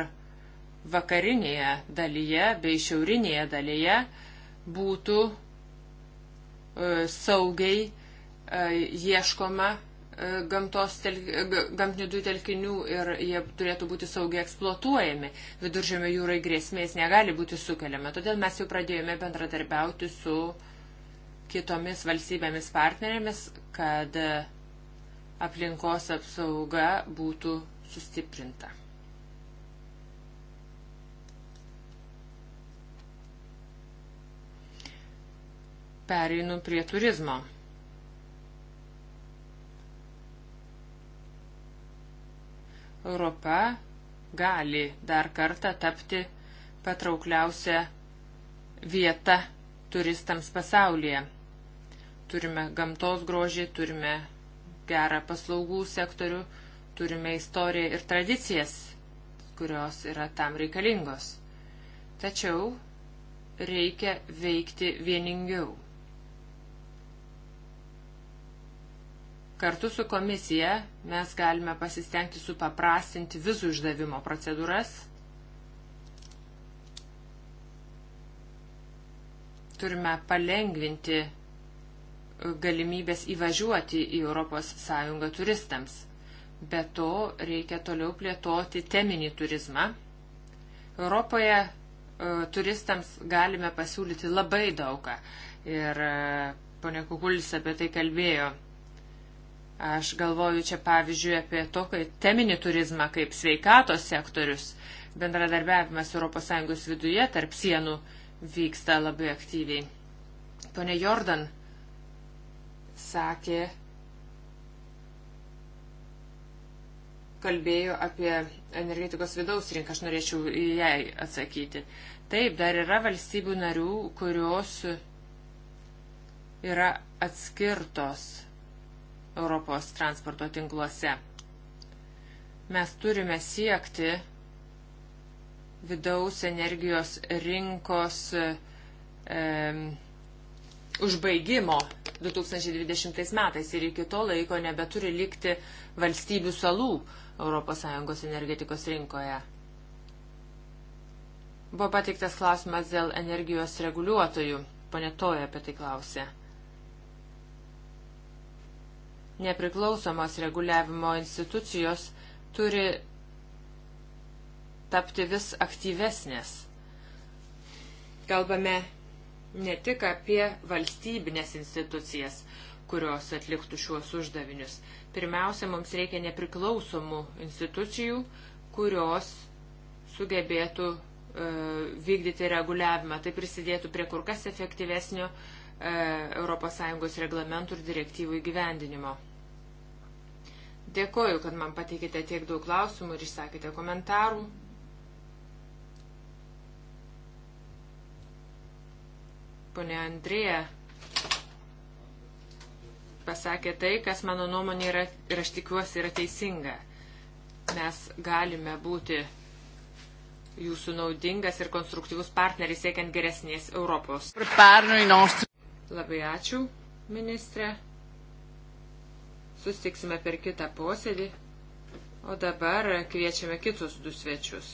vakarinėje dalyje bei šiaurinėje dalyje būtų e, saugiai e, ieškoma e, gamtos tel, e, gamtinių dujų telkinių ir jie turėtų būti saugiai eksploatuojami. Viduržėmio jūrai grėsmės negali būti sukeliama. Todėl mes jau pradėjome bendradarbiauti su kitomis valstybėmis partnerėmis, kad uh, aplinkos apsauga būtų sustiprinta. Pereinu prie turizmo. Europa gali dar kartą tapti patraukliausia vieta turistams pasaulyje. Turime gamtos grožį, turime gerą paslaugų sektorių, turime istoriją ir tradicijas, kurios yra tam reikalingos. Tačiau reikia veikti vieningiau. Kartu su komisija mes galime pasistengti supaprastinti vizų išdavimo procedūras. Turime palengvinti galimybės įvažiuoti į ES turistams. Be to reikia toliau plėtoti teminį turizmą. Europoje e, turistams galime pasiūlyti labai daugą. Ir e, ponė Kukulis apie tai kalbėjo. Aš galvoju čia pavyzdžiui apie tokį teminį turizmą kaip sveikatos sektorius. Bendradarbiavimas ES viduje tarp sienų vyksta labai aktyviai. Pone Jordan sakė, kalbėjo apie energetikos vidaus rinką, aš norėčiau jai atsakyti. Taip, dar yra valstybių narių, kurios yra atskirtos Europos transporto tinkluose. Mes turime siekti vidaus energijos rinkos e, užbaigimo 2020 metais ir iki to laiko nebeturi likti valstybių salų ES energetikos rinkoje. Buvo pateiktas klausimas dėl energijos reguliuotojų. Pone Toja apie tai klausė. Nepriklausomos reguliavimo institucijos turi tapti vis aktyvesnės. Kalbame ne tik apie valstybinės institucijas, kurios atliktų šiuos uždavinius. Pirmiausia, mums reikia nepriklausomų institucijų, kurios sugebėtų e, vykdyti reguliavimą. Tai prisidėtų prie kur kas efektyvesnio e, ES reglamentų ir direktyvų įgyvendinimo. Dėkoju, kad man pateikite tiek daug klausimų ir išsakėte komentarų. Pone Andrėja pasakė tai, kas mano nuomonė yra ir aš tikiuosi yra teisinga. Mes galime būti jūsų naudingas ir konstruktyvus partneris siekiant geresnės Europos. Labai ačiū, ministrė. Sustiksime per kitą posėdį. O dabar kviečiame kitus du svečius.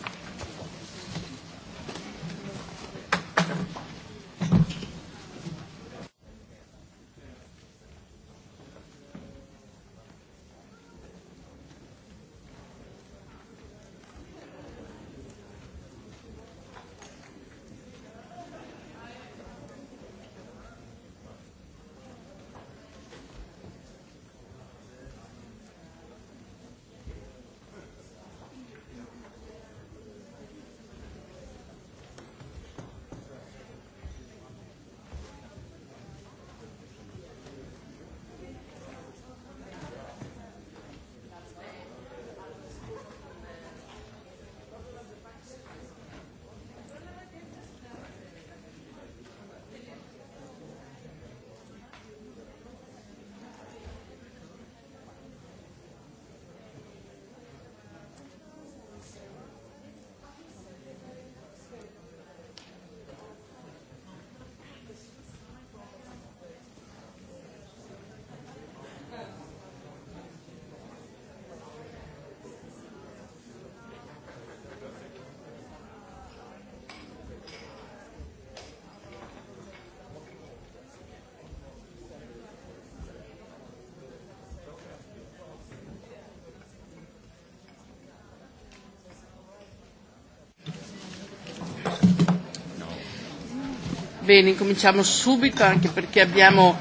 Bene, incominciamo subito anche perché abbiamo.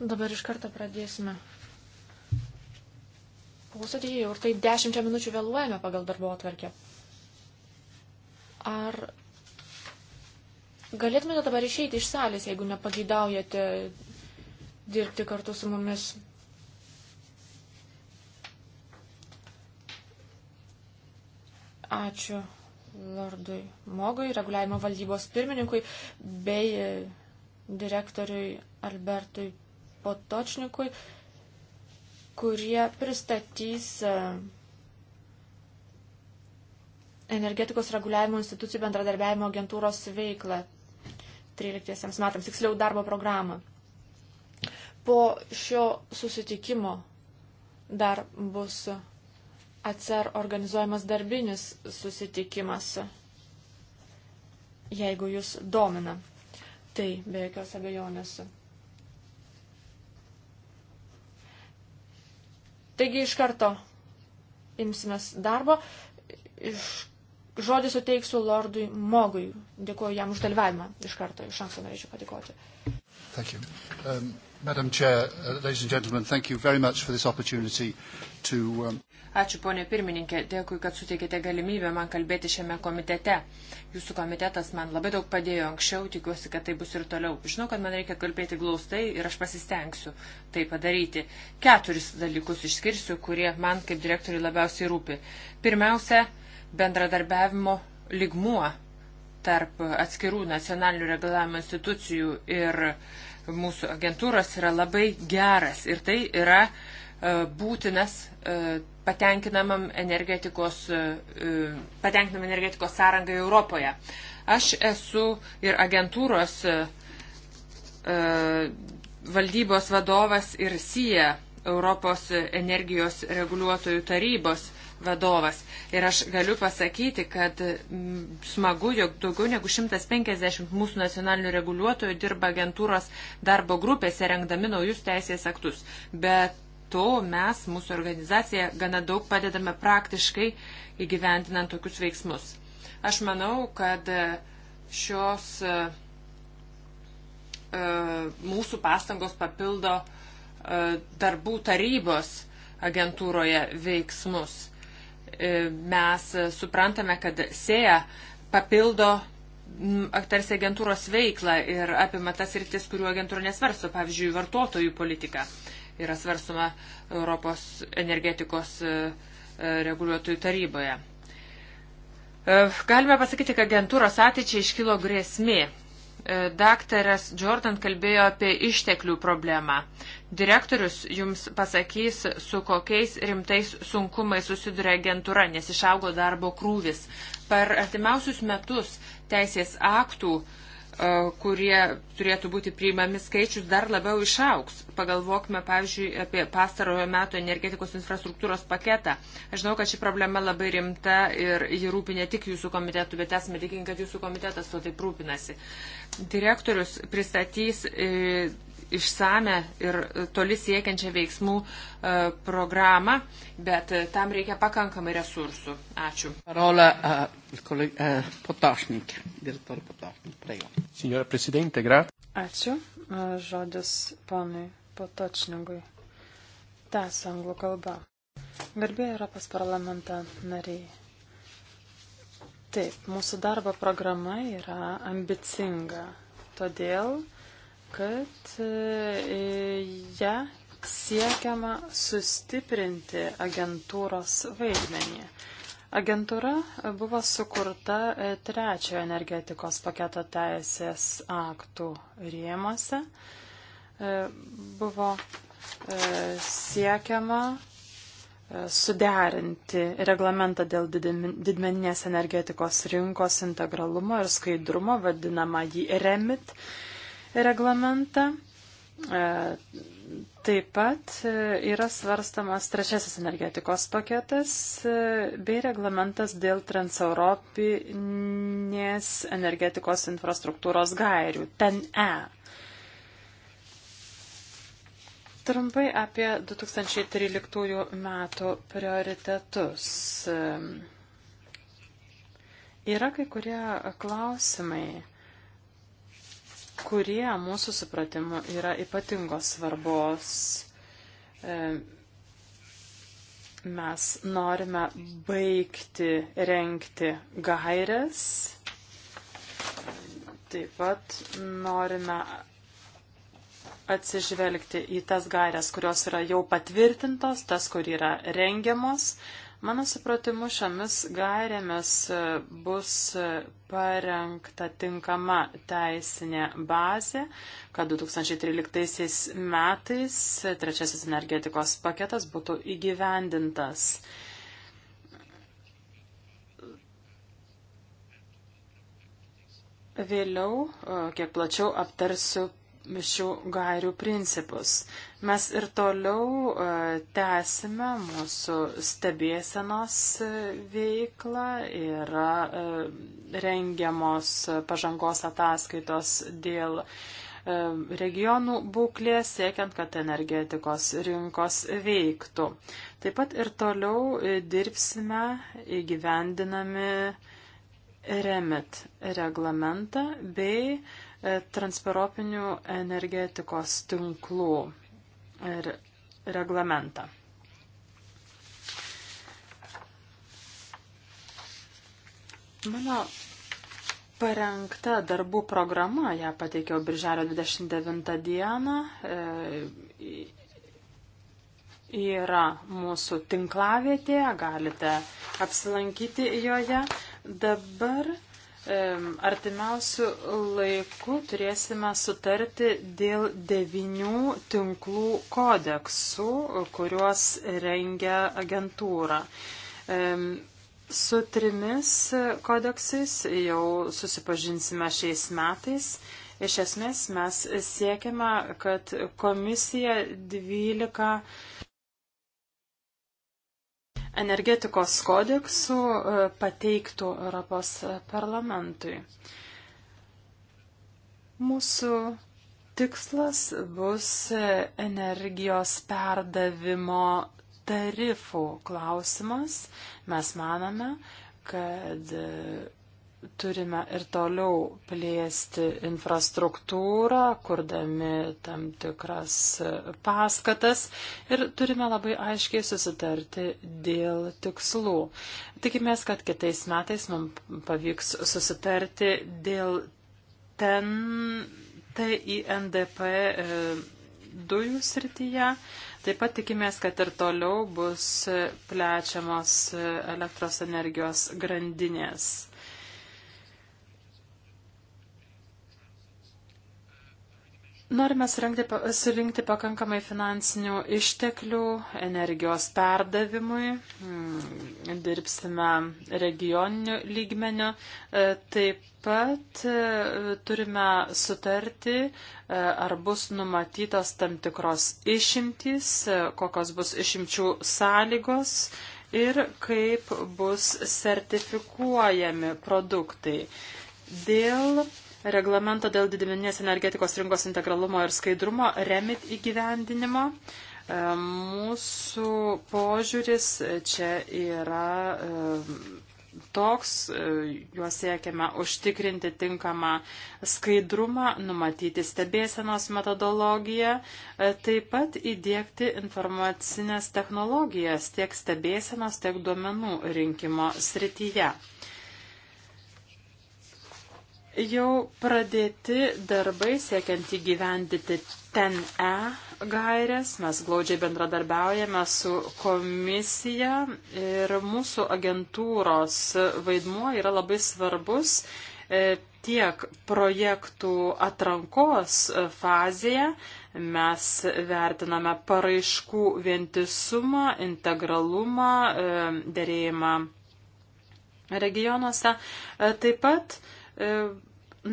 Dabar iš karto pradėsime. Posėdį jau ir tai dešimčia minučių vėluojame pagal darbo atvarkę. Ar galėtumėte dabar išeiti iš salės, jeigu nepageidaujate dirbti kartu su mumis? Ačiū. Edvardui Mogui, reguliavimo valdybos pirmininkui, bei direktoriui Albertui Potočnikui, kurie pristatys e, energetikos reguliavimo institucijų bendradarbiavimo agentūros veiklą 13 metams, tiksliau darbo programą. Po šio susitikimo dar bus ACER organizuojamas darbinis susitikimas jeigu jūs domina. Tai be jokios abejonės. Taigi iš karto imsimės darbo. Iš žodį suteiksiu Lordui Mogui. Dėkuoju jam už dalyvavimą. Iš karto iš anksto norėčiau padėkoti. Thank you. Um, Madam Chair, uh, ladies and gentlemen, thank you very much for this opportunity to um, Ačiū, ponė pirmininkė, dėkui, kad suteikėte galimybę man kalbėti šiame komitete. Jūsų komitetas man labai daug padėjo anksčiau, tikiuosi, kad tai bus ir toliau. Žinau, kad man reikia kalbėti glaustai ir aš pasistengsiu tai padaryti. Keturis dalykus išskirsiu, kurie man kaip direktoriui labiausiai rūpi. Pirmiausia, bendradarbiavimo ligmuo tarp atskirų nacionalinių reglamento institucijų ir mūsų agentūros yra labai geras. Ir tai yra uh, E, būtinas e, patenkinamam energetikos, e, patenkinam energetikos sąrangai Europoje. Aš esu ir agentūros valdybos vadovas ir SIE Europos energijos reguliuotojų tarybos vadovas. Ir aš galiu pasakyti, kad smagu, jog daugiau negu 150 mūsų nacionalinių reguliuotojų dirba agentūros darbo grupėse, rengdami naujus teisės aktus. Bet to mes, mūsų organizacija, gana daug padedame praktiškai įgyventinant tokius veiksmus. Aš manau, kad e, šios e, e, mūsų pastangos papildo darbų tarybos agentūroje veiksmus. Mes suprantame, kad SEA papildo tarsi agentūros veiklą ir apima tas rytis, kurių agentūra nesvarsto, pavyzdžiui, vartotojų politiką yra svarstoma Europos energetikos e, e, reguliuotojų taryboje. E, galime pasakyti, kad agentūros ateičiai iškilo grėsmė. Daktaras Jordan kalbėjo apie išteklių problemą. Direktorius jums pasakys, su kokiais rimtais sunkumai susiduria agentūra, nes išaugo darbo krūvis. Per artimiausius metus teisės aktų uh, E, kurie turėtų būti priimami skaičius dar labiau išauks. Pagalvokime, pavyzdžiui, apie pastarojo metų energetikos infrastruktūros paketą. Aš žinau, kad ši problema labai rimta ir ji rūpi ne tik jūsų komitetų, bet esame tikinti, kad jūsų komitetas to taip rūpinasi. Direktorius pristatys e, išsame ir toli siekiančią veiksmų e, programą, bet e, tam reikia pakankamai resursų. Ačiū. Parola uh, e, koleg, uh, Potašnik, direktor Potašnik, prego. Signora Presidente, grazie. Ačiū. Žodis ponui Potočnikui. Tęsiu anglų kalbą. Garbė Europos parlamento nariai. Taip, mūsų darbo programa yra ambicinga. Todėl kad e, ją siekiama sustiprinti agentūros vaidmenį. Agentūra buvo sukurta e, trečiojo energetikos paketo teisės aktų rėmose. E, buvo siekiama suderinti reglamentą dėl didmeninės energetikos rinkos integralumo ir skaidrumo, vadinamą jį REMIT, reglamentą. E, taip pat e, yra svarstamas trečiasis energetikos paketas e, bei reglamentas dėl transeuropinės energetikos infrastruktūros gairių, ten E. Trumpai apie 2013 metų prioritetus. Yra kai kurie klausimai kurie mūsų supratimu yra ypatingos svarbos. E, mes norime baigti renkti gairias, taip pat norime atsižvelgti į tas gairias, kurios yra jau patvirtintos, tas, kur yra rengiamos, Mano supratimu, šiomis gairėmis e, bus e, parengta tinkama teisinė bazė, kad 2013 metais e, trečiasis energetikos paketas būtų įgyvendintas. Vėliau, kiek plačiau aptarsiu šių gairių principus. Mes ir toliau e, tęsime mūsų stebėsenos e, veiklą, yra e, rengiamos pažangos ataskaitos dėl regionų būklės, siekiant, kad energetikos rinkos veiktų. Taip pat ir toliau dirbsime įgyvendinami remit reglamentą bei uh, E, transperopinių energetikos tinklų reglamentą. Mano parengta darbų programa, ją pateikiau birželio 29 dieną, e, yra mūsų tinklavietėje, galite apsilankyti joje. Dabar Artimiausių laikų turėsime sutarti dėl devinių tinklų kodeksų, kuriuos rengia agentūra. Su trimis kodeksais jau susipažinsime šiais metais. Iš esmės mes siekiame, kad komisija 12 energetikos kodeksu e, pateiktų Europos parlamentui. Mūsų tikslas bus energijos perdavimo tarifų klausimas. Mes manome, kad turime ir toliau plėsti infrastruktūrą, kurdami tam tikras paskatas ir turime labai aiškiai susitarti dėl tikslų. Tikimės, kad kitais metais mums pavyks susitarti dėl ten TINDP e, dujų srityje. Taip pat tikimės, kad ir toliau bus plečiamos elektros energijos grandinės. Norime surinkti, surinkti pakankamai finansinių išteklių energijos perdavimui, hmm, dirbsime regioniniu lygmeniu, e, taip pat e, turime sutarti, e, ar bus numatytos tam tikros išimtys, kokios bus išimčių sąlygos ir kaip bus sertifikuojami produktai. Dėl reglamento dėl didmeninės energetikos rinkos integralumo ir skaidrumo remit įgyvendinimo. E, mūsų požiūris čia yra e, toks, e, juos siekiame užtikrinti tinkamą skaidrumą, numatyti stebėsenos metodologiją, taip pat įdėkti informacinės technologijas tiek stebėsenos, tiek duomenų rinkimo srityje. Jau pradėti darbai siekiant įgyvendyti ten E gairės, mes glaudžiai bendradarbiaujame su komisija ir mūsų agentūros vaidmuo yra labai svarbus e, tiek projektų atrankos fazėje mes vertiname paraiškų vientisumą, integralumą, e, dėrėjimą regionuose. E, taip pat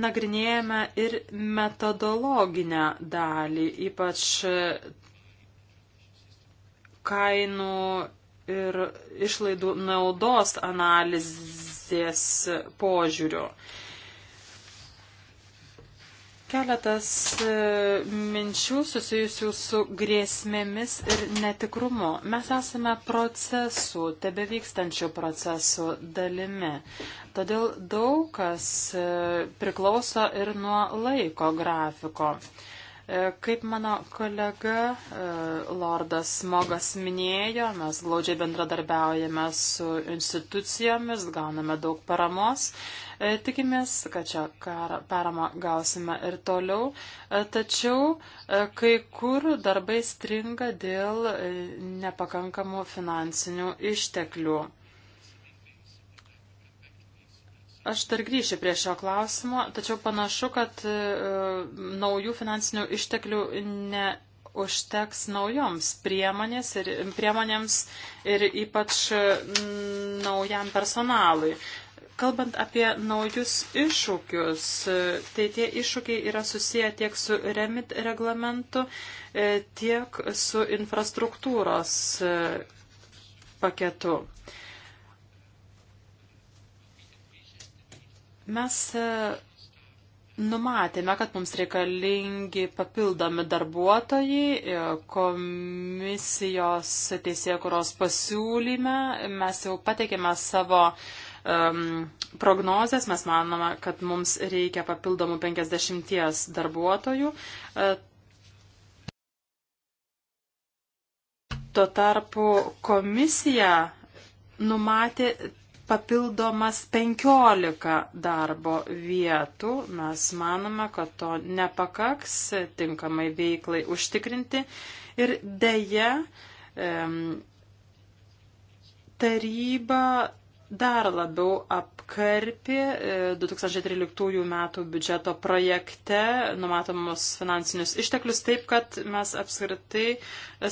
nagrinėjame ir metodologinę dalį, ypač kainų ir išlaidų naudos analizės požiūriu keletas e, minčių susijusių su grėsmėmis ir netikrumu. Mes esame procesų, tebe vykstančių procesų dalimi. Todėl daug kas e, priklauso ir nuo laiko grafiko. E, kaip mano kolega e, Lordas Mogas minėjo, mes glaudžiai bendradarbiaujame su institucijomis, gauname daug paramos. E, tikimės, kad čia paramą gausime ir toliau, tačiau kai kur darbai stringa dėl nepakankamų finansinių išteklių. Aš dar grįšiu prie šio klausimo, tačiau panašu, kad e, naujų finansinių išteklių neužteks naujoms priemonės ir, priemonėms ir ypač e, naujam personalui. Kalbant apie naujus iššūkius, e, tai tie iššūkiai yra susiję tiek su remit reglamentu, tiek su infrastruktūros paketu. Mes e, numatėme, kad mums reikalingi papildomi darbuotojai e, komisijos teisėje, kurios pasiūlyme. Mes jau pateikėme savo um, prognozes, mes manome, kad mums reikia papildomų 50 darbuotojų. E, tuo tarpu komisija numatė papildomas 15 darbo vietų. Mes manome, kad to nepakaks tinkamai veiklai užtikrinti. Ir dėja, taryba dar labiau apkarpė 2013 e, metų biudžeto projekte numatomus finansinius išteklius taip, kad mes apskritai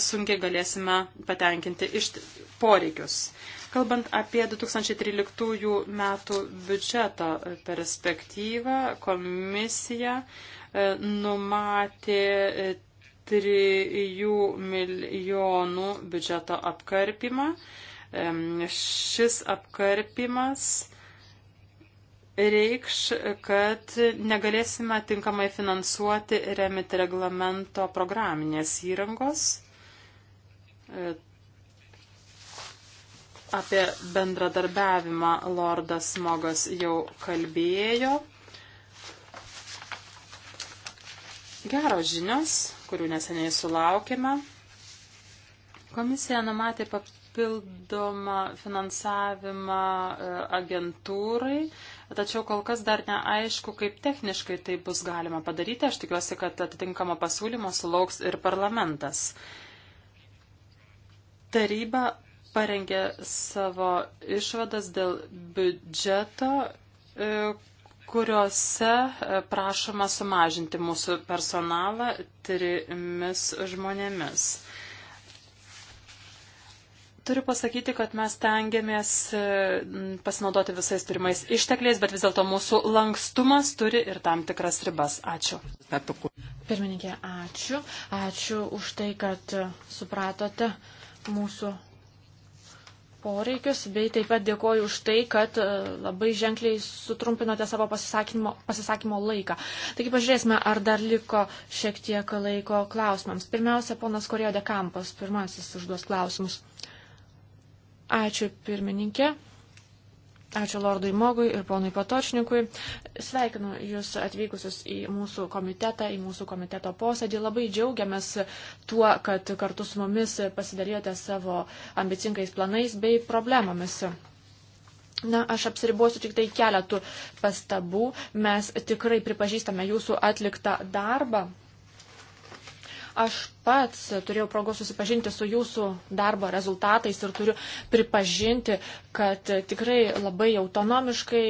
sunkiai galėsime patenkinti poreikius. Kalbant apie 2013 metų biudžeto perspektyvą, komisija e, numatė 3 e, milijonų biudžeto apkarpimą. Šis apkarpimas reikš, kad negalėsime tinkamai finansuoti remit reglamento programinės įrangos e, Apie bendradarbiavimą Lordas Mogas jau kalbėjo. Geros žinios, kurių neseniai sulaukėme. Komisija numatė papildomą finansavimą e, agentūrai, tačiau kol kas dar neaišku, kaip techniškai tai bus galima padaryti. Aš tikiuosi, kad atitinkamą pasiūlymą sulauks ir parlamentas. Taryba parengė savo išvadas dėl biudžeto, e, kuriuose e, prašoma sumažinti mūsų personalą trimis žmonėmis. Turiu pasakyti, kad mes tengiamės e, pasinaudoti visais turimais ištekliais, bet vis dėlto mūsų lankstumas turi ir tam tikras ribas. Ačiū. Pirmininkė, ačiū. Ačiū už tai, kad supratote mūsų poreikius, bei taip pat dėkoju už tai, kad e, labai ženkliai sutrumpinote savo pasisakymo, pasisakymo laiką. Taigi pažiūrėsime, ar dar liko šiek tiek laiko klausimams. Pirmiausia, ponas Korėjo de Kampos, pirmasis užduos klausimus. Ačiū, pirmininkė. Ačiū Lordui Mogui ir ponui Patočnikui. Sveikinu Jūs atvykusius į mūsų komitetą, į mūsų komiteto posėdį. Labai džiaugiamės tuo, kad kartu su mumis pasidalijote savo ambicingais planais bei problemomis. Na, aš apsiribuosiu tik tai keletų pastabų. Mes tikrai pripažįstame Jūsų atliktą darbą. Aš pats turėjau progos susipažinti su jūsų darbo rezultatais ir turiu pripažinti, kad tikrai labai autonomiškai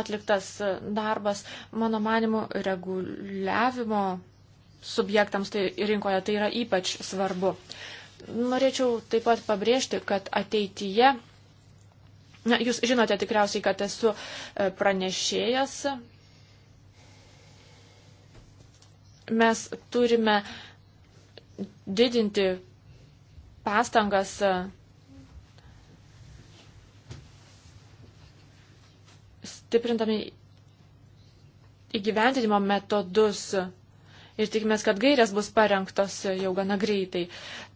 atliktas darbas, mano manimu, reguliavimo subjektams tai rinkoje tai yra ypač svarbu. Norėčiau taip pat pabrėžti, kad ateityje, na, jūs žinote tikriausiai, kad esu pranešėjas Mes turime didinti pastangas e, stiprintami įgyvendinimo metodus ir tikimės, kad gairės bus parengtos jau gana greitai.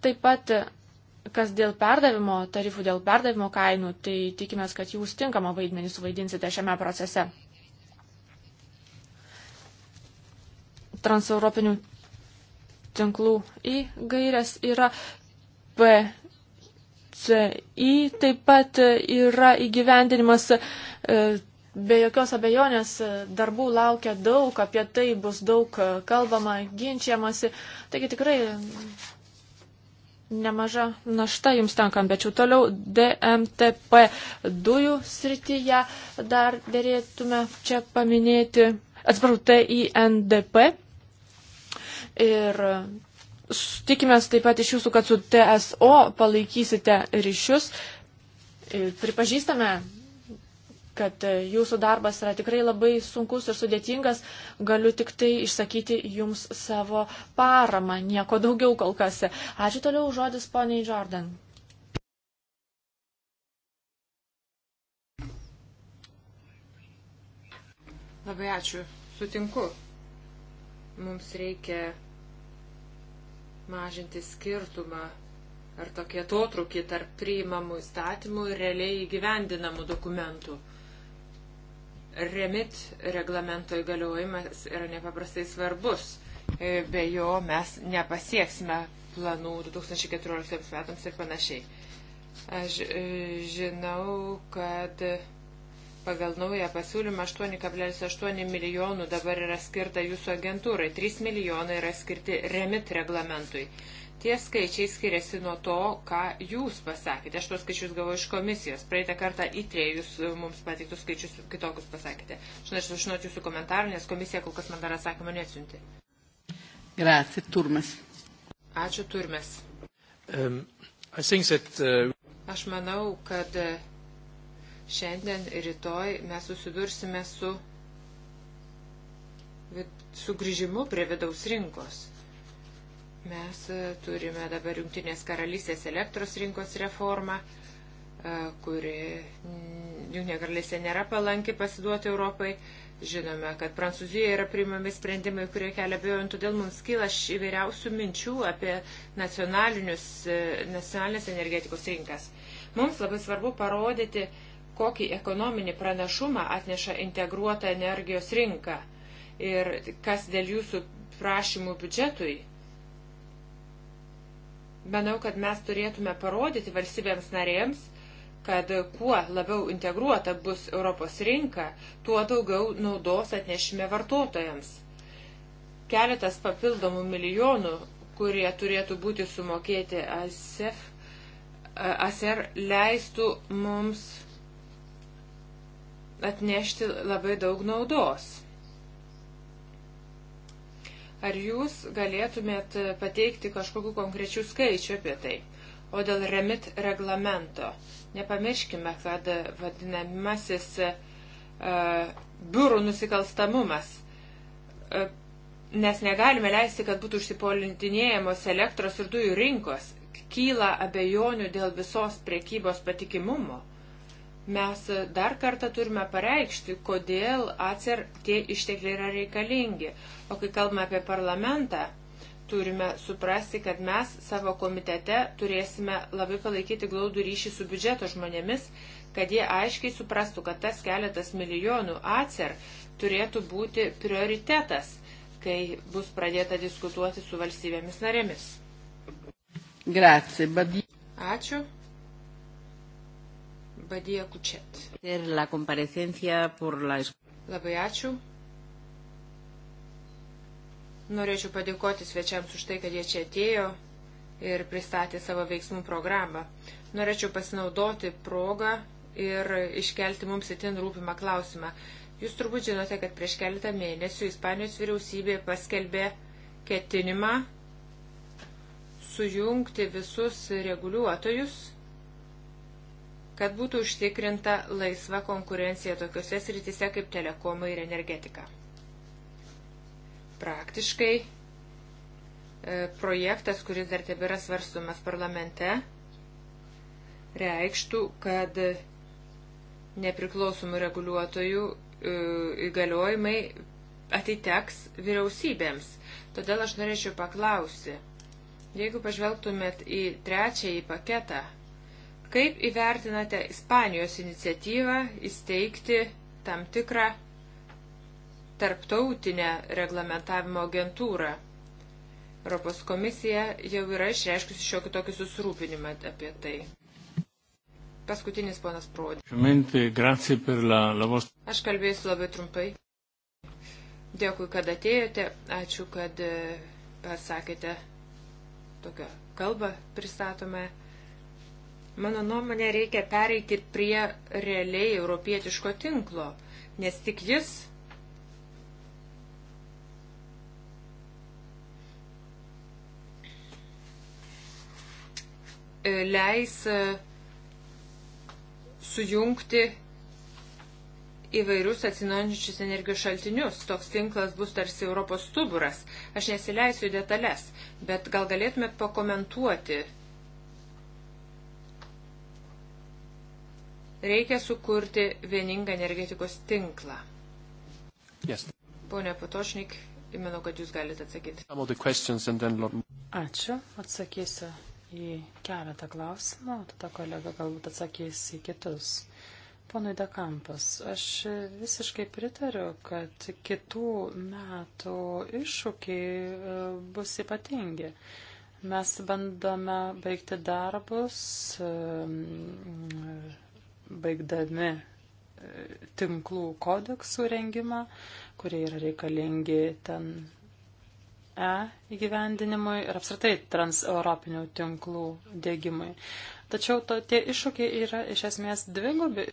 Taip pat, e, kas dėl perdavimo tarifų, dėl perdavimo kainų, tai tikimės, kad jūs tinkamą vaidmenį suvaidinsite šiame procese. transeuropinių tinklų į gairias yra PCI, taip pat yra įgyvendinimas e, be jokios abejonės e, darbų laukia daug, apie tai bus daug e, kalbama, ginčiamasi. Taigi tikrai nemaža našta jums tenka, tačiau toliau DMTP dujų srityje dar dėrėtume čia paminėti, atsiprašau, TINDP Ir tikimės taip pat iš jūsų, kad su TSO palaikysite ryšius. Ir pripažįstame, kad jūsų darbas yra tikrai labai sunkus ir sudėtingas. Galiu tik tai išsakyti jums savo paramą. Nieko daugiau kol kas. Ačiū toliau žodis poniai Jordan. Labai ačiū. Sutinku. Mums reikia mažinti skirtumą ar tokį atotrukį tarp priimamų įstatymų ir realiai įgyvendinamų dokumentų. Remit reglamento įgaliojimas yra nepaprastai svarbus. E, be jo mes nepasieksime planų 2014 metams ir panašiai. Aš e, žinau, kad pagal naują pasiūlymą 8,8 milijonų dabar yra skirta jūsų agentūrai, 3 milijonai yra skirti remit reglamentui. Tie skaičiai skiriasi nuo to, ką jūs pasakėte. Aš tos skaičius gavau iš komisijos. Praeitą kartą įtrėjus e e, mums pateiktus skaičius kitokius pasakėte. Aš norėčiau žinoti jūsų komentarą, nes komisija kol kas man dar atsakymą neatsiunti. Grazie, turmes. Ačiū, turmes. Um, that, uh... Aš manau, kad uh, Šiandien ir rytoj mes susidursime su sugrįžimu prie vidaus rinkos. Mes e, turime dabar Junktinės karalystės elektros rinkos reformą, e, kuri Junktinė karalystė nėra palanki pasiduoti Europai. Žinome, kad Prancūzijoje yra priimami sprendimai, kurie kelia bejojant, todėl mums kyla įvairiausių minčių apie e, nacionalinės energetikos rinkas. Mums labai svarbu parodyti, kokį ekonominį pranašumą atneša integruota energijos rinka ir kas dėl jūsų prašymų biudžetui. Manau, kad mes turėtume parodyti valstybėms narėms, kad kuo labiau integruota bus Europos rinka, tuo daugiau naudos atnešime vartotojams. Keletas papildomų milijonų, kurie turėtų būti sumokėti ASEF, ASER leistų mums atnešti labai daug naudos. Ar jūs galėtumėt pateikti kažkokiu konkrečiu skaičiu apie tai? O dėl remit reglamento, nepamirškime, kad vadinamasis uh, biurų nusikalstamumas. Uh, nes negalime leisti, kad būtų užsipolintinėjamos elektros ir dujų rinkos. Kyla abejonių dėl visos priekybos patikimumo mes dar kartą turime pareikšti, kodėl atsir tie ištekliai yra reikalingi. O kai kalbame apie parlamentą, turime suprasti, kad mes savo komitete turėsime labai palaikyti glaudų ryšį su biudžeto žmonėmis, kad jie aiškiai suprastų, kad tas keletas milijonų atsir turėtų būti prioritetas, kai bus pradėta diskutuoti su valstybėmis narėmis. Grazie, Ačiū. Badija Kučet. Labai ačiū. Norėčiau padėkoti svečiams už tai, kad jie čia atėjo ir pristatė savo veiksmų programą. Norėčiau pasinaudoti progą ir iškelti mums itin rūpimą klausimą. Jūs turbūt žinote, kad prieš keletą mėnesių Ispanijos vyriausybė paskelbė ketinimą sujungti visus reguliuotojus kad būtų užtikrinta laisva konkurencija tokiuose srityse kaip telekomai ir energetika. Praktiškai e, projektas, kuris dar tebėra svarstumas parlamente, reikštų, kad nepriklausomų reguliuotojų e, įgaliojimai atiteks vyriausybėms. Todėl aš norėčiau paklausti, jeigu pažvelgtumėt į trečiąjį paketą, Kaip įvertinate Ispanijos iniciatyvą įsteigti tam tikrą tarptautinę reglamentavimo agentūrą? Europos komisija jau yra išreiškusi šiokį tokį susirūpinimą apie tai. Paskutinis ponas Prodė. Aš kalbėsiu labai trumpai. Dėkui, kad atėjote. Ačiū, kad e, pasakėte tokią kalbą pristatome. Mano nuomonė reikia pereiti prie realiai europietiško tinklo, nes tik jis leis e, sujungti įvairius atsinaujančius energijos šaltinius. Toks tinklas bus tarsi Europos stuburas. Aš nesileisiu į detalės, bet gal galėtumėt pakomentuoti Reikia sukurti vieningą energetikos tinklą. Yes. Pone Patošnik, manau, kad jūs galite atsakyti. Ačiū, atsakysiu į keletą klausimų, tada kolega galbūt atsakys į kitus. Ponui Dekampas, aš visiškai pritariu, kad kitų metų iššūkiai e, bus ypatingi. Mes bandome baigti darbus e, baigdami e, tinklų kodeksų rengimą, kurie yra reikalingi ten E įgyvendinimui ir apsirtai transeuropinių tinklų dėgymui. Tačiau to, tie iššūkiai yra iš esmės dvigubi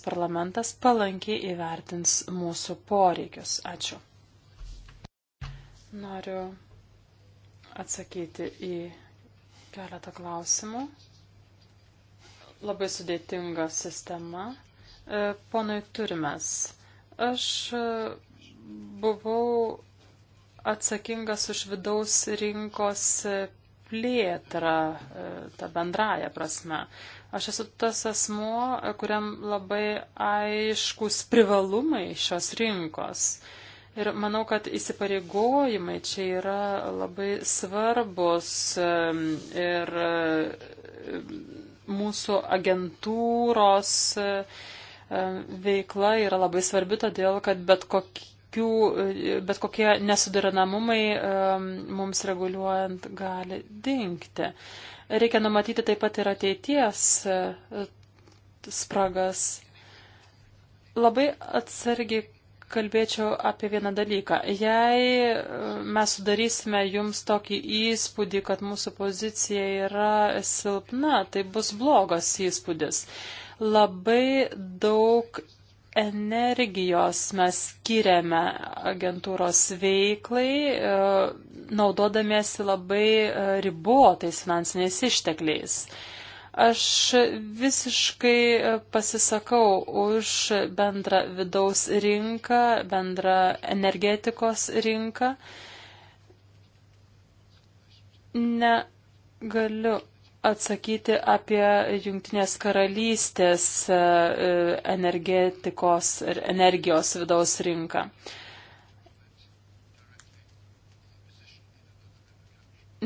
parlamentas palankiai įvertins mūsų poreikius. Ačiū. Noriu atsakyti į keletą klausimų. Labai sudėtinga sistema. E, ponui Turimės, aš buvau atsakingas už vidaus rinkos plėtrą, e, tą bendrąją prasme. Aš esu tas asmuo, kuriam labai aiškus privalumai šios rinkos. Ir manau, kad įsipareigojimai čia yra labai svarbus ir mūsų agentūros veikla yra labai svarbi, todėl kad bet kokie kokių, bet kokie nesuderinamumai mums reguliuojant gali dinkti. Reikia numatyti taip pat ir ateities e, spragas. Labai atsargiai kalbėčiau apie vieną dalyką. Jei e, mes sudarysime jums tokį įspūdį, kad mūsų pozicija yra silpna, tai bus blogas įspūdis. Labai daug energijos mes skiriame agentūros veiklai, e, naudodamiesi labai e, ribotais finansiniais ištekliais. Aš visiškai e, pasisakau už bendrą vidaus rinką, bendrą energetikos rinką. Negaliu atsakyti apie Junktinės karalystės e, energetikos ir energijos vidaus rinką.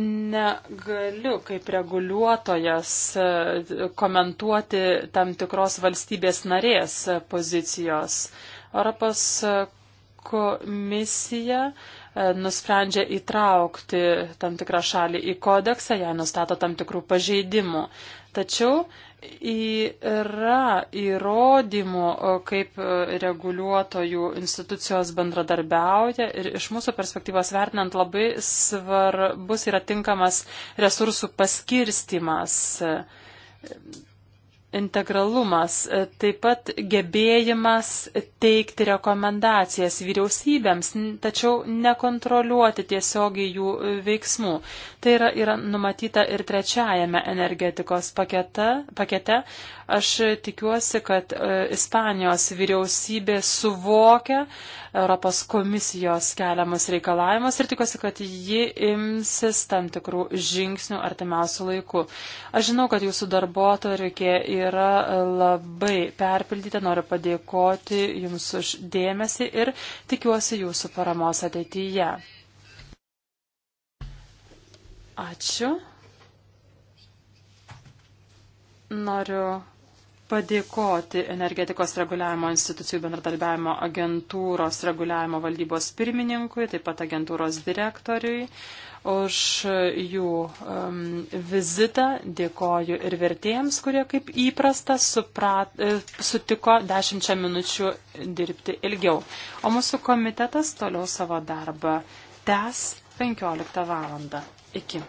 negaliu kaip reguliuotojas e, komentuoti tam tikros valstybės narės pozicijos. Europos e, komisija uh, E, nusprendžia įtraukti tam tikrą šalį į kodeksą, jei nustato tam tikrų pažeidimų. Tačiau yra įrodymų, e, kaip e, reguliuotojų institucijos bendradarbiauja ir iš mūsų perspektyvos vertinant labai svarbus yra tinkamas resursų paskirstimas integralumas, e, taip pat gebėjimas teikti rekomendacijas vyriausybėms, tačiau nekontroliuoti tiesiogiai jų e, veiksmų. Tai yra, yra numatyta ir trečiajame energetikos pakete. pakete. Aš tikiuosi, kad e, Ispanijos vyriausybė suvokia, Europos komisijos keliamus reikalavimus ir tikiuosi, kad ji imsis tam tikrų žingsnių artimiausių laikų. Aš žinau, kad jūsų darbo tarikė yra labai perpildyta, noriu padėkoti jums už dėmesį ir tikiuosi jūsų paramos ateityje. Ačiū. Noriu padėkoti energetikos reguliavimo institucijų bendradarbiavimo agentūros reguliavimo valdybos pirmininkui, taip pat agentūros direktoriui už jų um, vizitą. Dėkoju ir vertėjams, kurie kaip įprasta suprat, e, sutiko dešimčia minučių dirbti ilgiau. O mūsų komitetas toliau savo darbą tęs 15 val. Iki.